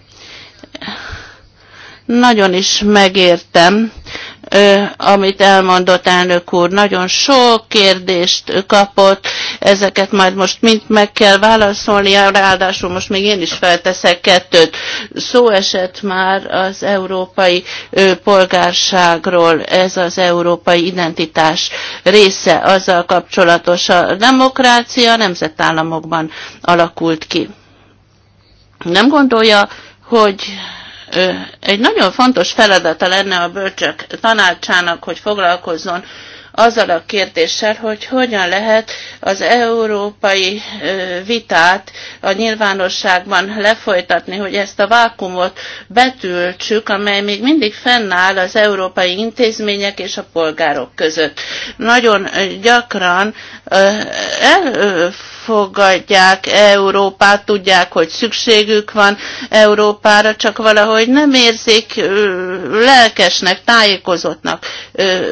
Nagyon is megértem amit elmondott elnök úr. Nagyon sok kérdést kapott, ezeket majd most mind meg kell válaszolni, ráadásul most még én is felteszek kettőt. Szó esett már az európai polgárságról, ez az európai identitás része azzal kapcsolatos. A demokrácia nemzetállamokban alakult ki. Nem gondolja, hogy egy nagyon fontos feladata lenne a bölcsök tanácsának, hogy foglalkozzon azzal a kérdéssel, hogy hogyan lehet az európai vitát a nyilvánosságban lefolytatni, hogy ezt a vákumot betültsük, amely még mindig fennáll az európai intézmények és a polgárok között. Nagyon gyakran elfogadják Európát, tudják, hogy szükségük van Európára, csak valahogy nem érzik lelkesnek, tájékozottnak,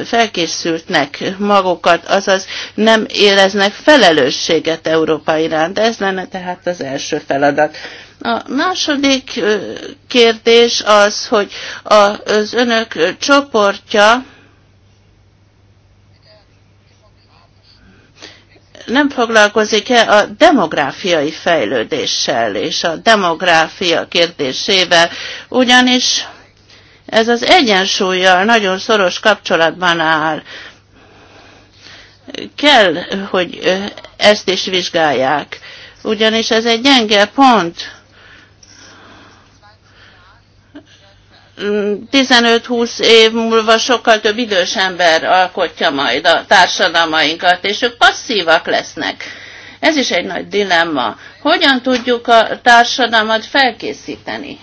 felkészültnek érzik magukat, azaz nem éreznek felelősséget Európa iránt. Ez lenne tehát az első feladat. A második kérdés az, hogy az önök csoportja nem foglalkozik-e a demográfiai fejlődéssel és a demográfia kérdésével, ugyanis ez az egyensúlyjal nagyon szoros kapcsolatban áll kell, hogy ezt is vizsgálják, ugyanis ez egy gyenge pont. 15-20 év múlva sokkal több idős ember alkotja majd a társadalmainkat, és ők passzívak lesznek. Ez is egy nagy dilemma. Hogyan tudjuk a társadalmat felkészíteni?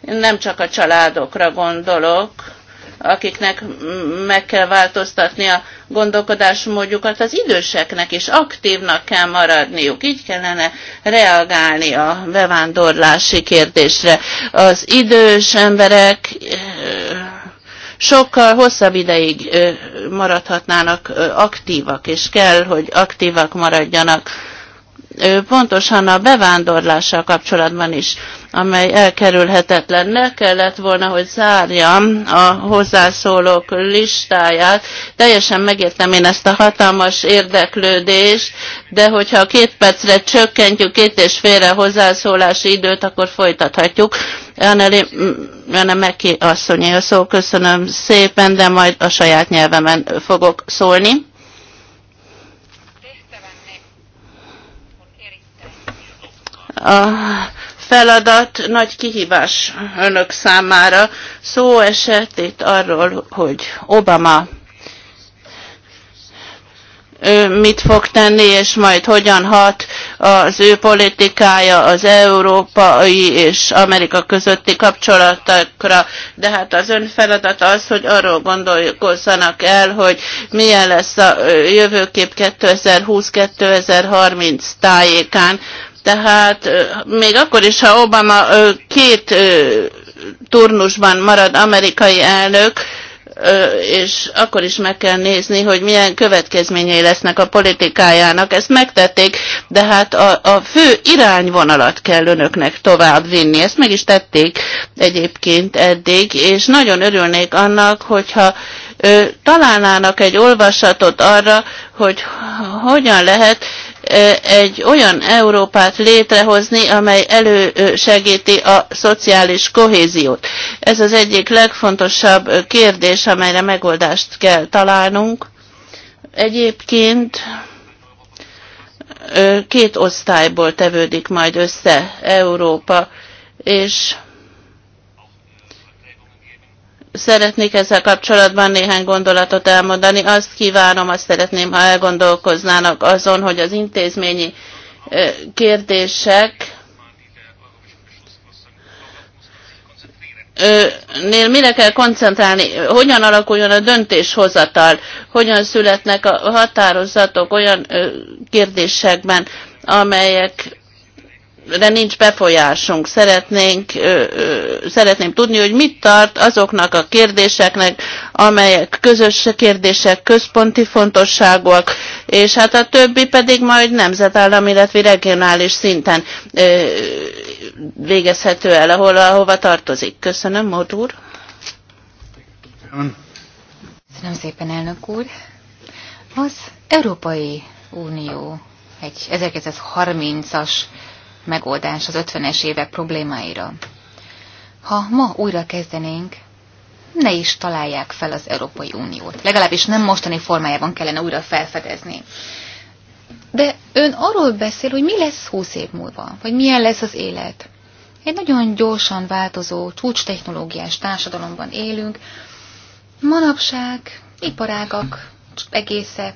nem csak a családokra gondolok, akiknek meg kell változtatni a gondolkodásmódjukat, az időseknek is aktívnak kell maradniuk. Így kellene reagálni a bevándorlási kérdésre. Az idős emberek eh, sokkal hosszabb ideig eh, maradhatnának eh, aktívak, és kell, hogy aktívak maradjanak pontosan a bevándorlással kapcsolatban is amely elkerülhetetlen. kellett volna, hogy zárjam a hozzászólók listáját. Teljesen megértem én ezt a hatalmas érdeklődést, de hogyha a két percre csökkentjük két és félre hozzászólási időt, akkor folytathatjuk. Anneli, Anna Meki asszonyi a szó, köszönöm szépen, de majd a saját nyelvemen fogok szólni. A feladat, nagy kihívás önök számára. Szó esett itt arról, hogy Obama mit fog tenni, és majd hogyan hat az ő politikája az európai és Amerika közötti kapcsolatokra. De hát az ön feladat az, hogy arról gondolkozzanak el, hogy milyen lesz a jövőkép 2020-2030 tájékán tehát még akkor is, ha Obama két turnusban marad amerikai elnök, és akkor is meg kell nézni, hogy milyen következményei lesznek a politikájának. Ezt megtették, de hát a, a fő irányvonalat kell önöknek tovább vinni. Ezt meg is tették egyébként eddig, és nagyon örülnék annak, hogyha ö, találnának egy olvasatot arra, hogy hogyan lehet egy olyan Európát létrehozni, amely elősegíti a szociális kohéziót. Ez az egyik legfontosabb kérdés, amelyre megoldást kell találnunk. Egyébként két osztályból tevődik majd össze Európa, és szeretnék ezzel kapcsolatban néhány gondolatot elmondani. Azt kívánom, azt szeretném, ha elgondolkoznának azon, hogy az intézményi kérdések nél mire kell koncentrálni, hogyan alakuljon a döntéshozatal, hogyan születnek a határozatok olyan kérdésekben, amelyek de nincs befolyásunk. Szeretnénk, ö, ö, szeretném tudni, hogy mit tart azoknak a kérdéseknek, amelyek közös kérdések, központi fontosságúak, és hát a többi pedig majd nemzetállam, illetve regionális szinten ö, végezhető el, ahol, ahova tartozik. Köszönöm, Mód úr. Köszönöm szépen, elnök úr. Az Európai Unió egy 1930-as megoldás az 50-es évek problémáira. Ha ma újra kezdenénk, ne is találják fel az Európai Uniót. Legalábbis nem mostani formájában kellene újra felfedezni. De ön arról beszél, hogy mi lesz 20 év múlva, vagy milyen lesz az élet. Egy nagyon gyorsan változó, csúcstechnológiás társadalomban élünk. Manapság iparágak egésze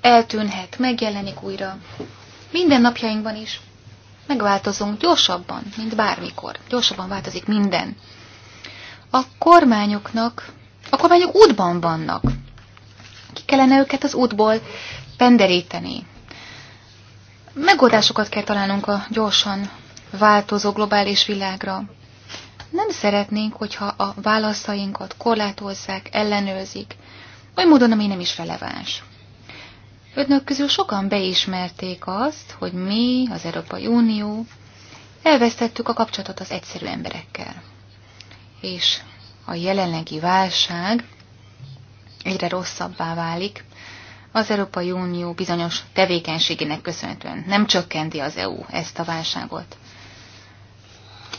eltűnhet, megjelenik újra. Minden napjainkban is megváltozunk gyorsabban, mint bármikor. Gyorsabban változik minden. A kormányoknak, a kormányok útban vannak. Ki kellene őket az útból penderíteni. Megoldásokat kell találnunk a gyorsan változó globális világra. Nem szeretnénk, hogyha a válaszainkat korlátozzák, ellenőrzik, oly módon, ami nem is releváns. Önök közül sokan beismerték azt, hogy mi, az Európai Unió, elvesztettük a kapcsolatot az egyszerű emberekkel. És a jelenlegi válság egyre rosszabbá válik, az Európai Unió bizonyos tevékenységének köszönhetően nem csökkenti az EU ezt a válságot.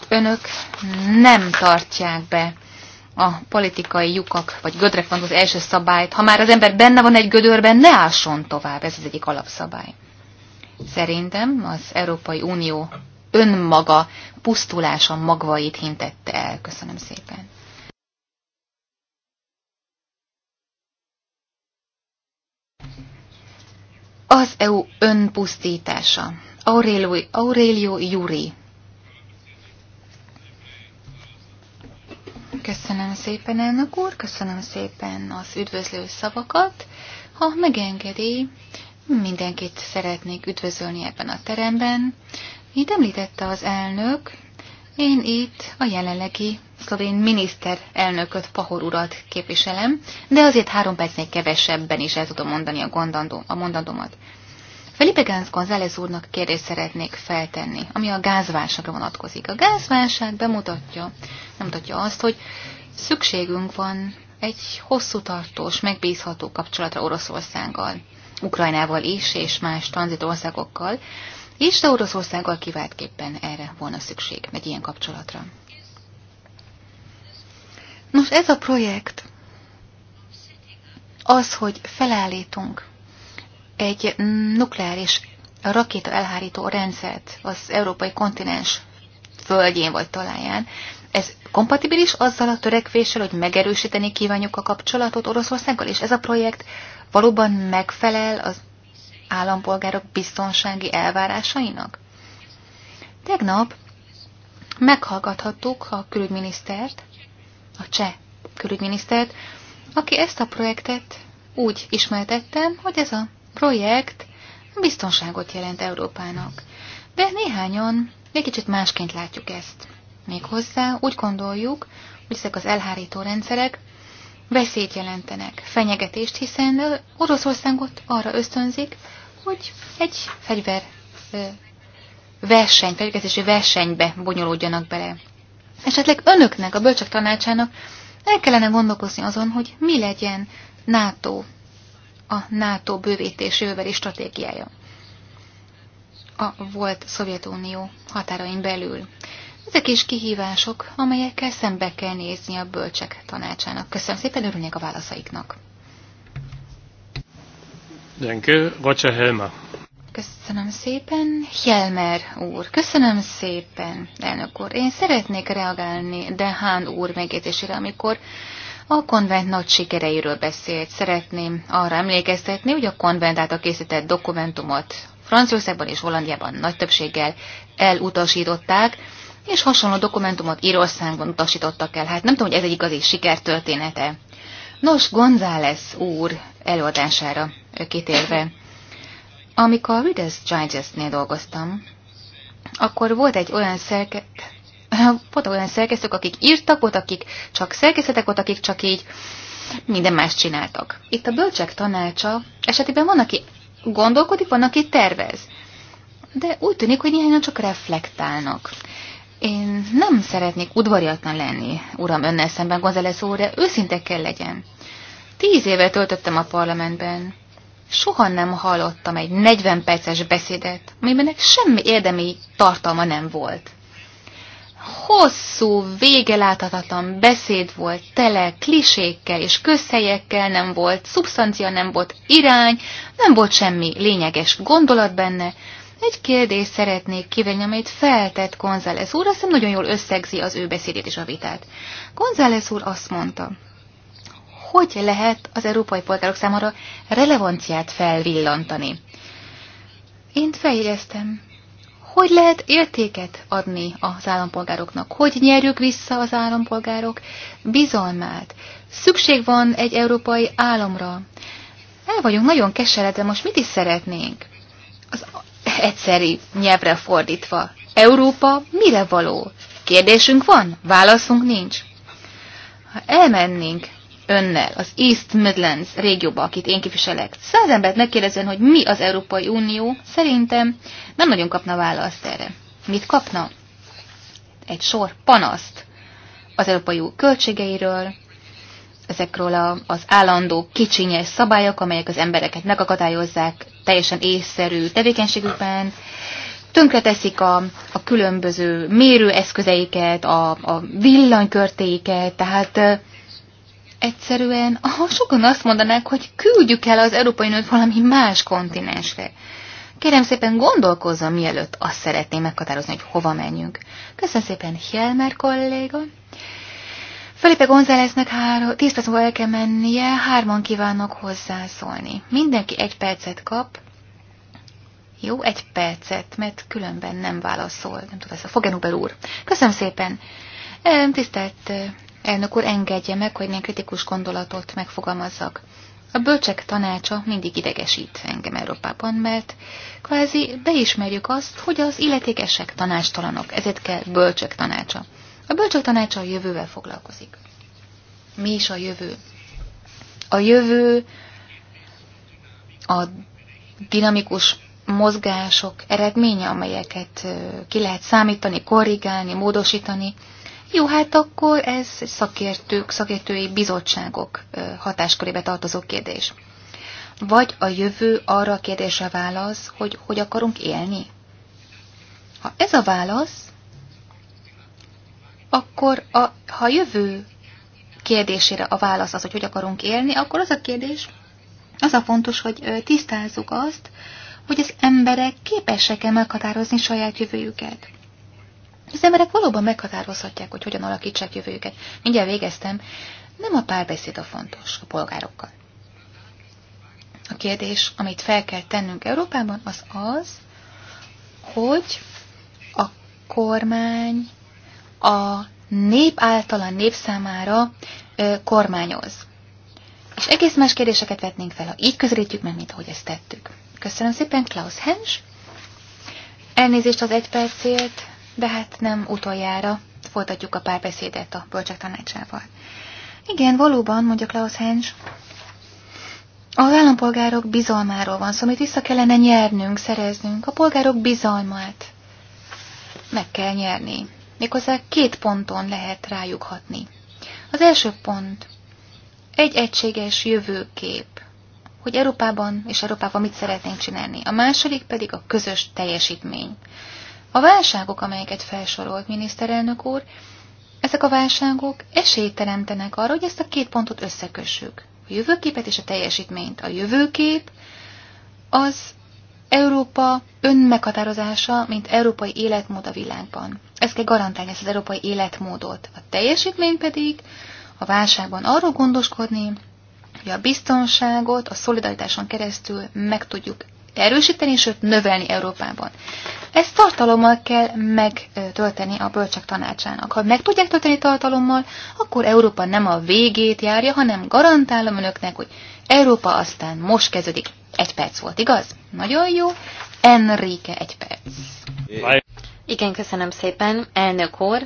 Önök nem tartják be a politikai lyukak, vagy gödrek van az első szabályt. Ha már az ember benne van egy gödörben, ne ásson tovább, ez az egyik alapszabály. Szerintem az Európai Unió önmaga pusztulása magvait hintette el. Köszönöm szépen. Az EU önpusztítása. Aurelio, Aurelio Juri Köszönöm szépen, elnök úr, köszönöm szépen az üdvözlő szavakat. Ha megengedi, mindenkit szeretnék üdvözölni ebben a teremben. Itt említette az elnök, én itt a jelenlegi szlovén miniszterelnököt, Pahor urat képviselem, de azért három percnél kevesebben is el tudom mondani a, gondandó, a mondandómat. Felipe Gánz González úrnak kérdést szeretnék feltenni, ami a gázválságra vonatkozik. A gázválság bemutatja, nem mutatja azt, hogy szükségünk van egy hosszú tartós, megbízható kapcsolatra Oroszországgal, Ukrajnával is, és más tranzitországokkal, és de Oroszországgal kiváltképpen erre volna szükség, egy ilyen kapcsolatra. Nos, ez a projekt az, hogy felállítunk egy nukleáris rakéta elhárító rendszert az európai kontinens földjén vagy talaján. Ez kompatibilis azzal a törekvéssel, hogy megerősíteni kívánjuk a kapcsolatot Oroszországgal, és ez a projekt valóban megfelel az állampolgárok biztonsági elvárásainak? Tegnap meghallgathattuk a külügyminisztert, a cseh külügyminisztert, aki ezt a projektet úgy ismertette, hogy ez a projekt biztonságot jelent Európának. De néhányan egy kicsit másként látjuk ezt. Méghozzá úgy gondoljuk, hogy ezek az elhárító rendszerek veszélyt jelentenek, fenyegetést, hiszen Oroszországot arra ösztönzik, hogy egy fegyver verseny, fegyverkezési versenybe bonyolódjanak bele. Esetleg önöknek, a bölcsök tanácsának el kellene gondolkozni azon, hogy mi legyen NATO a NATO bővítés jövőbeli stratégiája a volt Szovjetunió határain belül. Ezek is kihívások, amelyekkel szembe kell nézni a bölcsek tanácsának. Köszönöm szépen, örülnék a válaszaiknak. Köszönöm szépen, Helmer úr. Köszönöm szépen, elnök úr. Én szeretnék reagálni Dehán úr megjegyzésére, amikor a konvent nagy sikereiről beszélt. Szeretném arra emlékeztetni, hogy a konvent által készített dokumentumot Franciaországban és Hollandiában nagy többséggel elutasították, és hasonló dokumentumot Írországban utasítottak el. Hát nem tudom, hogy ez egy igazi sikertörténete. Nos, González úr előadására kitérve. Amikor a Reader's Digest-nél dolgoztam, akkor volt egy olyan szerke, voltak olyan szerkesztők, akik írtak, voltak akik csak szerkesztetek, voltak akik csak így minden más csináltak. Itt a bölcsek tanácsa esetében van, aki gondolkodik, van, aki tervez. De úgy tűnik, hogy néhányan csak reflektálnak. Én nem szeretnék udvariatlan lenni, uram, önnel szemben, González úr, de őszinte kell legyen. Tíz éve töltöttem a parlamentben. Soha nem hallottam egy 40 perces beszédet, amiben semmi érdemi tartalma nem volt hosszú, végeláthatatlan beszéd volt, tele klisékkel és közhelyekkel, nem volt szubstancia, nem volt irány, nem volt semmi lényeges gondolat benne. Egy kérdést szeretnék kivenni, amit feltett González úr, azt nagyon jól összegzi az ő beszédét és a vitát. González úr azt mondta, hogy lehet az európai polgárok számára relevanciát felvillantani. Én fejlesztem hogy lehet értéket adni az állampolgároknak? Hogy nyerjük vissza az állampolgárok bizalmát? Szükség van egy európai államra. El vagyunk nagyon keseredve, most mit is szeretnénk? Az egyszeri nyelvre fordítva. Európa mire való? Kérdésünk van, válaszunk nincs. Ha elmennénk önnel, az East Midlands régióba, akit én képviselek, száz szóval embert megkérdezen, hogy mi az Európai Unió, szerintem nem nagyon kapna választ erre. Mit kapna? Egy sor panaszt az Európai Unió költségeiről, ezekről a, az állandó kicsinyes szabályok, amelyek az embereket megakadályozzák teljesen észszerű tevékenységükben, tönkreteszik a, a különböző mérőeszközeiket, a, a villanykörtéiket, tehát egyszerűen ha sokan azt mondanák, hogy küldjük el az Európai Nőt valami más kontinensre. Kérem szépen gondolkozzon, mielőtt azt szeretném meghatározni, hogy hova menjünk. Köszönöm szépen, Hjelmer kolléga. Felipe Gonzáleznek három, tíz perc múlva el kell mennie, hárman kívánok hozzászólni. Mindenki egy percet kap. Jó, egy percet, mert különben nem válaszol. Nem tudom, ez a Fogenuber úr. Köszönöm szépen. Tisztelt Elnök úr, engedje meg, hogy néhány kritikus gondolatot megfogalmazzak. A bölcsek tanácsa mindig idegesít engem Európában, mert kvázi beismerjük azt, hogy az illetékesek tanástalanok, ezért kell bölcsek tanácsa. A bölcsek tanácsa a jövővel foglalkozik. Mi is a jövő? A jövő a dinamikus mozgások eredménye, amelyeket ki lehet számítani, korrigálni, módosítani, jó, hát akkor ez szakértők, szakértői bizottságok hatáskörébe tartozó kérdés. Vagy a jövő arra a kérdésre válasz, hogy hogy akarunk élni? Ha ez a válasz, akkor a, ha a jövő kérdésére a válasz az, hogy hogy akarunk élni, akkor az a kérdés, az a fontos, hogy tisztázzuk azt, hogy az emberek képesek-e meghatározni saját jövőjüket. Az emberek valóban meghatározhatják, hogy hogyan alakítsák jövőjüket. Mindjárt végeztem. Nem a párbeszéd a fontos a polgárokkal. A kérdés, amit fel kell tennünk Európában, az az, hogy a kormány a nép által a nép számára ö, kormányoz. És egész más kérdéseket vetnénk fel, ha így közelítjük meg, mint ahogy ezt tettük. Köszönöm szépen, Klaus Hensch. Elnézést az egy percért, de hát nem utoljára folytatjuk a párbeszédet a bölcsek tanácsával. Igen, valóban, mondja Klaus Hens, az állampolgárok bizalmáról van szó, amit vissza kellene nyernünk, szereznünk. A polgárok bizalmát meg kell nyerni. Méghozzá két ponton lehet rájuk hatni. Az első pont egy egységes jövőkép, hogy Európában és Európában mit szeretnénk csinálni. A második pedig a közös teljesítmény. A válságok, amelyeket felsorolt miniszterelnök úr, ezek a válságok esélyt teremtenek arra, hogy ezt a két pontot összekössük. A jövőképet és a teljesítményt. A jövőkép az Európa önmeghatározása, mint európai életmód a világban. Ez kell garantálni ezt az európai életmódot. A teljesítmény pedig a válságban arról gondoskodni, hogy a biztonságot a szolidaritáson keresztül meg tudjuk erősíteni, sőt növelni Európában. Ezt tartalommal kell megtölteni a bölcsek tanácsának. Ha meg tudják tölteni tartalommal, akkor Európa nem a végét járja, hanem garantálom önöknek, hogy Európa aztán most kezdődik. Egy perc volt, igaz? Nagyon jó. Enrique, egy perc. Igen, köszönöm szépen. Elnök úr,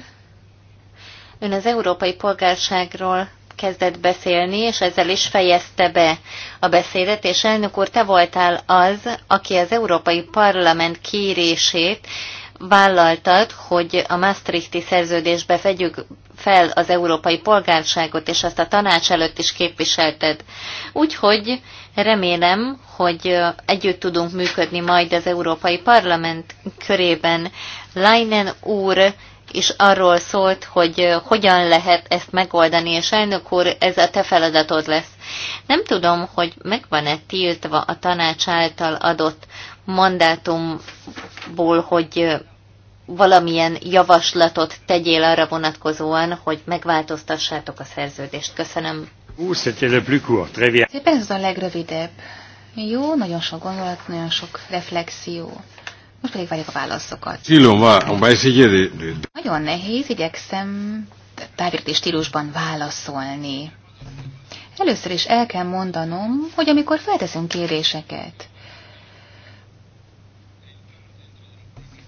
ön az európai polgárságról kezdett beszélni, és ezzel is fejezte be a beszédet, és elnök úr, te voltál az, aki az Európai Parlament kérését vállaltad, hogy a Maastrichti szerződésbe fegyük fel az európai polgárságot, és azt a tanács előtt is képviselted. Úgyhogy remélem, hogy együtt tudunk működni majd az Európai Parlament körében. Leinen úr és arról szólt, hogy hogyan lehet ezt megoldani, és elnök úr, ez a te feladatod lesz. Nem tudom, hogy megvan-e tiltva a tanács által adott mandátumból, hogy valamilyen javaslatot tegyél arra vonatkozóan, hogy megváltoztassátok a szerződést. Köszönöm. Szépen ez a legrövidebb. Jó, nagyon sok gondolat, nagyon sok reflexió. Most pedig várjuk a válaszokat. Nagyon nehéz, igyekszem távirati stílusban válaszolni. Először is el kell mondanom, hogy amikor felteszünk kérdéseket,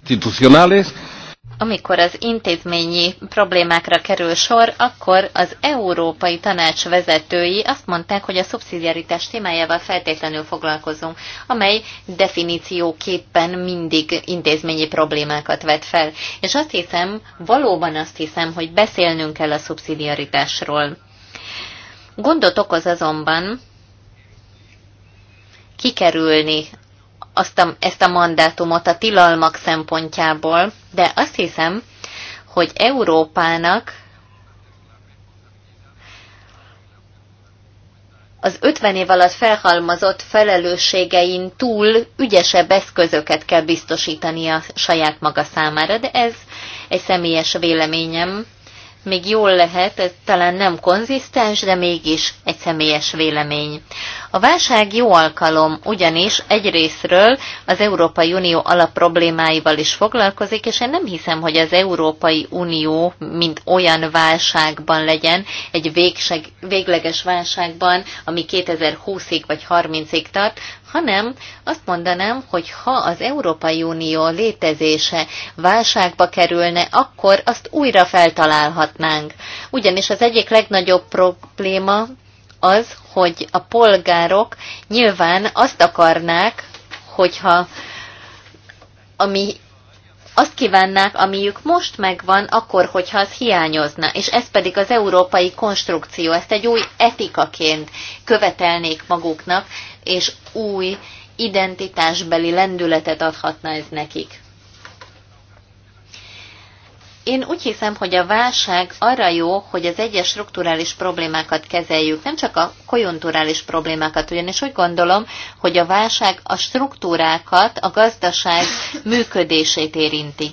Institucionális? amikor az intézményi problémákra kerül sor, akkor az Európai Tanács vezetői azt mondták, hogy a szubszidiaritás témájával feltétlenül foglalkozunk, amely definícióképpen mindig intézményi problémákat vet fel. És azt hiszem, valóban azt hiszem, hogy beszélnünk kell a szubszidiaritásról. Gondot okoz azonban kikerülni azt a, ezt a mandátumot a tilalmak szempontjából, de azt hiszem, hogy Európának az 50 év alatt felhalmozott felelősségein túl ügyesebb eszközöket kell biztosítani a saját maga számára, de ez egy személyes véleményem. Még jól lehet, ez talán nem konzisztens, de mégis egy személyes vélemény. A válság jó alkalom, ugyanis egyrésztről az Európai Unió alapproblémáival is foglalkozik, és én nem hiszem, hogy az Európai Unió, mint olyan válságban legyen, egy végseg, végleges válságban, ami 2020-ig vagy 30-ig tart, hanem azt mondanám, hogy ha az Európai Unió létezése válságba kerülne, akkor azt újra feltalálhatnánk. Ugyanis az egyik legnagyobb probléma az, hogy a polgárok nyilván azt akarnák, hogyha ami azt kívánnák, amiük most megvan, akkor, hogyha az hiányozna, és ez pedig az európai konstrukció, ezt egy új etikaként követelnék maguknak, és új identitásbeli lendületet adhatna ez nekik. Én úgy hiszem, hogy a válság arra jó, hogy az egyes strukturális problémákat kezeljük, nem csak a konjunkturális problémákat, ugyanis úgy gondolom, hogy a válság a struktúrákat, a gazdaság működését érinti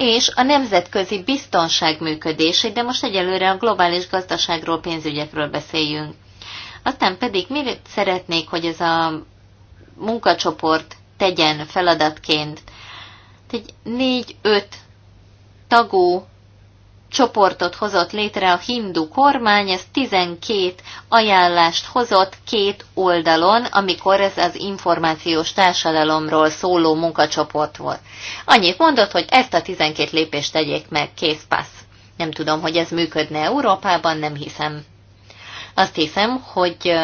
és a nemzetközi biztonság működését, de most egyelőre a globális gazdaságról, pénzügyekről beszéljünk. Aztán pedig mit szeretnék, hogy ez a munkacsoport tegyen feladatként? Egy négy-öt tagú csoportot hozott létre a hindu kormány, ez 12 ajánlást hozott két oldalon, amikor ez az információs társadalomról szóló munkacsoport volt. Annyit mondott, hogy ezt a 12 lépést tegyék meg, kész passz. Nem tudom, hogy ez működne Európában, nem hiszem. Azt hiszem, hogy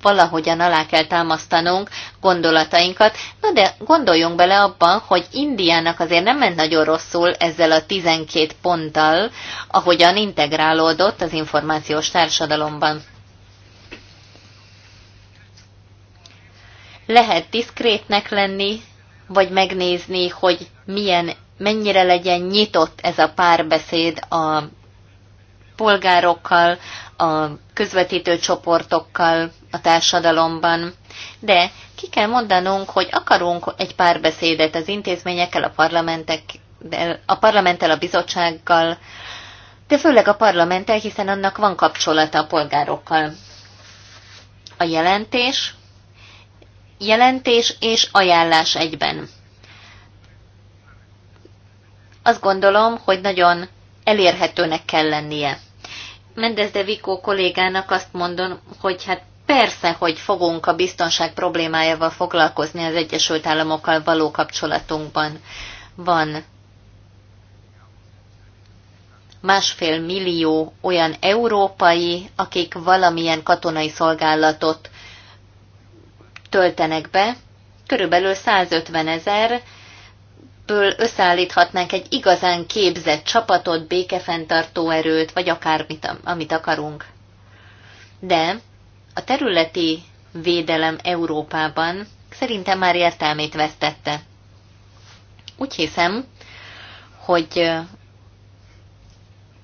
valahogyan alá kell támasztanunk gondolatainkat. Na de gondoljunk bele abban, hogy Indiának azért nem ment nagyon rosszul ezzel a 12 ponttal, ahogyan integrálódott az információs társadalomban. Lehet diszkrétnek lenni, vagy megnézni, hogy milyen, mennyire legyen nyitott ez a párbeszéd a polgárokkal, a közvetítő csoportokkal a társadalomban, de ki kell mondanunk, hogy akarunk egy párbeszédet az intézményekkel, a, parlamentek, a parlamenttel, a bizottsággal, de főleg a parlamenttel, hiszen annak van kapcsolata a polgárokkal. A jelentés, jelentés és ajánlás egyben. Azt gondolom, hogy nagyon elérhetőnek kell lennie. Mendez de Vico kollégának azt mondom, hogy hát persze, hogy fogunk a biztonság problémájával foglalkozni az Egyesült Államokkal való kapcsolatunkban. Van másfél millió olyan európai, akik valamilyen katonai szolgálatot töltenek be, körülbelül 150 ezer ebből összeállíthatnánk egy igazán képzett csapatot, békefenntartó erőt, vagy akármit, amit akarunk. De a területi védelem Európában szerintem már értelmét vesztette. Úgy hiszem, hogy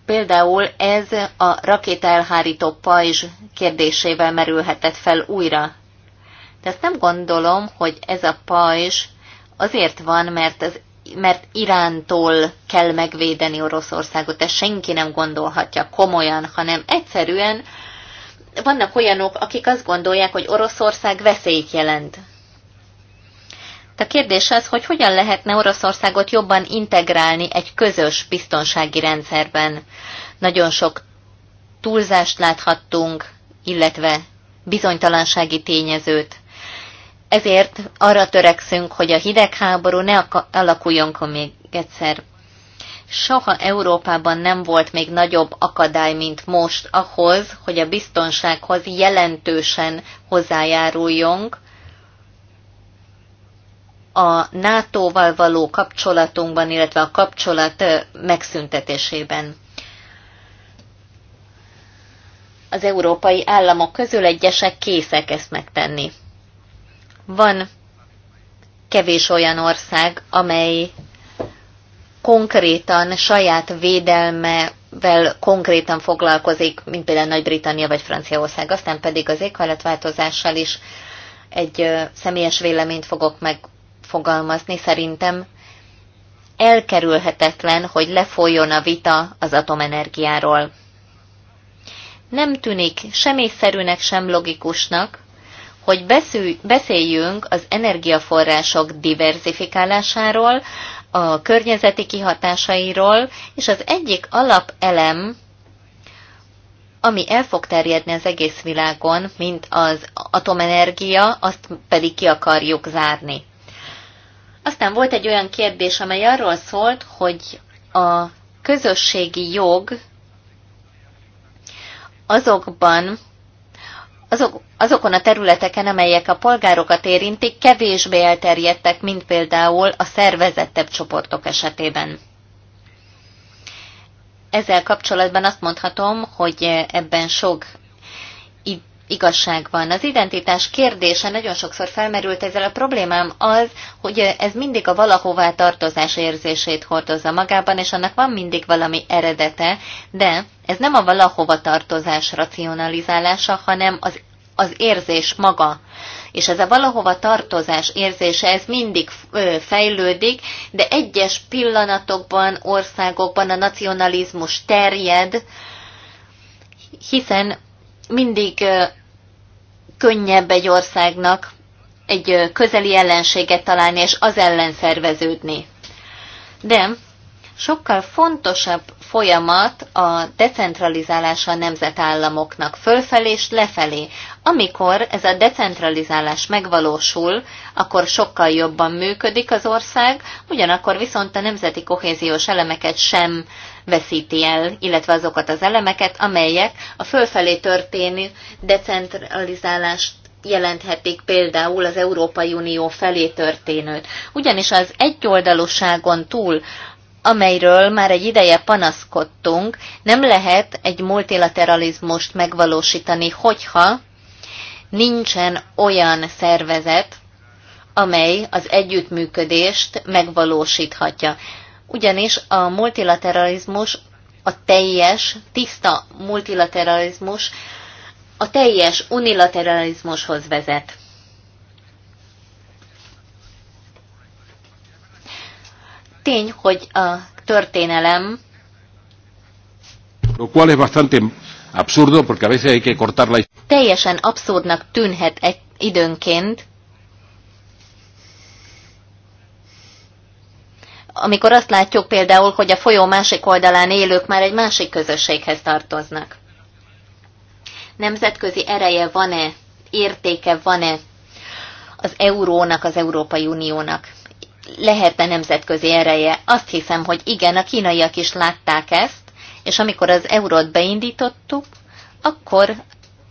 például ez a rakétaelhárító pajzs kérdésével merülhetett fel újra. De ezt nem gondolom, hogy ez a pajzs azért van, mert az mert Irántól kell megvédeni Oroszországot, ezt senki nem gondolhatja komolyan, hanem egyszerűen vannak olyanok, akik azt gondolják, hogy Oroszország veszélyt jelent. De a kérdés az, hogy hogyan lehetne Oroszországot jobban integrálni egy közös biztonsági rendszerben. Nagyon sok túlzást láthattunk, illetve bizonytalansági tényezőt. Ezért arra törekszünk, hogy a hidegháború ne alakuljon ki még egyszer. Soha Európában nem volt még nagyobb akadály, mint most ahhoz, hogy a biztonsághoz jelentősen hozzájáruljunk, a NATO-val való kapcsolatunkban, illetve a kapcsolat megszüntetésében. Az európai államok közül egyesek készek ezt megtenni. Van kevés olyan ország, amely konkrétan saját védelmevel konkrétan foglalkozik, mint például Nagy-Britannia vagy Franciaország. Aztán pedig az éghajlatváltozással is egy személyes véleményt fogok megfogalmazni. Szerintem elkerülhetetlen, hogy lefolyjon a vita az atomenergiáról. Nem tűnik sem észszerűnek, sem logikusnak, hogy beszéljünk az energiaforrások diversifikálásáról, a környezeti kihatásairól, és az egyik alapelem, ami el fog terjedni az egész világon, mint az atomenergia, azt pedig ki akarjuk zárni. Aztán volt egy olyan kérdés, amely arról szólt, hogy a közösségi jog azokban, azok, azokon a területeken, amelyek a polgárokat érintik, kevésbé elterjedtek, mint például a szervezettebb csoportok esetében. Ezzel kapcsolatban azt mondhatom, hogy ebben sok igazság van. Az identitás kérdése nagyon sokszor felmerült ezzel a problémám az, hogy ez mindig a valahová tartozás érzését hordozza magában, és annak van mindig valami eredete, de ez nem a valahova tartozás racionalizálása, hanem az az érzés maga. És ez a valahova tartozás érzése, ez mindig fejlődik, de egyes pillanatokban, országokban a nacionalizmus terjed, hiszen mindig könnyebb egy országnak egy közeli ellenséget találni, és az ellen szerveződni. De sokkal fontosabb folyamat a decentralizálása a nemzetállamoknak fölfelé és lefelé. Amikor ez a decentralizálás megvalósul, akkor sokkal jobban működik az ország, ugyanakkor viszont a nemzeti kohéziós elemeket sem veszíti el, illetve azokat az elemeket, amelyek a fölfelé történő decentralizálást jelenthetik például az Európai Unió felé történőt. Ugyanis az egyoldalúságon túl, amelyről már egy ideje panaszkodtunk, nem lehet egy multilateralizmust megvalósítani, hogyha nincsen olyan szervezet, amely az együttműködést megvalósíthatja. Ugyanis a multilateralizmus, a teljes, tiszta multilateralizmus a teljes unilateralizmushoz vezet. Tény, hogy a történelem lo cual es bastante absurdo porque a veces hay que cortar la... Teljesen abszurdnak tűnhet egy időnként, amikor azt látjuk például, hogy a folyó másik oldalán élők már egy másik közösséghez tartoznak. Nemzetközi ereje van-e, értéke van-e az eurónak, az Európai Uniónak? Lehetne nemzetközi ereje? Azt hiszem, hogy igen, a kínaiak is látták ezt, és amikor az eurót beindítottuk, akkor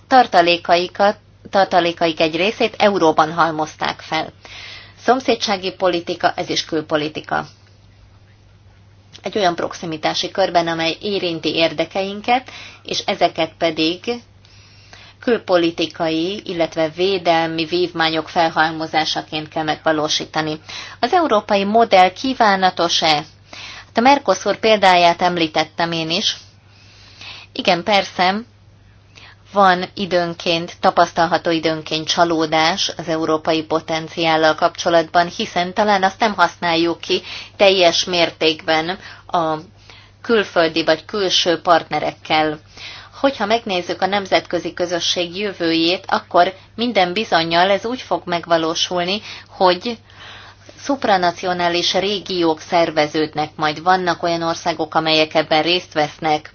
tartalékaikat, tartalékaik egy részét euróban halmozták fel. Szomszédsági politika, ez is külpolitika. Egy olyan proximitási körben, amely érinti érdekeinket, és ezeket pedig külpolitikai, illetve védelmi vívmányok felhalmozásaként kell megvalósítani. Az európai modell kívánatos-e? A Mercosur példáját említettem én is. Igen, persze, van időnként, tapasztalható időnként csalódás az európai potenciállal kapcsolatban, hiszen talán azt nem használjuk ki teljes mértékben a külföldi vagy külső partnerekkel. Hogyha megnézzük a nemzetközi közösség jövőjét, akkor minden bizonyal ez úgy fog megvalósulni, hogy szupranacionális régiók szerveződnek, majd vannak olyan országok, amelyek ebben részt vesznek.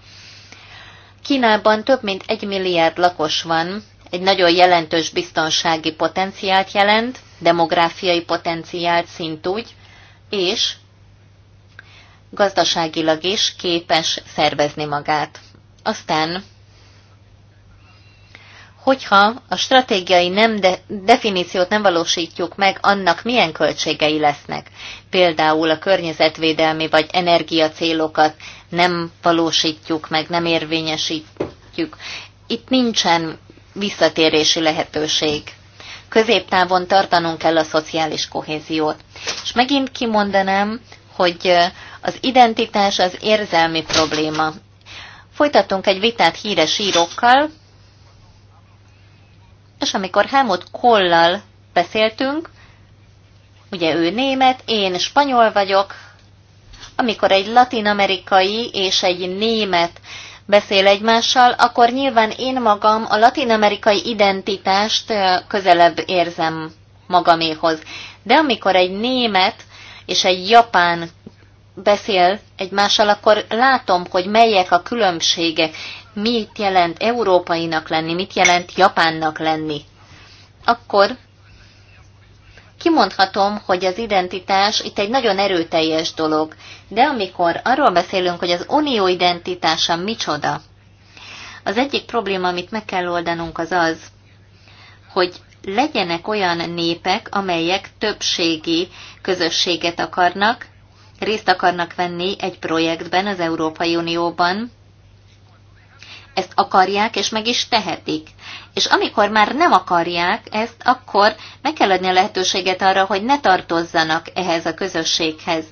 Kínában több mint egy milliárd lakos van, egy nagyon jelentős biztonsági potenciált jelent, demográfiai potenciált szintúgy, és gazdaságilag is képes szervezni magát. Aztán hogyha a stratégiai nem de, definíciót nem valósítjuk meg, annak milyen költségei lesznek. Például a környezetvédelmi vagy energiacélokat nem valósítjuk meg, nem érvényesítjük. Itt nincsen visszatérési lehetőség. Középtávon tartanunk kell a szociális kohéziót. És megint kimondanám, hogy az identitás az érzelmi probléma. Folytatunk egy vitát híres írókkal, és amikor Helmut Kollal beszéltünk, ugye ő német, én spanyol vagyok, amikor egy latinamerikai és egy német beszél egymással, akkor nyilván én magam a latinamerikai identitást közelebb érzem magaméhoz. De amikor egy német és egy japán beszél egymással, akkor látom, hogy melyek a különbségek mit jelent európainak lenni, mit jelent japánnak lenni, akkor kimondhatom, hogy az identitás itt egy nagyon erőteljes dolog, de amikor arról beszélünk, hogy az unió identitása micsoda, az egyik probléma, amit meg kell oldanunk, az az, hogy legyenek olyan népek, amelyek többségi közösséget akarnak, részt akarnak venni egy projektben az Európai Unióban, ezt akarják, és meg is tehetik. És amikor már nem akarják ezt, akkor meg kell adni a lehetőséget arra, hogy ne tartozzanak ehhez a közösséghez.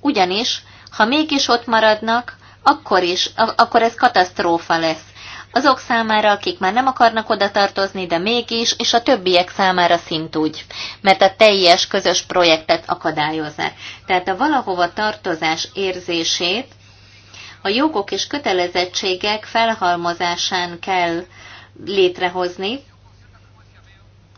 Ugyanis, ha mégis ott maradnak, akkor is, akkor ez katasztrófa lesz. Azok számára, akik már nem akarnak oda tartozni, de mégis, és a többiek számára szintúgy, mert a teljes közös projektet akadályozza. Tehát a valahova tartozás érzését a jogok és kötelezettségek felhalmozásán kell létrehozni,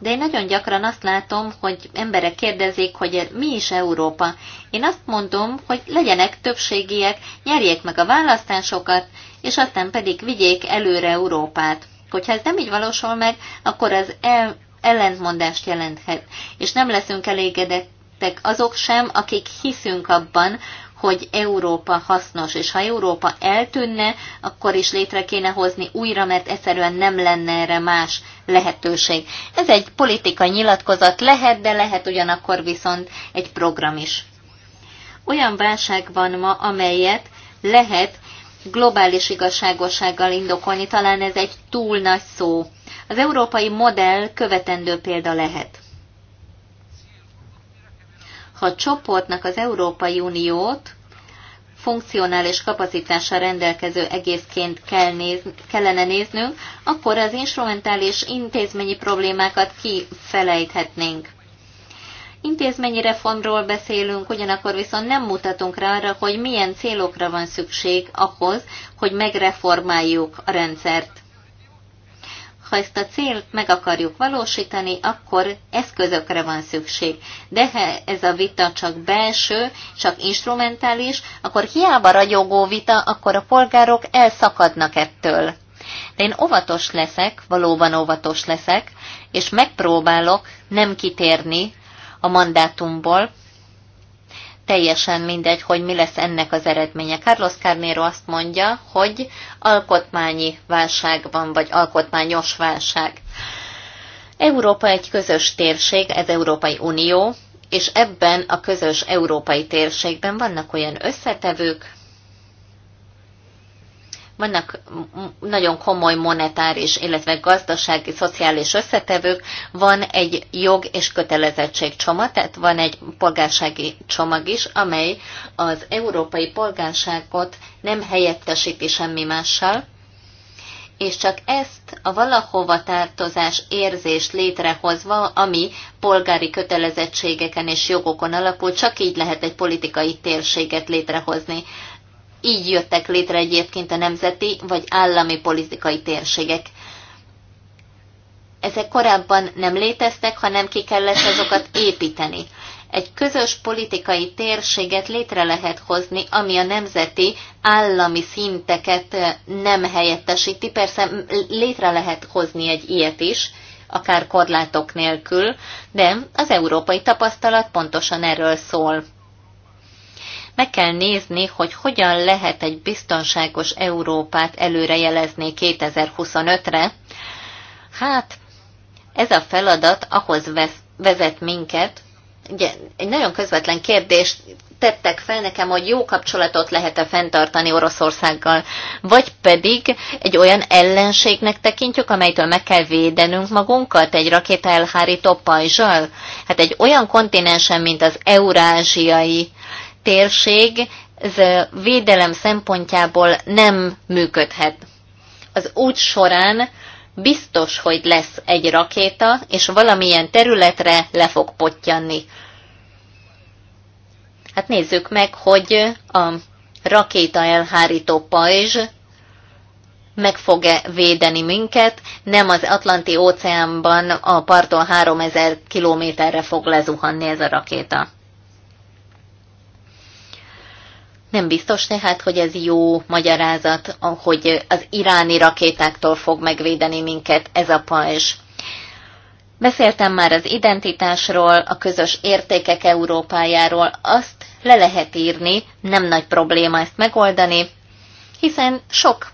de én nagyon gyakran azt látom, hogy emberek kérdezik, hogy mi is Európa. Én azt mondom, hogy legyenek többségiek, nyerjék meg a választásokat, és aztán pedig vigyék előre Európát. Hogyha ez nem így valósul meg, akkor az el, ellentmondást jelenthet, és nem leszünk elégedettek azok sem, akik hiszünk abban, hogy Európa hasznos, és ha Európa eltűnne, akkor is létre kéne hozni újra, mert egyszerűen nem lenne erre más lehetőség. Ez egy politikai nyilatkozat lehet, de lehet ugyanakkor viszont egy program is. Olyan válság van ma, amelyet lehet globális igazságossággal indokolni, talán ez egy túl nagy szó. Az európai modell követendő példa lehet ha a csoportnak az Európai Uniót funkcionális kapacitással rendelkező egészként kell néz, kellene néznünk, akkor az instrumentális intézményi problémákat kifelejthetnénk. Intézményi reformról beszélünk, ugyanakkor viszont nem mutatunk rá arra, hogy milyen célokra van szükség ahhoz, hogy megreformáljuk a rendszert ha ezt a célt meg akarjuk valósítani, akkor eszközökre van szükség. De ha ez a vita csak belső, csak instrumentális, akkor hiába ragyogó vita, akkor a polgárok elszakadnak ettől. De én óvatos leszek, valóban óvatos leszek, és megpróbálok nem kitérni a mandátumból, teljesen mindegy, hogy mi lesz ennek az eredménye. Carlos Carnero azt mondja, hogy alkotmányi válság van, vagy alkotmányos válság. Európa egy közös térség, ez Európai Unió, és ebben a közös európai térségben vannak olyan összetevők, vannak nagyon komoly monetáris, illetve gazdasági, szociális összetevők, van egy jog és kötelezettség csomag, tehát van egy polgársági csomag is, amely az európai polgárságot nem helyettesíti semmi mással, és csak ezt a valahova tartozás érzést létrehozva, ami polgári kötelezettségeken és jogokon alapul, csak így lehet egy politikai térséget létrehozni. Így jöttek létre egyébként a nemzeti vagy állami politikai térségek. Ezek korábban nem léteztek, hanem ki kellett azokat építeni. Egy közös politikai térséget létre lehet hozni, ami a nemzeti, állami szinteket eh, nem helyettesíti. Persze létre lehet hozni egy ilyet is, akár korlátok nélkül, de az európai tapasztalat pontosan erről szól. Meg kell nézni, hogy hogyan lehet egy biztonságos Európát előrejelezni 2025-re. Hát, ez a feladat ahhoz vesz, vezet minket, ugye egy nagyon közvetlen kérdést tettek fel nekem, hogy jó kapcsolatot lehet-e fenntartani Oroszországgal, vagy pedig egy olyan ellenségnek tekintjük, amelytől meg kell védenünk magunkat egy rakétaelhárító pajzsal? Hát egy olyan kontinensen, mint az eurázsiai térség ez védelem szempontjából nem működhet. Az út során biztos, hogy lesz egy rakéta, és valamilyen területre le fog potyanni. Hát nézzük meg, hogy a rakéta elhárító pajzs meg fog-e védeni minket, nem az Atlanti óceánban a parton 3000 kilométerre fog lezuhanni ez a rakéta. Nem biztos tehát, hogy ez jó magyarázat, hogy az iráni rakétáktól fog megvédeni minket ez a pajzs. Beszéltem már az identitásról, a közös értékek Európájáról, azt le lehet írni, nem nagy probléma ezt megoldani, hiszen sok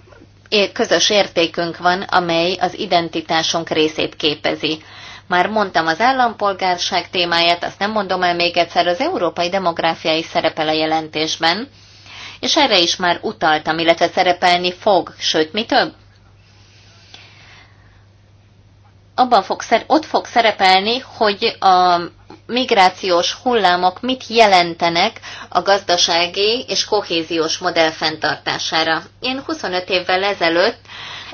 közös értékünk van, amely az identitásunk részét képezi. Már mondtam az állampolgárság témáját, azt nem mondom el még egyszer, az európai demográfiai szerepel a jelentésben, és erre is már utaltam, illetve szerepelni fog, sőt, mi több? Abban fog, ott fog szerepelni, hogy a migrációs hullámok mit jelentenek a gazdasági és kohéziós modell fenntartására. Én 25 évvel ezelőtt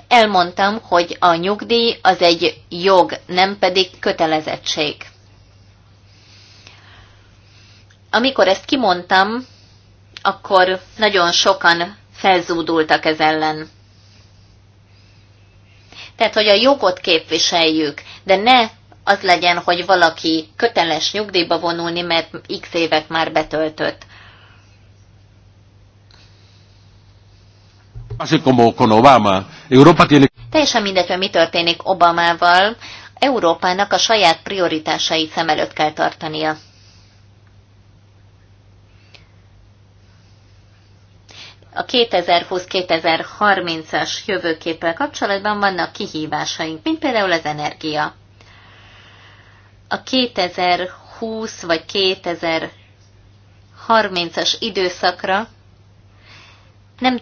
elmondtam, hogy a nyugdíj az egy jog, nem pedig kötelezettség. Amikor ezt kimondtam, akkor nagyon sokan felzúdultak ez ellen. Tehát, hogy a jogot képviseljük, de ne az legyen, hogy valaki köteles nyugdíjba vonulni, mert x évet már betöltött. Teljesen mindegy, hogy mi történik Obamával, Európának a saját prioritásai szem előtt kell tartania. a 2020-2030-as jövőképpel kapcsolatban vannak kihívásaink, mint például az energia. A 2020 vagy 2030-as időszakra nem,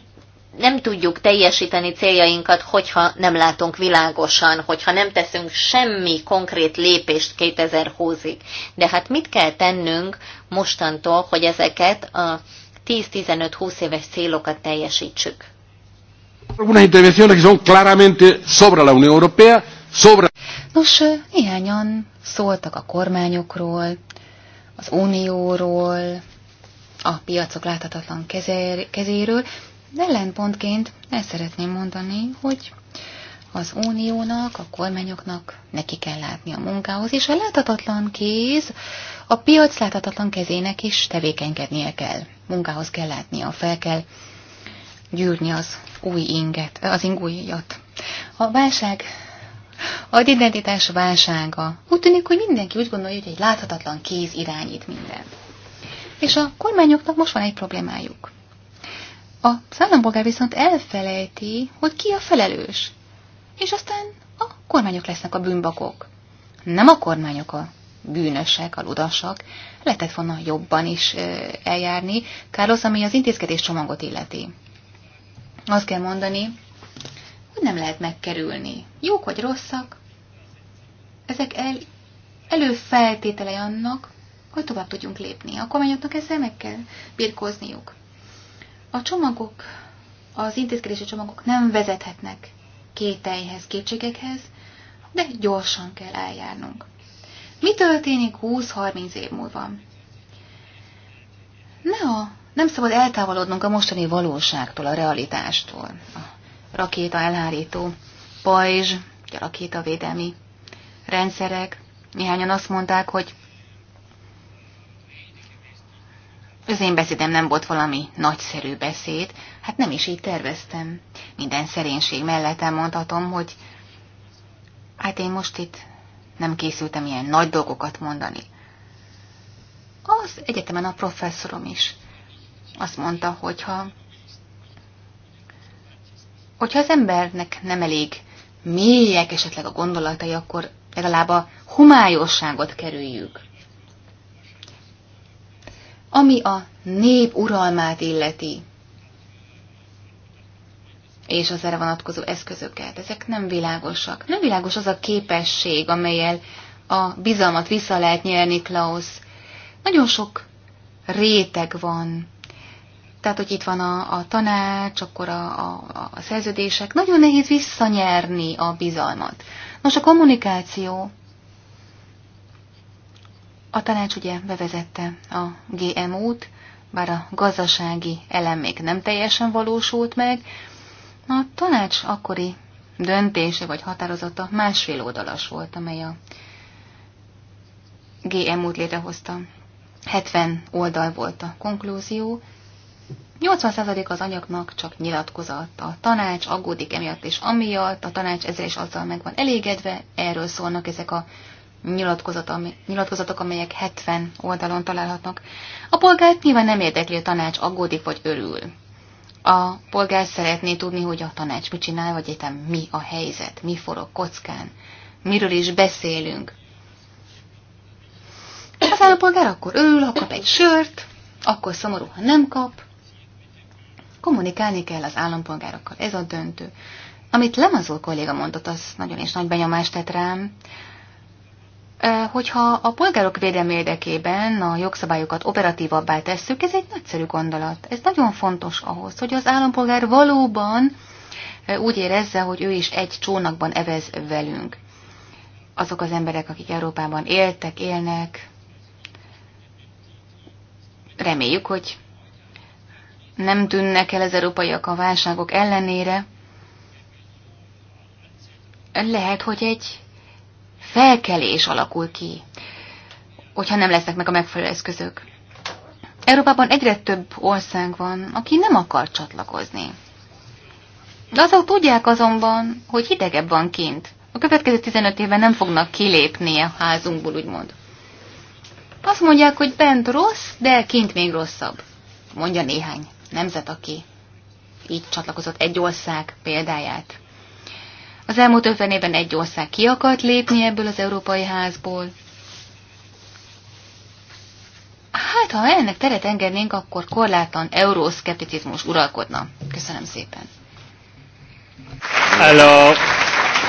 nem tudjuk teljesíteni céljainkat, hogyha nem látunk világosan, hogyha nem teszünk semmi konkrét lépést 2020-ig. De hát mit kell tennünk mostantól, hogy ezeket a 10-15-20 éves célokat teljesítsük. Algunas intervenciones que son claramente sobre la Unión Europea, sobre... Nos, néhányan szóltak a kormányokról, az unióról, a piacok láthatatlan kezéről. Ellenpontként el szeretném mondani, hogy az uniónak, a kormányoknak neki kell látni a munkához, és a láthatatlan kéz, a piac láthatatlan kezének is tevékenykednie kell munkához kell látnia, fel kell gyűrni az új inget, az ingújjat. A válság, az identitás válsága. Úgy tűnik, hogy mindenki úgy gondolja, hogy egy láthatatlan kéz irányít minden. És a kormányoknak most van egy problémájuk. A állampolgár viszont elfelejti, hogy ki a felelős. És aztán a kormányok lesznek a bűnbakok. Nem a kormányok a bűnösek, a ludasak, lehetett volna jobban is eljárni. Carlos, ami az intézkedés csomagot illeti. Azt kell mondani, hogy nem lehet megkerülni. Jók vagy rosszak, ezek el, előfeltételei annak, hogy tovább tudjunk lépni. A kormányoknak ezzel meg kell birkózniuk. A csomagok, az intézkedési csomagok nem vezethetnek kételjhez, kétségekhez, de gyorsan kell eljárnunk. Mi történik 20-30 év múlva? Neha, nem szabad eltávolodnunk a mostani valóságtól, a realitástól. A rakéta elhárító, pajzs, a rakéta védelmi rendszerek. Néhányan azt mondták, hogy az én beszédem nem volt valami nagyszerű beszéd, hát nem is így terveztem. Minden szerénység mellett elmondhatom, hogy hát én most itt nem készültem ilyen nagy dolgokat mondani. Az egyetemen a professzorom is azt mondta, hogyha, hogyha az embernek nem elég mélyek esetleg a gondolatai, akkor legalább a humályosságot kerüljük. Ami a nép uralmát illeti, és az erre vonatkozó eszközöket. Ezek nem világosak. Nem világos az a képesség, amelyel a bizalmat vissza lehet nyerni, Klaus. Nagyon sok réteg van. Tehát, hogy itt van a, a tanács, akkor a, a, a szerződések. Nagyon nehéz visszanyerni a bizalmat. Nos, a kommunikáció. A tanács ugye bevezette a GMO-t, bár a gazdasági elem még nem teljesen valósult meg, a tanács akkori döntése vagy határozata másfél oldalas volt, amely a GM út létrehozta. 70 oldal volt a konklúzió, 80% az anyagnak csak nyilatkozat. A tanács aggódik emiatt és amiatt, a tanács ezzel is azzal meg van elégedve, erről szólnak ezek a nyilatkozatok, amelyek 70 oldalon találhatnak. A polgárt nyilván nem érdekli, a tanács aggódik vagy örül. A polgár szeretné tudni, hogy a tanács mit csinál, vagy egyetem mi a helyzet, mi forog kockán, miről is beszélünk. Hát, hát az állampolgár akkor ül, ha kap egy sört, akkor szomorú, ha nem kap. Kommunikálni kell az állampolgárokkal, ez a döntő. Amit Lemazó kolléga mondott, az nagyon és nagy benyomást tett rám. Hogyha a polgárok védelme érdekében a jogszabályokat operatívabbá tesszük, ez egy nagyszerű gondolat. Ez nagyon fontos ahhoz, hogy az állampolgár valóban úgy érezze, hogy ő is egy csónakban evez velünk. Azok az emberek, akik Európában éltek, élnek, reméljük, hogy nem tűnnek el az európaiak a válságok ellenére. Lehet, hogy egy felkelés alakul ki, hogyha nem lesznek meg a megfelelő eszközök. Európában egyre több ország van, aki nem akar csatlakozni. De azok tudják azonban, hogy hidegebb van kint. A következő 15 évben nem fognak kilépni a házunkból, úgymond. Azt mondják, hogy bent rossz, de kint még rosszabb. Mondja néhány nemzet, aki így csatlakozott egy ország példáját. Az elmúlt ötven évben egy ország ki akart lépni ebből az európai házból. Hát, ha ennek teret engednénk, akkor korlátlan euroszkepticizmus uralkodna. Köszönöm szépen. Hello.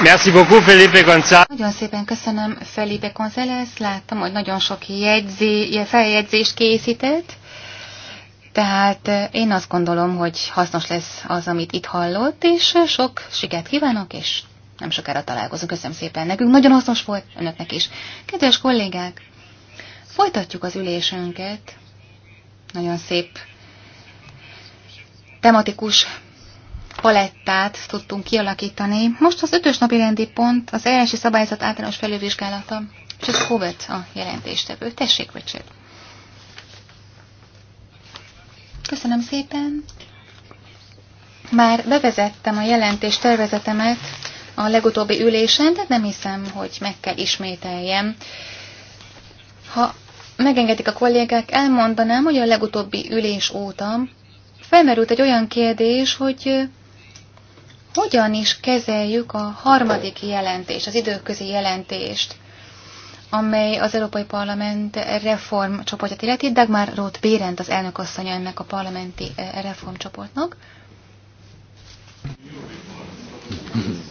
Merci beaucoup, Felipe González. Nagyon szépen köszönöm, Felipe González. Láttam, hogy nagyon sok jegyzé, feljegyzést készített. Tehát eh, én azt gondolom, hogy hasznos lesz az, amit itt hallott, és eh, sok sikert kívánok, és nem sokára találkozunk. Köszönöm szépen nekünk, nagyon hasznos volt önöknek is. Kedves kollégák, folytatjuk az ülésünket. Nagyon szép tematikus palettát tudtunk kialakítani. Most az ötös napi rendi pont, az első szabályzat általános felülvizsgálata, és ez Hobart a jelentéstevő. Tessék, Richard! Köszönöm szépen! Már bevezettem a jelentés tervezetemet, a legutóbbi ülésen, de nem hiszem, hogy meg kell ismételjem. Ha megengedik a kollégák, elmondanám, hogy a legutóbbi ülés óta felmerült egy olyan kérdés, hogy hogyan is kezeljük a harmadik jelentést, az időközi jelentést, amely az Európai Parlament reformcsoportját illeti. Dagmar Roth Bérend az elnökasszonya ennek a parlamenti reformcsoportnak.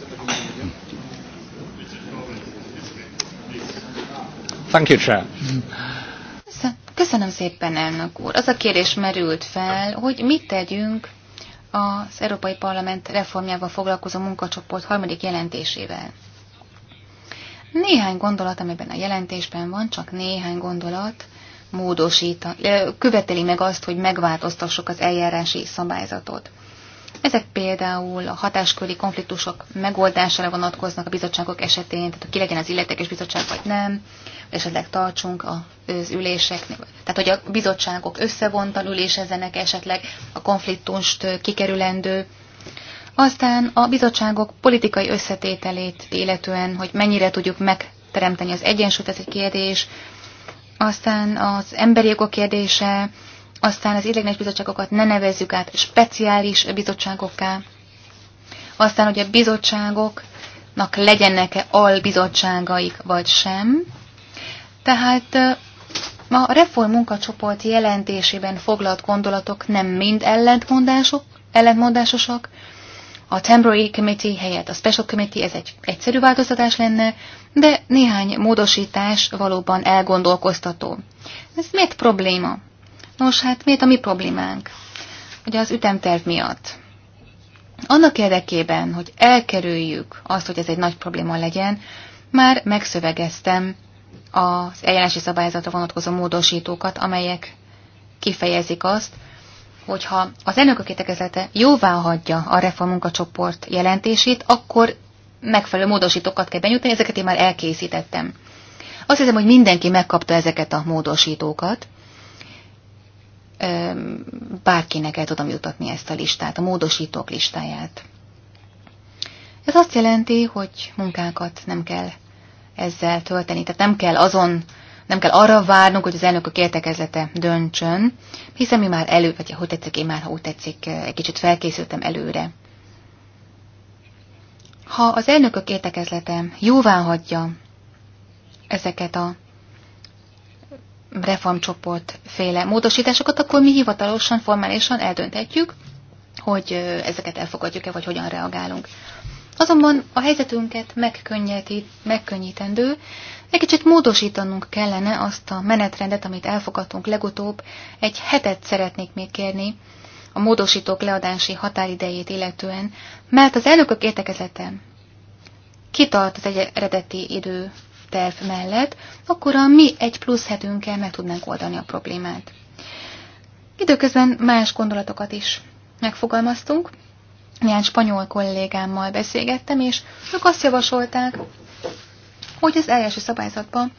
Thank you, Chair. Köszönöm szépen, elnök úr. Az a kérdés merült fel, hogy mit tegyünk az Európai Parlament reformjával foglalkozó munkacsoport harmadik jelentésével. Néhány gondolat, amiben a jelentésben van, csak néhány gondolat, módosít, követeli meg azt, hogy megváltoztassuk az eljárási szabályzatot. Ezek például a hatásköri konfliktusok megoldására vonatkoznak a bizottságok esetén, tehát ki legyen az illetékes bizottság vagy nem, esetleg tartsunk az üléseknél, tehát hogy a bizottságok összevontan ülésezenek esetleg a konfliktust kikerülendő, aztán a bizottságok politikai összetételét illetően, hogy mennyire tudjuk megteremteni az egyensúlyt, ez egy kérdés, aztán az emberi jogok kérdése, aztán az idegenes bizottságokat ne nevezzük át speciális bizottságokká, aztán, hogy a bizottságoknak legyenek-e albizottságaik vagy sem, tehát a reform munkacsoport jelentésében foglalt gondolatok nem mind ellentmondások, ellentmondásosak. A Temporary Committee helyett a Special Committee ez egy egyszerű változtatás lenne, de néhány módosítás valóban elgondolkoztató. Ez miért probléma? Nos, hát miért a mi problémánk? Ugye az ütemterv miatt. Annak érdekében, hogy elkerüljük azt, hogy ez egy nagy probléma legyen, már megszövegeztem az eljárási szabályzatra vonatkozó módosítókat, amelyek kifejezik azt, hogyha az elnökök értekezlete jóvá hagyja a reformunkacsoport jelentését, akkor megfelelő módosítókat kell benyújtani, ezeket én már elkészítettem. Azt hiszem, hogy mindenki megkapta ezeket a módosítókat. Bárkinek el tudom jutatni ezt a listát, a módosítók listáját. Ez azt jelenti, hogy munkákat nem kell ezzel tölteni. Tehát nem kell azon, nem kell arra várnunk, hogy az elnökök értekezlete döntsön, hiszen mi már elő, vagy ha tetszik, én már, ha úgy tetszik, egy kicsit felkészültem előre. Ha az elnökök értekezlete jóvá hagyja ezeket a reformcsoport féle módosításokat, akkor mi hivatalosan, formálisan eldönthetjük, hogy ezeket elfogadjuk-e, vagy hogyan reagálunk. Azonban a helyzetünket megkönnyítendő, egy kicsit módosítanunk kellene azt a menetrendet, amit elfogadtunk legutóbb. Egy hetet szeretnék még kérni a módosítók leadási határidejét illetően, mert az elnökök értekezete kitart az egy eredeti idő terv mellett, akkor a mi egy plusz hetünkkel meg tudnánk oldani a problémát. Időközben más gondolatokat is megfogalmaztunk néhány spanyol kollégámmal beszélgettem, és ők azt javasolták, hogy az első szabályzatban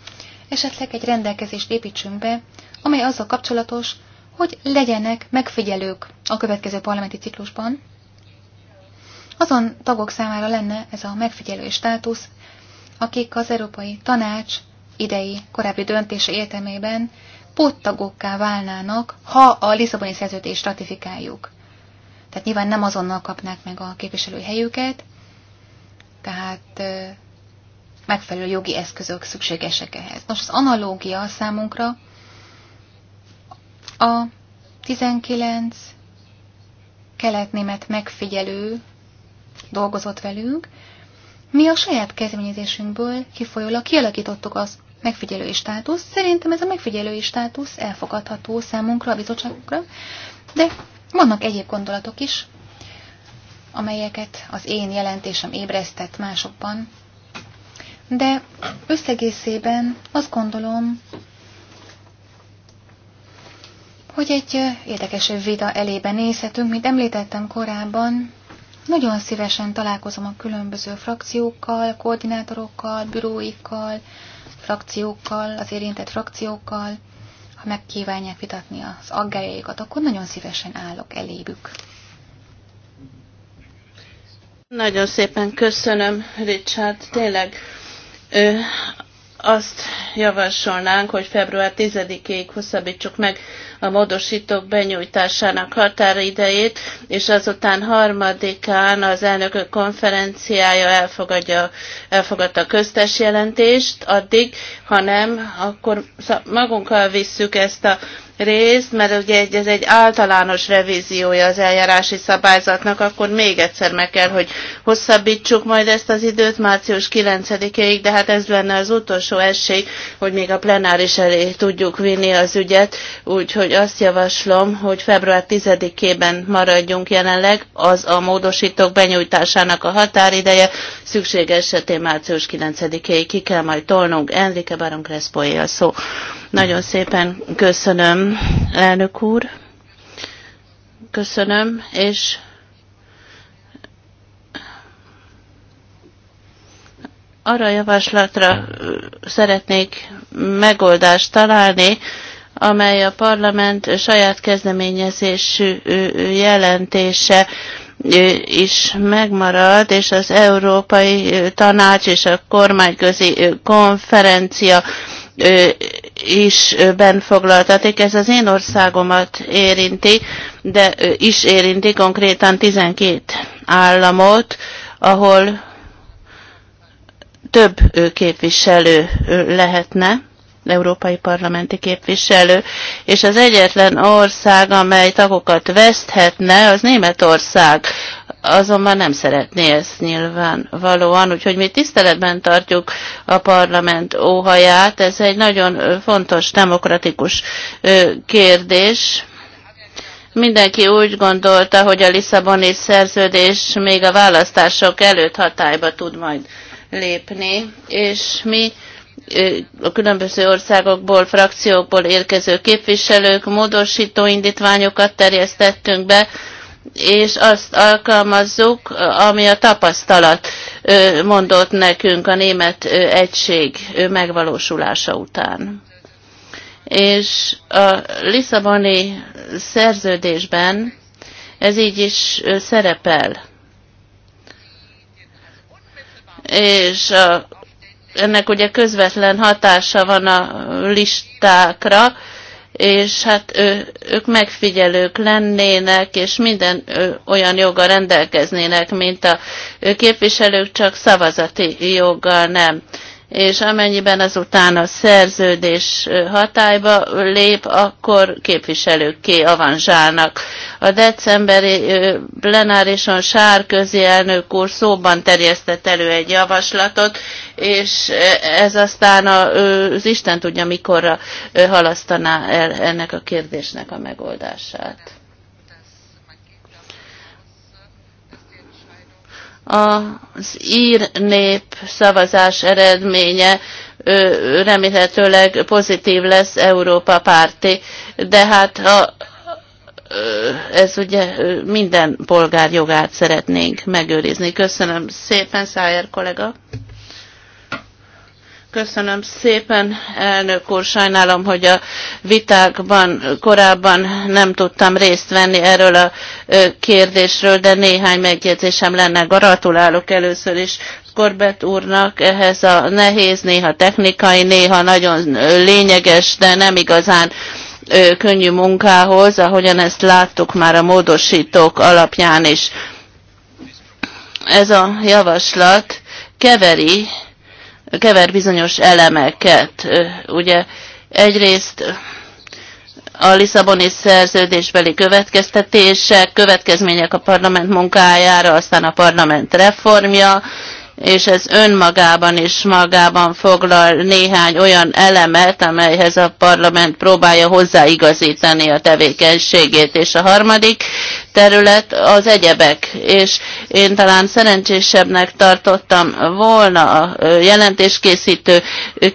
esetleg egy rendelkezést építsünk be, amely azzal kapcsolatos, hogy legyenek megfigyelők a következő parlamenti ciklusban. Azon tagok számára lenne ez a megfigyelői státusz, akik az Európai Tanács idei korábbi döntése értelmében póttagokká válnának, ha a Lisszaboni szerződést ratifikáljuk. Tehát nyilván nem azonnal kapnák meg a képviselői helyüket, tehát megfelelő jogi eszközök szükségesek ehhez. Most az analógia számunkra a 19 kelet-német megfigyelő dolgozott velünk, mi a saját kezdeményezésünkből kifolyólag kialakítottuk az megfigyelői státusz. Szerintem ez a megfigyelői státusz elfogadható számunkra, a bizottságunkra, de vannak egyéb gondolatok is, amelyeket az én jelentésem ébresztett másokban, de összegészében azt gondolom, hogy egy érdekes vida elébe nézhetünk, mint említettem korábban, nagyon szívesen találkozom a különböző frakciókkal, koordinátorokkal, büróikkal, frakciókkal, az érintett frakciókkal, ha megkívánják vitatni az aggájaikat, akkor nagyon szívesen állok elébük. Nagyon szépen köszönöm, Richard. Tényleg azt javasolnánk, hogy február 10-ig hosszabbítsuk meg a módosítók benyújtásának határidejét, és azután harmadikán az elnökök konferenciája elfogadja, elfogadta a köztes jelentést, addig, ha nem, akkor magunkkal visszük ezt a részt, mert ugye ez egy általános revíziója az eljárási szabályzatnak, akkor még egyszer meg kell, hogy hosszabbítsuk majd ezt az időt március 9-ig, de hát ez lenne az utolsó esély, hogy még a plenáris elé tudjuk vinni az ügyet, úgyhogy azt javaslom, hogy február 10-ében maradjunk jelenleg, az a módosítók benyújtásának a határideje, szükség esetén március 9-ig ki kell majd tolnunk. Enrique Baron Crespoé a szó. Nagyon szépen köszönöm, elnök úr. Köszönöm, és arra a javaslatra szeretnék megoldást találni, amely a parlament saját kezdeményezésű jelentése is megmarad, és az Európai Tanács és a kormányközi konferencia is benfoglaltatik. Ez az én országomat érinti, de is érinti konkrétan 12 államot, ahol több képviselő lehetne európai parlamenti képviselő, és az egyetlen ország, amely tagokat veszthetne, az Németország, azonban nem szeretné ezt nyilván valóan, úgyhogy mi tiszteletben tartjuk a parlament óhaját, ez egy nagyon fontos demokratikus kérdés. Mindenki úgy gondolta, hogy a Lisszaboni szerződés még a választások előtt hatályba tud majd lépni, és mi a különböző országokból, frakciókból érkező képviselők módosító indítványokat terjesztettünk be, és azt alkalmazzuk, ami a tapasztalat mondott nekünk a német egység megvalósulása után. És a Lisszaboni szerződésben ez így is szerepel. És a, ennek ugye közvetlen hatása van a listákra, és hát ő, ők megfigyelők lennének, és minden ő, olyan joga rendelkeznének, mint a képviselők, csak szavazati joggal nem és amennyiben azután a szerződés hatályba lép, akkor képviselőkké avanzsálnak. A decemberi plenárison Sárközi elnök úr szóban terjesztett elő egy javaslatot, és ez aztán az Isten tudja mikorra halasztaná el ennek a kérdésnek a megoldását. Az ír nép szavazás eredménye remélhetőleg pozitív lesz Európa párti, de hát ha ez ugye minden polgár jogát szeretnénk megőrizni. Köszönöm szépen, Szájer kollega. Köszönöm szépen, elnök úr. Sajnálom, hogy a vitákban korábban nem tudtam részt venni erről a kérdésről, de néhány megjegyzésem lenne. Gratulálok először is Korbett úrnak ehhez a nehéz, néha technikai, néha nagyon lényeges, de nem igazán könnyű munkához, ahogyan ezt láttuk már a módosítók alapján is. Ez a javaslat keveri kever bizonyos elemeket. Ugye egyrészt a Lisszaboni szerződésbeli következtetések, következmények a parlament munkájára, aztán a parlament reformja, és ez önmagában is magában foglal néhány olyan elemet, amelyhez a parlament próbálja hozzáigazítani a tevékenységét. És a harmadik terület az egyebek, és én talán szerencsésebbnek tartottam volna a jelentéskészítő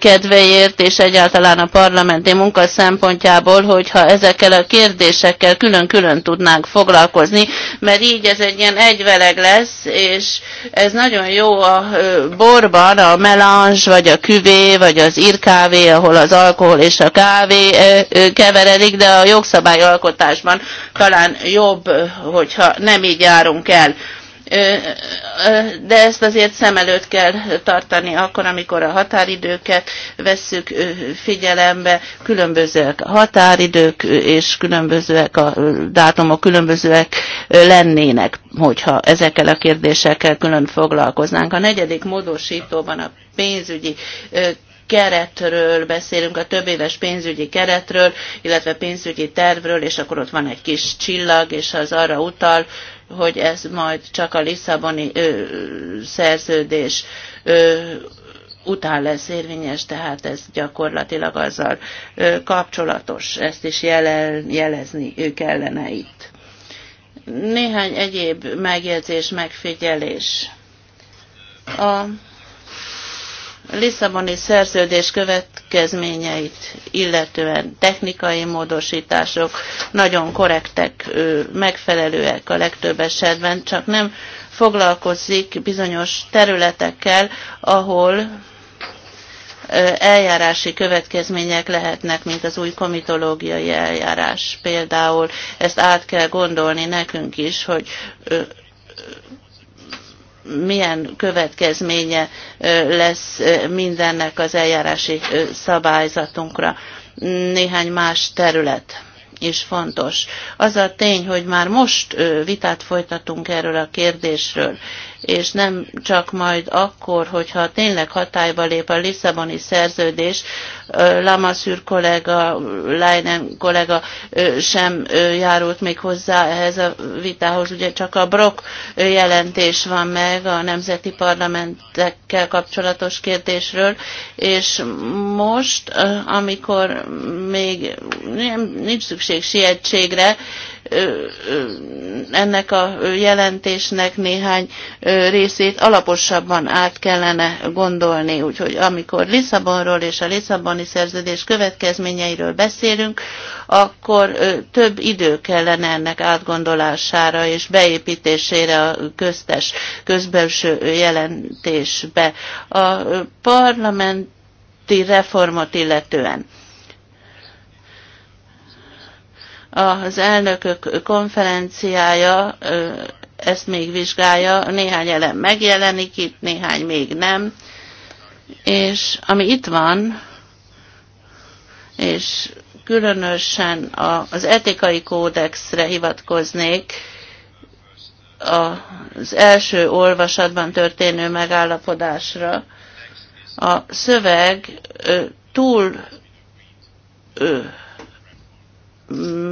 kedvéért, és egyáltalán a parlamenti munka szempontjából, hogyha ezekkel a kérdésekkel külön-külön tudnánk foglalkozni, mert így ez egy ilyen egyveleg lesz, és ez nagyon jó a borban, a melange, vagy a küvé, vagy az irkávé, ahol az alkohol és a kávé keveredik, de a jogszabályalkotásban talán jobb hogyha nem így járunk el. De ezt azért szem előtt kell tartani akkor, amikor a határidőket vesszük figyelembe. Különbözőek a határidők, és különbözőek a dátumok, különbözőek lennének, hogyha ezekkel a kérdésekkel külön foglalkoznánk. A negyedik módosítóban a pénzügyi keretről beszélünk, a több éves pénzügyi keretről, illetve pénzügyi tervről, és akkor ott van egy kis csillag, és az arra utal, hogy ez majd csak a Lisszaboni ö, szerződés ö, után lesz érvényes, tehát ez gyakorlatilag azzal ö, kapcsolatos, ezt is jelen, jelezni kellene itt. Néhány egyéb megjegyzés, megfigyelés. A Lisszaboni szerződés következményeit illetően technikai módosítások nagyon korrektek, megfelelőek a legtöbb esetben, csak nem foglalkozik bizonyos területekkel, ahol eljárási következmények lehetnek, mint az új komitológiai eljárás. Például ezt át kell gondolni nekünk is, hogy milyen következménye lesz mindennek az eljárási szabályzatunkra. Néhány más terület is fontos. Az a tény, hogy már most vitát folytatunk erről a kérdésről, és nem csak majd akkor, hogyha tényleg hatályba lép a Lisszaboni szerződés, Lamaszűr kollega, Leinen kollega sem járult még hozzá ehhez a vitához, ugye csak a Brock jelentés van meg a nemzeti parlamentekkel kapcsolatos kérdésről, és most, amikor még nem, nincs szükség sietségre, ennek a jelentésnek néhány részét alaposabban át kellene gondolni. Úgyhogy amikor Lisszabonról és a Lisszaboni szerződés következményeiről beszélünk, akkor több idő kellene ennek átgondolására és beépítésére a köztes, közbelső jelentésbe. A parlament reformot illetően Az elnökök konferenciája ezt még vizsgálja, néhány elem megjelenik itt, néhány még nem. És ami itt van, és különösen az etikai kódexre hivatkoznék, az első olvasatban történő megállapodásra. A szöveg túl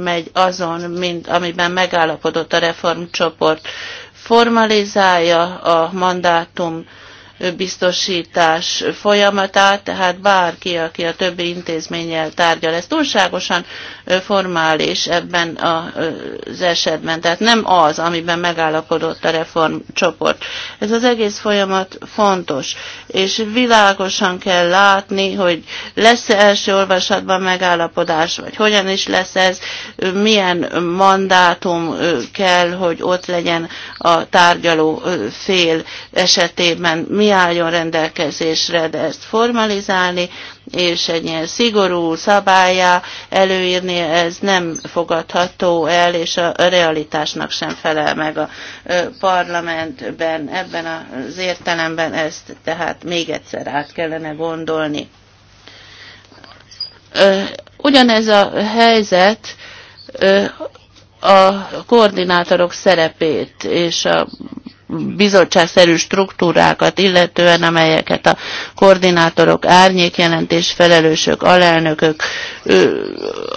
megy azon, mint amiben megállapodott a reformcsoport, formalizálja a mandátum biztosítás folyamatát, tehát bárki, aki a többi intézménnyel tárgyal, ez túlságosan formális ebben az esetben, tehát nem az, amiben megállapodott a reformcsoport. Ez az egész folyamat fontos, és világosan kell látni, hogy lesz-e első olvasatban megállapodás, vagy hogyan is lesz ez, milyen mandátum kell, hogy ott legyen a tárgyaló fél esetében, mi mi álljon rendelkezésre, de ezt formalizálni, és egy ilyen szigorú szabályá előírni, ez nem fogadható el, és a realitásnak sem felel meg a parlamentben. Ebben az értelemben ezt tehát még egyszer át kellene gondolni. Ugyanez a helyzet a koordinátorok szerepét és a bizottságszerű struktúrákat illetően, amelyeket a koordinátorok, árnyékjelentés felelősök, alelnökök ő,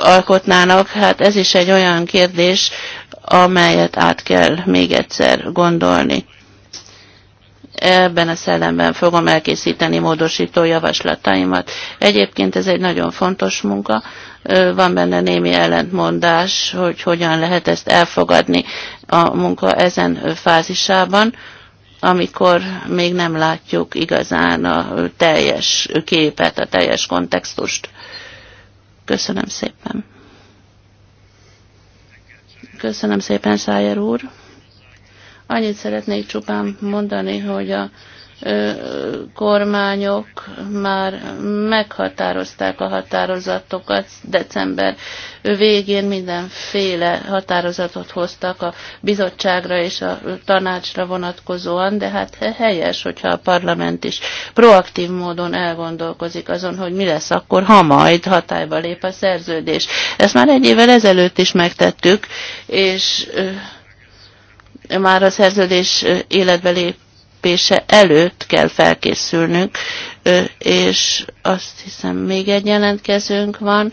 alkotnának, hát ez is egy olyan kérdés, amelyet át kell még egyszer gondolni. Ebben a szellemben fogom elkészíteni módosító javaslataimat. Egyébként ez egy nagyon fontos munka, van benne némi ellentmondás, hogy hogyan lehet ezt elfogadni a munka ezen fázisában, amikor még nem látjuk igazán a teljes képet, a teljes kontextust. Köszönöm szépen. Köszönöm szépen, Szájer úr. Annyit szeretnék csupán mondani, hogy a kormányok már meghatározták a határozatokat. December végén mindenféle határozatot hoztak a bizottságra és a tanácsra vonatkozóan, de hát helyes, hogyha a parlament is proaktív módon elgondolkozik azon, hogy mi lesz akkor, ha majd hatályba lép a szerződés. Ezt már egy évvel ezelőtt is megtettük, és már a szerződés életbe lép lépése előtt kell felkészülnünk, és azt hiszem még egy jelentkezőnk van,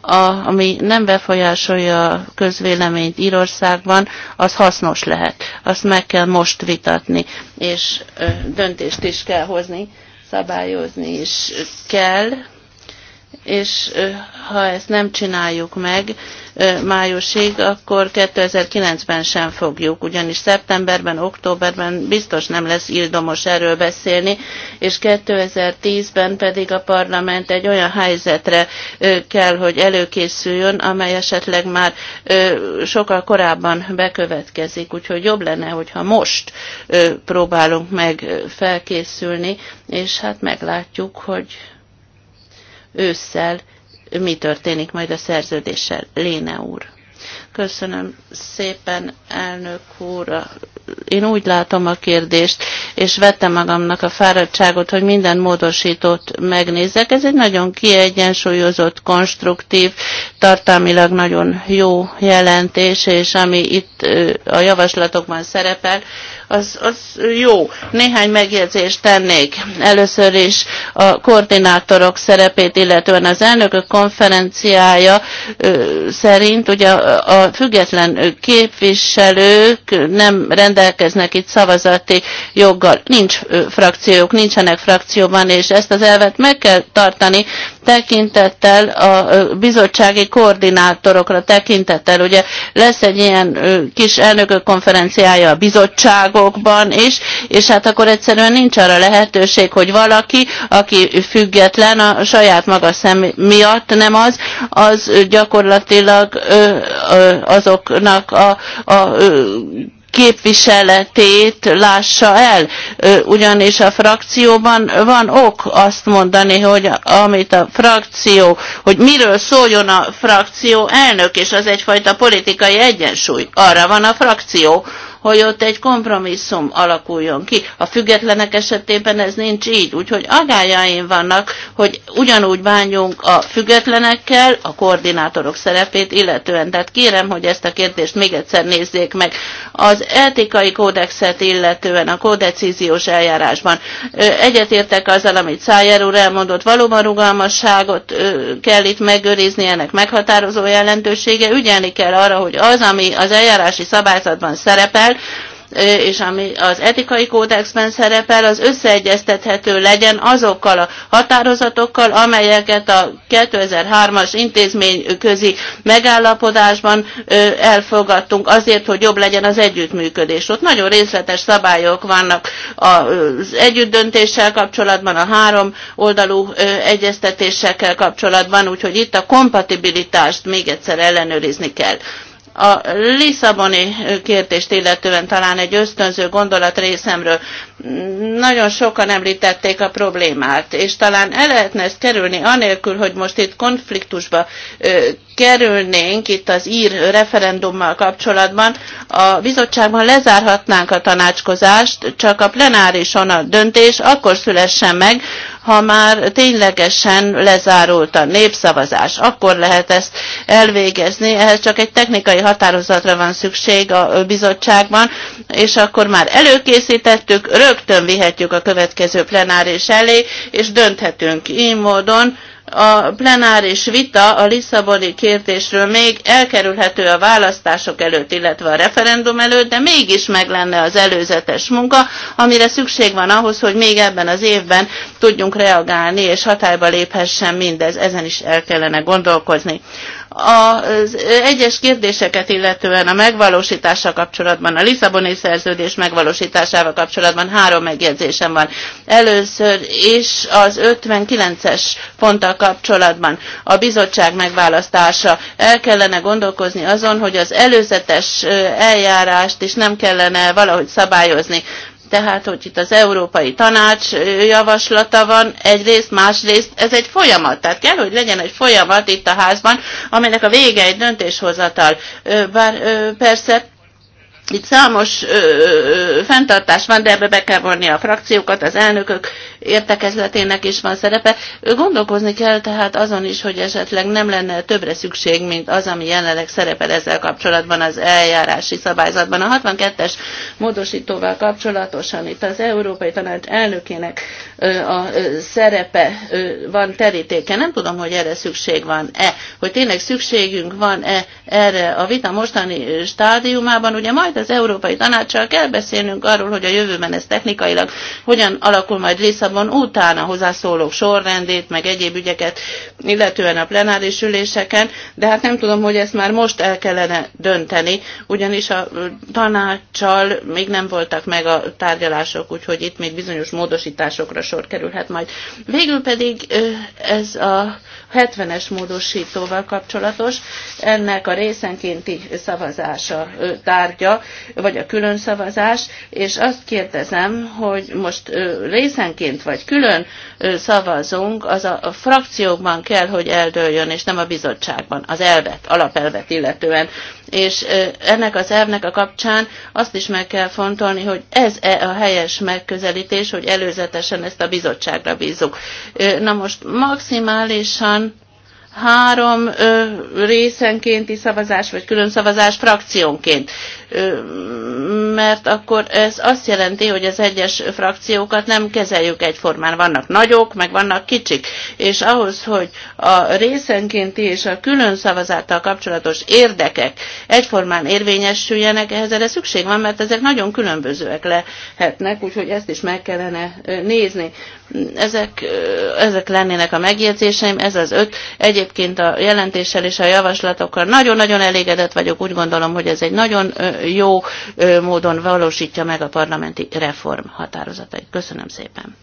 a, ami nem befolyásolja a közvéleményt Írországban, az hasznos lehet. Azt meg kell most vitatni, és döntést is kell hozni, szabályozni is kell és ha ezt nem csináljuk meg májusig, akkor 2009-ben sem fogjuk, ugyanis szeptemberben, októberben biztos nem lesz ildomos erről beszélni, és 2010-ben pedig a parlament egy olyan helyzetre kell, hogy előkészüljön, amely esetleg már sokkal korábban bekövetkezik, úgyhogy jobb lenne, hogyha most próbálunk meg felkészülni, és hát meglátjuk, hogy ősszel mi történik majd a szerződéssel. Léne úr. Köszönöm szépen, elnök úr, a én úgy látom a kérdést, és vettem magamnak a fáradtságot, hogy minden módosítót megnézzek. Ez egy nagyon kiegyensúlyozott, konstruktív, tartalmilag nagyon jó jelentés, és ami itt a javaslatokban szerepel, az, az jó. Néhány megjegyzést tennék. Először is a koordinátorok szerepét, illetően az elnökök konferenciája szerint ugye a független képviselők nem rendelkezik, rendelkeznek itt szavazati joggal. Nincs frakciók, nincsenek frakcióban, és ezt az elvet meg kell tartani tekintettel a bizottsági koordinátorokra tekintettel. Ugye lesz egy ilyen kis elnökök konferenciája a bizottságokban is, és hát akkor egyszerűen nincs arra lehetőség, hogy valaki, aki független a saját maga szem miatt nem az, az gyakorlatilag azoknak a, a képviseletét lássa el, ugyanis a frakcióban van ok azt mondani, hogy amit a frakció, hogy miről szóljon a frakció elnök, és az egyfajta politikai egyensúly. Arra van a frakció, hogy ott egy kompromisszum alakuljon ki. A függetlenek esetében ez nincs így, úgyhogy agályáim vannak, hogy ugyanúgy bánjunk a függetlenekkel, a koordinátorok szerepét illetően. Tehát kérem, hogy ezt a kérdést még egyszer nézzék meg. Az etikai kódexet illetően a kódecíziós eljárásban egyetértek azzal, amit Szájer úr elmondott, valóban rugalmasságot kell itt megőrizni, ennek meghatározó jelentősége. Ügyelni kell arra, hogy az, ami az eljárási szabályzatban szerepel, szerepel, és ami az etikai kódexben szerepel, az összeegyeztethető legyen azokkal a határozatokkal, amelyeket a 2003-as intézményközi megállapodásban elfogadtunk azért, hogy jobb legyen az együttműködés. Ott nagyon részletes szabályok vannak az együttdöntéssel kapcsolatban, a három oldalú egyeztetésekkel kapcsolatban, úgyhogy itt a kompatibilitást még egyszer ellenőrizni kell. A Lisszaboni kérdést illetően talán egy ösztönző gondolat részemről nagyon sokan említették a problémát, és talán el lehetne ezt kerülni anélkül, hogy most itt konfliktusba kerülnénk itt az ír referendummal kapcsolatban, a bizottságban lezárhatnánk a tanácskozást, csak a plenárison a döntés akkor szülessen meg, ha már ténylegesen lezárult a népszavazás. Akkor lehet ezt elvégezni, ehhez csak egy technikai határozatra van szükség a bizottságban, és akkor már előkészítettük, rögtön vihetjük a következő plenáris elé, és dönthetünk így módon, a plenáris vita a Lisszaboni kérdésről még elkerülhető a választások előtt, illetve a referendum előtt, de mégis meg lenne az előzetes munka, amire szükség van ahhoz, hogy még ebben az évben tudjunk reagálni, és hatályba léphessen mindez, ezen is el kellene gondolkozni az egyes kérdéseket illetően a megvalósítással kapcsolatban, a Lisszaboni szerződés megvalósításával kapcsolatban három megjegyzésem van. Először is az 59-es ponttal kapcsolatban a bizottság megválasztása. El kellene gondolkozni azon, hogy az előzetes eljárást is nem kellene valahogy szabályozni. Tehát, hogy itt az Európai Tanács javaslata van egyrészt, másrészt ez egy folyamat. Tehát kell, hogy legyen egy folyamat itt a házban, aminek a vége egy döntéshozatal. Bár persze itt számos ö, ö, fenntartás van, de ebbe be kell vonni a frakciókat, az elnökök értekezletének is van szerepe. Gondolkozni kell tehát azon is, hogy esetleg nem lenne többre szükség, mint az, ami jelenleg szerepel ezzel kapcsolatban az eljárási szabályzatban. A 62-es módosítóval kapcsolatosan itt az Európai Tanács elnökének a szerepe van terítéke. Nem tudom, hogy erre szükség van-e, hogy tényleg szükségünk van-e erre a vita mostani stádiumában. Ugye majd az Európai Tanácssal kell beszélnünk arról, hogy a jövőben ez technikailag hogyan alakul majd Lisszabon utána hozzászólók sorrendét, meg egyéb ügyeket, illetően a plenáris üléseken, de hát nem tudom, hogy ezt már most el kellene dönteni, ugyanis a tanácssal még nem voltak meg a tárgyalások, úgyhogy itt még bizonyos módosításokra sor kerülhet majd. Végül pedig ez a 70-es módosítóval kapcsolatos, ennek a részenkénti szavazása tárgya, vagy a külön szavazás, és azt kérdezem, hogy most részenként vagy külön szavazunk, az a frakciókban kell, hogy eldőljön, és nem a bizottságban, az elvet, alapelvet illetően és ennek az elvnek a kapcsán azt is meg kell fontolni, hogy ez-e a helyes megközelítés, hogy előzetesen ezt a bizottságra bízzuk. Na most maximálisan három részenkénti szavazás, vagy külön szavazás frakciónként mert akkor ez azt jelenti, hogy az egyes frakciókat nem kezeljük egyformán. Vannak nagyok, meg vannak kicsik, és ahhoz, hogy a részenkénti és a külön szavazáttal kapcsolatos érdekek egyformán érvényesüljenek, ehhez erre szükség van, mert ezek nagyon különbözőek lehetnek, úgyhogy ezt is meg kellene nézni. Ezek, ezek lennének a megjegyzéseim, ez az öt. Egyébként a jelentéssel és a javaslatokkal nagyon-nagyon elégedett vagyok, úgy gondolom, hogy ez egy nagyon jó módon valósítja meg a parlamenti reform határozatait. Köszönöm szépen.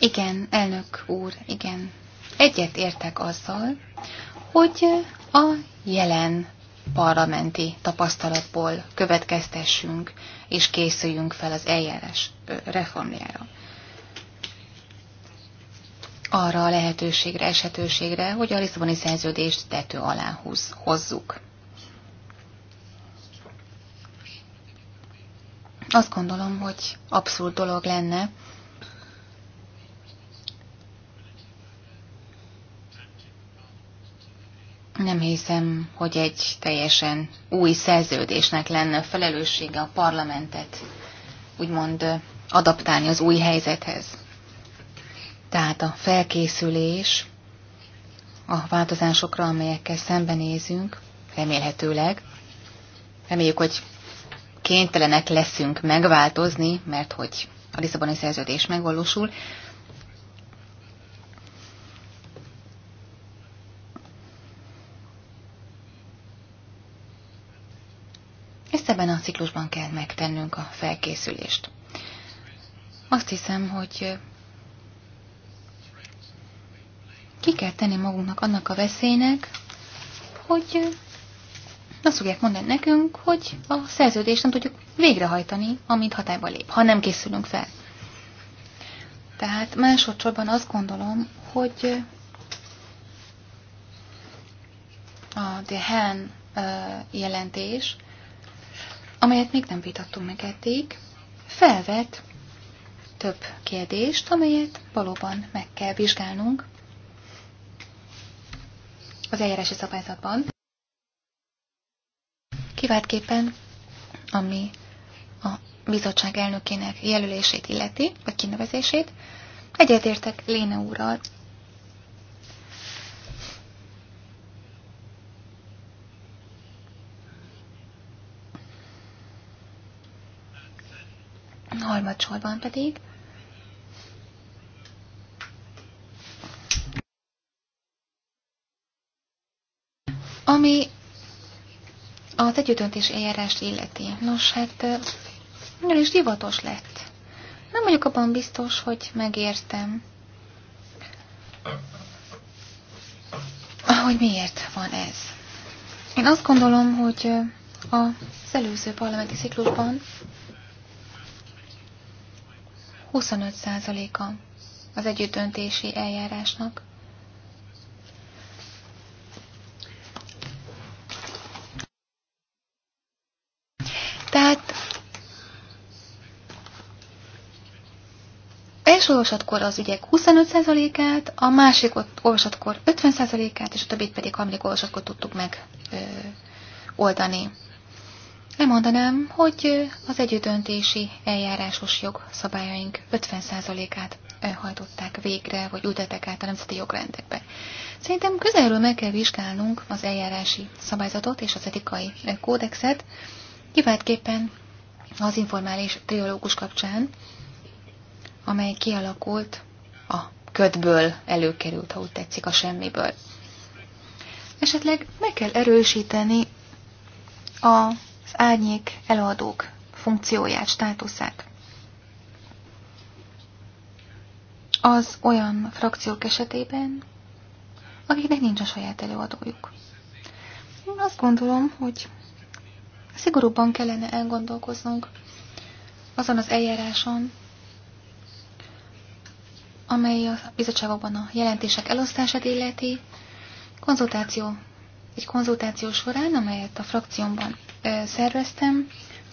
Igen, elnök úr, igen. Egyet értek azzal, hogy a jelen parlamenti tapasztalatból következtessünk és készüljünk fel az eljárás reformjára arra a lehetőségre, esetőségre, hogy a Lisszaboni szerződést tető alá húz, hozzuk. Azt gondolom, hogy abszurd dolog lenne, Nem hiszem, hogy egy teljesen új szerződésnek lenne felelőssége a parlamentet úgymond adaptálni az új helyzethez. Tehát a felkészülés a változásokra, amelyekkel szembenézünk, remélhetőleg. Reméljük, hogy kénytelenek leszünk megváltozni, mert hogy a Lisszaboni szerződés megvalósul. Ezt ebben a ciklusban kell megtennünk a felkészülést. Azt hiszem, hogy ki kell tenni magunknak annak a veszélynek, hogy azt fogják mondani nekünk, hogy a szerződést nem tudjuk végrehajtani, amint hatályba lép, ha nem készülünk fel. Tehát másodszorban azt gondolom, hogy a Hen jelentés, amelyet még nem vitattunk meg eddig, felvet több kérdést, amelyet valóban meg kell vizsgálnunk, az eljárási szabályzatban. Kiváltképpen, ami a bizottság elnökének jelölését illeti, vagy kinevezését, egyetértek Léne úrral. Harmadsorban pedig Ami a tegyütöntés eljárást illeti. Nos, hát nagyon is divatos lett. Nem vagyok abban biztos, hogy megértem, hogy miért van ez. Én azt gondolom, hogy az előző parlamenti ciklusban 25%-a az együttöntési eljárásnak első olvasatkor az ügyek 25%-át, a másik olvasatkor 50%-át, és a többit pedig harmadik olvasatkor tudtuk meg ö, oldani. mondanám, hogy az együttöntési eljárásos jog szabályaink 50%-át hajtották végre, vagy ültetek át a nemzeti jogrendekbe. Szerintem közelről meg kell vizsgálnunk az eljárási szabályzatot és az etikai kódexet, kiváltképpen az informális triológus kapcsán, amely kialakult a ködből előkerült, ha úgy tetszik, a semmiből. Esetleg meg kell erősíteni az árnyék eladók funkcióját, státuszát. Az olyan frakciók esetében, akiknek nincs a saját előadójuk. Én azt gondolom, hogy szigorúbban kellene elgondolkoznunk azon az eljáráson, amely a bizottságokban a jelentések elosztását illeti, konzultáció, egy konzultáció során, amelyet a frakciómban szerveztem,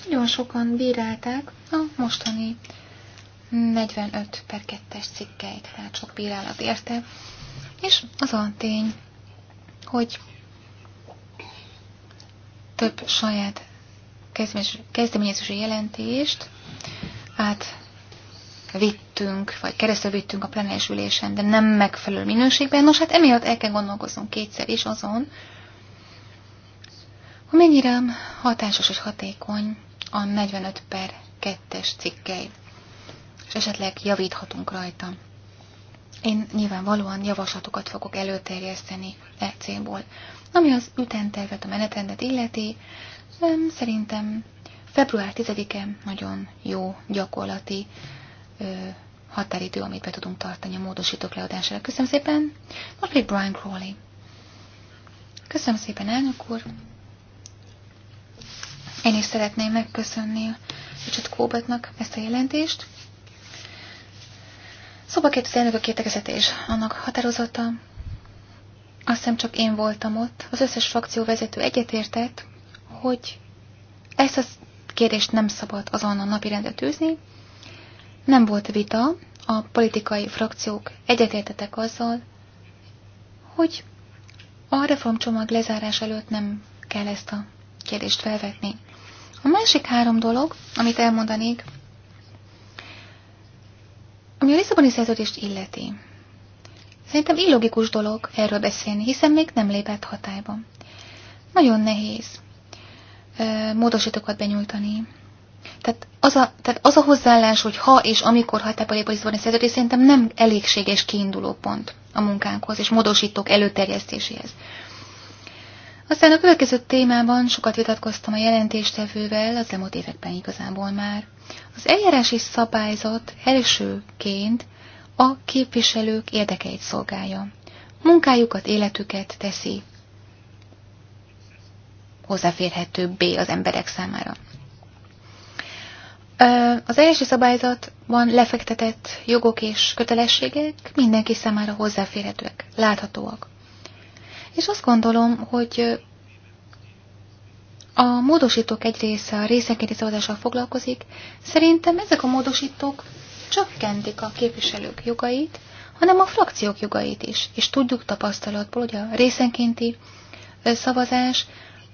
nagyon sokan bírálták a mostani 45 per 2-es cikkeit, tehát sok bírálat érte, és az a tény, hogy több saját kezdeményezési jelentést át vittünk, vagy keresztül vittünk a plenáris ülésen, de nem megfelelő minőségben. Nos, hát emiatt el kell gondolkoznunk kétszer is azon, hogy mennyire hatásos és hatékony a 45 per 2-es cikkei, és esetleg javíthatunk rajta. Én nyilvánvalóan javaslatokat fogok előterjeszteni e célból. Ami az ütentervet, a menetrendet illeti, szerintem február 10-e nagyon jó gyakorlati határidő, amit be tudunk tartani a módosítók leadására. Köszönöm szépen, most pedig Brian Crowley. Köszönöm szépen, elnök úr. Én is szeretném megköszönni a Richard Kóbetnak ezt a jelentést. Szóba két az elnök a és annak határozata. Azt hiszem csak én voltam ott. Az összes frakció vezető egyetértett, hogy ezt a kérdést nem szabad azonnal napirendet tűzni, nem volt vita, a politikai frakciók egyetértetek azzal, hogy a reformcsomag lezárás előtt nem kell ezt a kérdést felvetni. A másik három dolog, amit elmondanék, ami a Lisszaboni szerződést illeti. Szerintem illogikus dolog erről beszélni, hiszen még nem lépett hatályba. Nagyon nehéz módosítókat benyújtani. Tehát az a, tehát az a hozzáállás, hogy ha és amikor hagyták a Lépa-Lisszaboni szerződés, szerintem nem elégséges kiinduló pont a munkánkhoz és módosítók előterjesztéséhez. Aztán a következő témában sokat vitatkoztam a jelentéstevővel az elmúlt években igazából már. Az eljárási szabályzat elsőként a képviselők érdekeit szolgálja. Munkájukat, életüket teszi hozzáférhetőbbé az emberek számára. Az első szabályzatban lefektetett jogok és kötelességek mindenki számára hozzáférhetőek, láthatóak. És azt gondolom, hogy a módosítók egy része a részenkéti szavazással foglalkozik, szerintem ezek a módosítók csökkentik a képviselők jogait, hanem a frakciók jogait is. És tudjuk tapasztalatból, hogy a részenkénti szavazás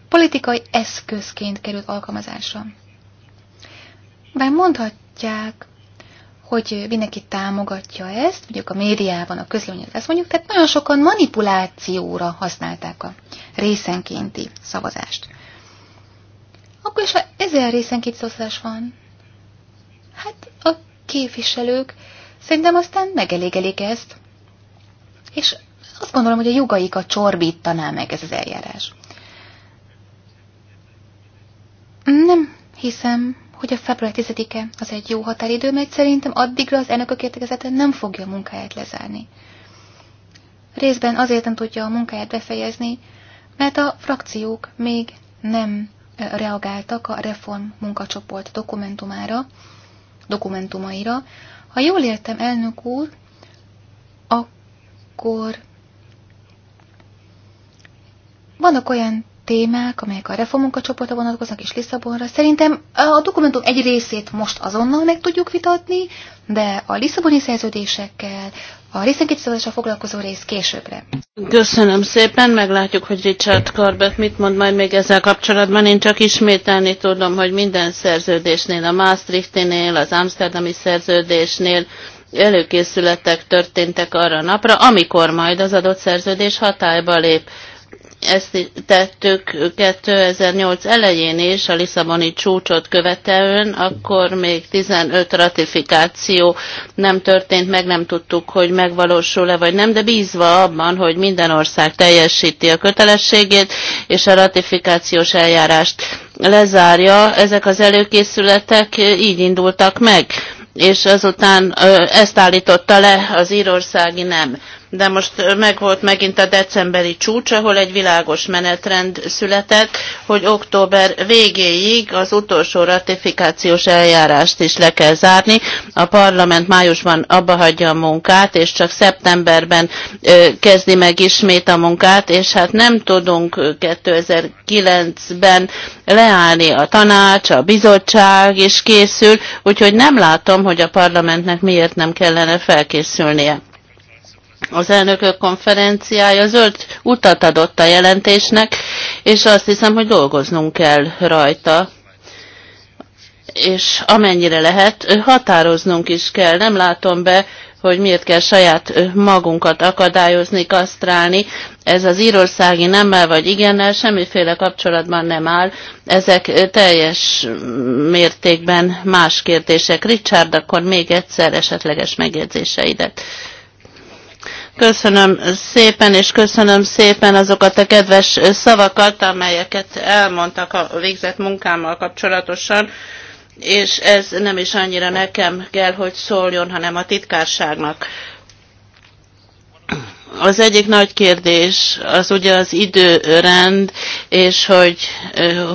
politikai eszközként került alkalmazásra bár mondhatják, hogy mindenki támogatja ezt, mondjuk a médiában, a közleményben ezt mondjuk, tehát nagyon sokan manipulációra használták a részenkénti szavazást. Akkor is, ha ezer részenkénti szavazás van, hát a képviselők szerintem aztán megelégelik ezt, és azt gondolom, hogy a jogaikat csorbítaná meg ez az eljárás. Nem hiszem, hogy a február 10-e az egy jó határidő, mert szerintem addigra az elnökök értekezete nem fogja a munkáját lezárni. Részben azért nem tudja a munkáját befejezni, mert a frakciók még nem reagáltak a reform munkacsoport dokumentumára, dokumentumaira. Ha jól értem, elnök úr, akkor vannak olyan témák, amelyek a reformunkacsoportra vonatkoznak, és Lisszabonra. Szerintem a dokumentum egy részét most azonnal meg tudjuk vitatni, de a Lisszaboni szerződésekkel, a részenképzelésre foglalkozó rész későbbre. Köszönöm szépen, meglátjuk, hogy Richard Corbett mit mond majd még ezzel kapcsolatban. Én csak ismételni tudom, hogy minden szerződésnél, a Maastrichtinél, az Amsterdami szerződésnél, előkészületek történtek arra a napra, amikor majd az adott szerződés hatályba lép. Ezt tettük 2008 elején is, a Lisszaboni csúcsot követően, akkor még 15 ratifikáció nem történt, meg nem tudtuk, hogy megvalósul-e vagy nem, de bízva abban, hogy minden ország teljesíti a kötelességét, és a ratifikációs eljárást lezárja, ezek az előkészületek így indultak meg és azután ezt állította le az írországi nem de most megvolt megint a decemberi csúcs, ahol egy világos menetrend született, hogy október végéig az utolsó ratifikációs eljárást is le kell zárni. A parlament májusban abba hagyja a munkát, és csak szeptemberben kezdi meg ismét a munkát, és hát nem tudunk 2009-ben leállni a tanács, a bizottság is készül, úgyhogy nem látom, hogy a parlamentnek miért nem kellene felkészülnie az elnökök konferenciája zöld utat adott a jelentésnek, és azt hiszem, hogy dolgoznunk kell rajta és amennyire lehet, határoznunk is kell. Nem látom be, hogy miért kell saját magunkat akadályozni, kasztrálni. Ez az írországi nemmel vagy igennel semmiféle kapcsolatban nem áll. Ezek teljes mértékben más kérdések. Richard, akkor még egyszer esetleges megjegyzéseidet. Köszönöm szépen, és köszönöm szépen azokat a kedves szavakat, amelyeket elmondtak a végzett munkámmal kapcsolatosan, és ez nem is annyira nekem kell, hogy szóljon, hanem a titkárságnak. Az egyik nagy kérdés az ugye az időrend, és hogy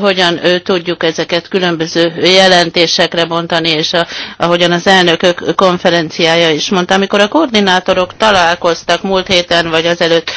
hogyan tudjuk ezeket különböző jelentésekre bontani, és a, ahogyan az elnökök konferenciája is mondta, amikor a koordinátorok találkoztak múlt héten vagy azelőtt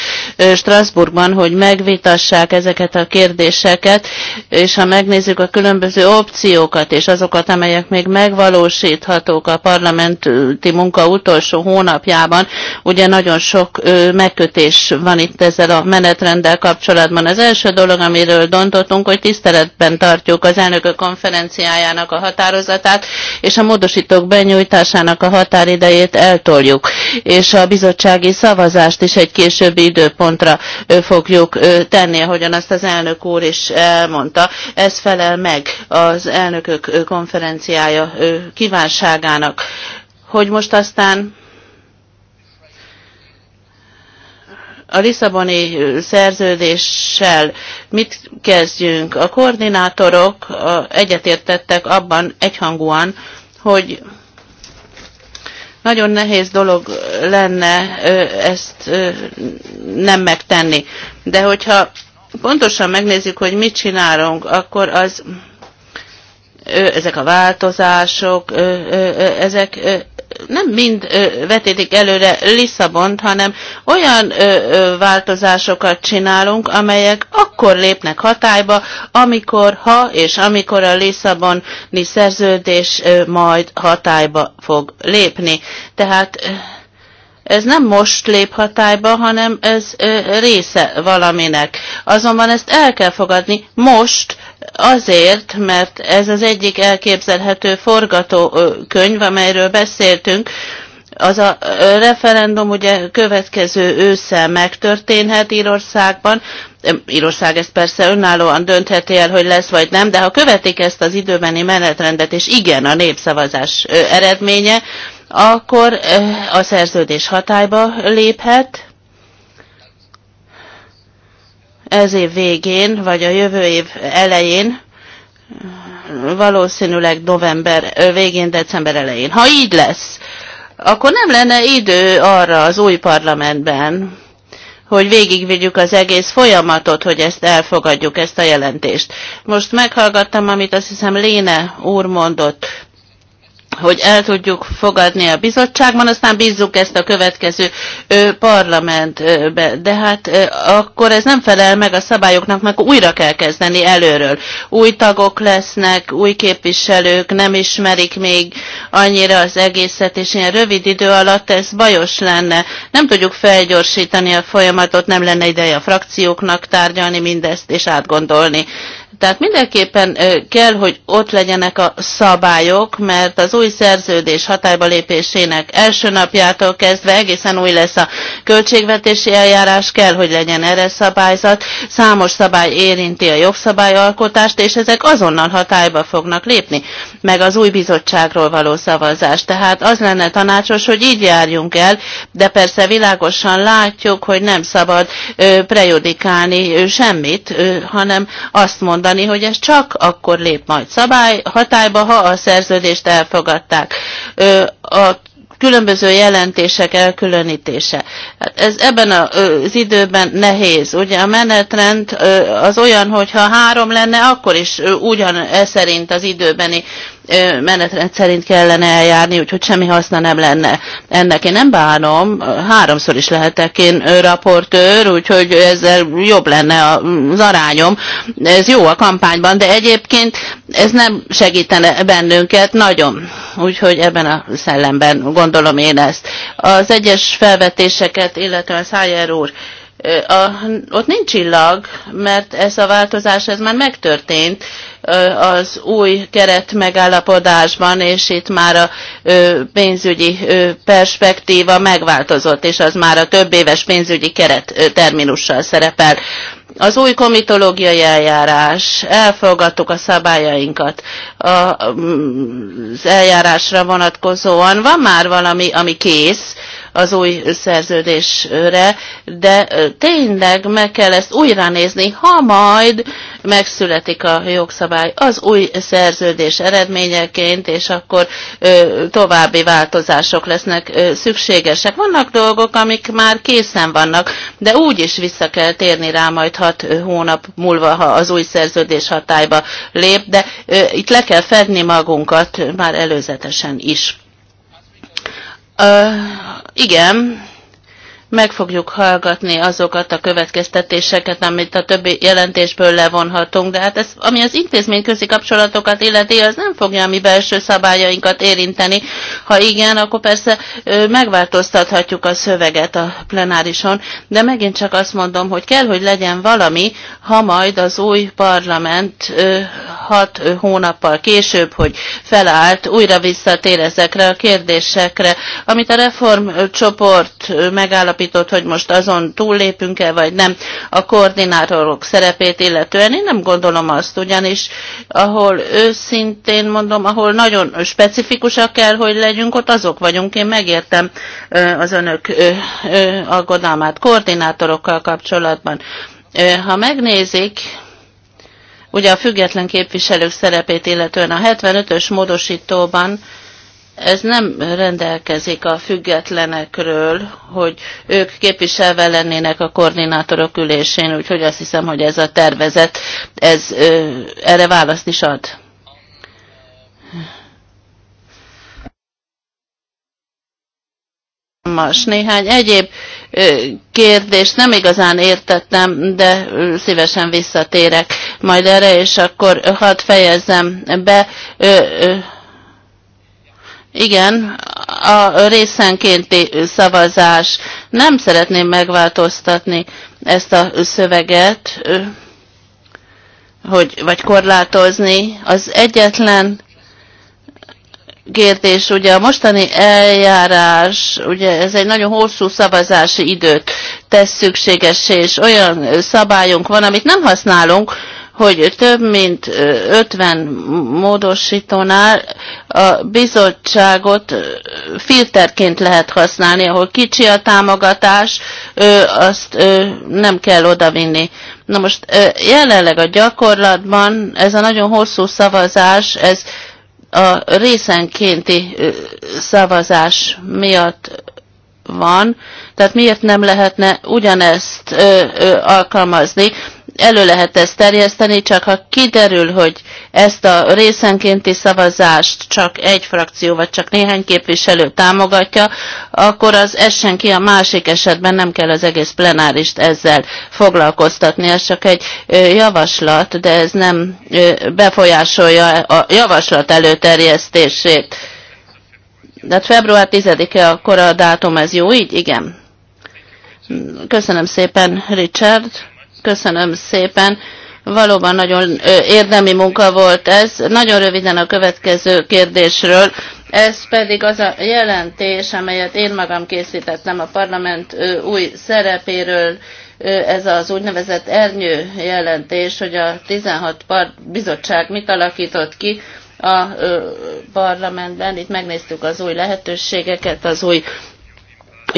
Strasbourgban, hogy megvitassák ezeket a kérdéseket, és ha megnézzük a különböző opciókat, és azokat, amelyek még megvalósíthatók a parlamenti munka utolsó hónapjában, ugye nagyon sok megkötés van itt ezzel a menetrenddel kapcsolatban. Az első dolog, amiről döntöttünk, hogy tiszteletben tartjuk az elnökök konferenciájának a határozatát, és a módosítók benyújtásának a határidejét eltoljuk, és a bizottsági szavazást is egy későbbi időpontra fogjuk tenni, ahogyan azt az elnök úr is elmondta. Ez felel meg az elnökök konferenciája kívánságának, hogy most aztán a Lisszaboni szerződéssel mit kezdjünk? A koordinátorok egyetértettek abban egyhangúan, hogy nagyon nehéz dolog lenne ezt nem megtenni. De hogyha pontosan megnézzük, hogy mit csinálunk, akkor az ezek a változások, ezek nem mind vetítik előre Lisszabont, hanem olyan változásokat csinálunk, amelyek akkor lépnek hatályba, amikor, ha és amikor a Lisszaboni szerződés majd hatályba fog lépni. Tehát ez nem most lép hatályba, hanem ez része valaminek. Azonban ezt el kell fogadni most, Azért, mert ez az egyik elképzelhető forgatókönyv, amelyről beszéltünk, az a referendum ugye következő ősszel megtörténhet Írországban. Írország ezt persze önállóan döntheti el, hogy lesz vagy nem, de ha követik ezt az időbeni menetrendet, és igen a népszavazás eredménye, akkor a szerződés hatályba léphet, ez év végén, vagy a jövő év elején, valószínűleg november végén, december elején. Ha így lesz, akkor nem lenne idő arra az új parlamentben, hogy végigvigyük az egész folyamatot, hogy ezt elfogadjuk, ezt a jelentést. Most meghallgattam, amit azt hiszem Léne úr mondott, hogy el tudjuk fogadni a bizottságban, aztán bízzuk ezt a következő parlamentbe. De hát akkor ez nem felel meg a szabályoknak, mert újra kell kezdeni előről. Új tagok lesznek, új képviselők, nem ismerik még annyira az egészet, és ilyen rövid idő alatt ez bajos lenne. Nem tudjuk felgyorsítani a folyamatot, nem lenne ideje a frakcióknak tárgyalni mindezt és átgondolni tehát mindenképpen kell, hogy ott legyenek a szabályok, mert az új szerződés hatályba lépésének első napjától kezdve egészen új lesz a költségvetési eljárás, kell, hogy legyen erre szabályzat. Számos szabály érinti a jogszabályalkotást, és ezek azonnal hatályba fognak lépni, meg az új bizottságról való szavazás. Tehát az lenne tanácsos, hogy így járjunk el, de persze világosan látjuk, hogy nem szabad prejudikálni semmit, hanem azt mondani, mondani, hogy ez csak akkor lép majd szabály hatályba, ha a szerződést elfogadták. A különböző jelentések elkülönítése. Hát ez ebben az időben nehéz. Ugye a menetrend az olyan, hogyha három lenne, akkor is ugyan e szerint az időbeni menetrend szerint kellene eljárni, úgyhogy semmi haszna nem lenne ennek. Én nem bánom, háromszor is lehetek én raportőr, úgyhogy ezzel jobb lenne az arányom. Ez jó a kampányban, de egyébként ez nem segítene bennünket nagyon. Úgyhogy ebben a szellemben gondolom én ezt. Az egyes felvetéseket, a Szájer úr, a, ott nincs csillag, mert ez a változás ez már megtörtént, az új keret megállapodásban, és itt már a pénzügyi perspektíva megváltozott, és az már a több éves pénzügyi keret terminussal szerepel. Az új komitológiai eljárás, elfogadtuk a szabályainkat a, az eljárásra vonatkozóan. Van már valami, ami kész, az új szerződésre, de tényleg meg kell ezt újra nézni, ha majd megszületik a jogszabály az új szerződés eredményeként, és akkor további változások lesznek szükségesek. Vannak dolgok, amik már készen vannak, de úgy is vissza kell térni rá majd hat hónap múlva, ha az új szerződés hatályba lép, de itt le kell fedni magunkat már előzetesen is. Uh, igen, meg fogjuk hallgatni azokat a következtetéseket, amit a többi jelentésből levonhatunk, de hát ez, ami az intézményközi kapcsolatokat illeti, az nem fogja a mi belső szabályainkat érinteni. Ha igen, akkor persze megváltoztathatjuk a szöveget a plenárison, de megint csak azt mondom, hogy kell, hogy legyen valami, ha majd az új parlament hat hónappal később, hogy felállt, újra visszatér ezekre a kérdésekre, amit a reformcsoport megállapodott, megállapított, hogy most azon túllépünk-e, vagy nem a koordinátorok szerepét illetően. Én nem gondolom azt, ugyanis ahol őszintén mondom, ahol nagyon specifikusak kell, hogy legyünk, ott azok vagyunk. Én megértem az önök aggodalmát koordinátorokkal kapcsolatban. Ha megnézik, ugye a független képviselők szerepét illetően a 75-ös módosítóban ez nem rendelkezik a függetlenekről, hogy ők képviselve lennének a koordinátorok ülésén, úgyhogy azt hiszem, hogy ez a tervezet, ez ö, erre választ is ad. Néhány egyéb kérdést nem igazán értettem, de szívesen visszatérek majd erre, és akkor hadd fejezzem be. Ö, ö, igen, a részenkénti szavazás. Nem szeretném megváltoztatni ezt a szöveget, hogy, vagy korlátozni. Az egyetlen kérdés, ugye a mostani eljárás, ugye ez egy nagyon hosszú szavazási időt tesz szükségessé, és olyan szabályunk van, amit nem használunk, hogy több mint 50 módosítónál a bizottságot filterként lehet használni, ahol kicsi a támogatás, azt nem kell odavinni. Na most jelenleg a gyakorlatban ez a nagyon hosszú szavazás, ez a részenkénti szavazás miatt van, tehát miért nem lehetne ugyanezt ö, ö, alkalmazni elő lehet ezt terjeszteni, csak ha kiderül, hogy ezt a részenkénti szavazást csak egy frakció, vagy csak néhány képviselő támogatja, akkor az essen ki a másik esetben, nem kell az egész plenárist ezzel foglalkoztatni. Ez csak egy javaslat, de ez nem befolyásolja a javaslat előterjesztését. De hát február 10-e akkor a dátum, ez jó így? Igen. Köszönöm szépen, Richard. Köszönöm szépen. Valóban nagyon érdemi munka volt ez. Nagyon röviden a következő kérdésről. Ez pedig az a jelentés, amelyet én magam készítettem a parlament új szerepéről. Ez az úgynevezett ernyő jelentés, hogy a 16 bizottság mit alakított ki a parlamentben. Itt megnéztük az új lehetőségeket, az új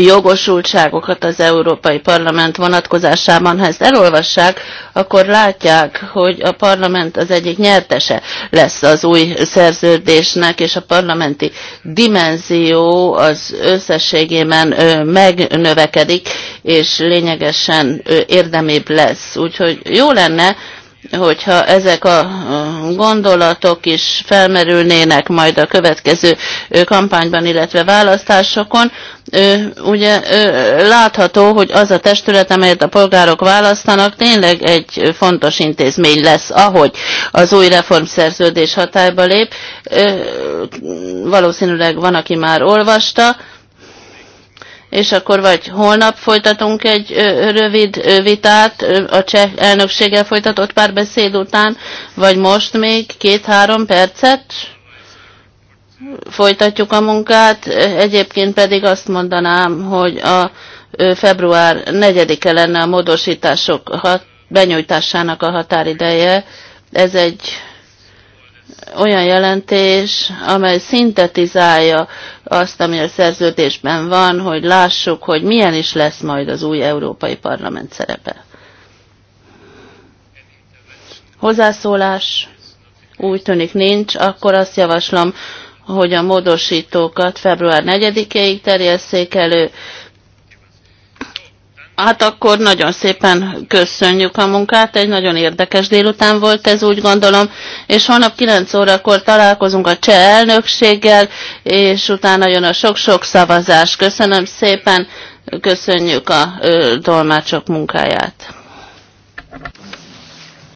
jogosultságokat az Európai Parlament vonatkozásában. Ha ezt elolvassák, akkor látják, hogy a parlament az egyik nyertese lesz az új szerződésnek, és a parlamenti dimenzió az összességében megnövekedik, és lényegesen érdemébb lesz. Úgyhogy jó lenne, hogyha ezek a gondolatok is felmerülnének majd a következő kampányban, illetve választásokon, ugye látható, hogy az a testület, amelyet a polgárok választanak, tényleg egy fontos intézmény lesz, ahogy az új reformszerződés hatályba lép. Valószínűleg van, aki már olvasta, és akkor vagy holnap folytatunk egy rövid vitát a cseh elnökséggel folytatott párbeszéd után, vagy most még két-három percet folytatjuk a munkát. Egyébként pedig azt mondanám, hogy a február 4-e lenne a módosítások hat, benyújtásának a határideje. Ez egy olyan jelentés, amely szintetizálja azt, ami a szerződésben van, hogy lássuk, hogy milyen is lesz majd az új Európai Parlament szerepe. Hozzászólás úgy tűnik nincs, akkor azt javaslom, hogy a módosítókat február 4-ig terjesszék elő, Hát akkor nagyon szépen köszönjük a munkát, egy nagyon érdekes délután volt ez, úgy gondolom, és holnap 9 órakor találkozunk a cseh elnökséggel, és utána jön a sok-sok szavazás. Köszönöm szépen, köszönjük a ö, dolmácsok munkáját.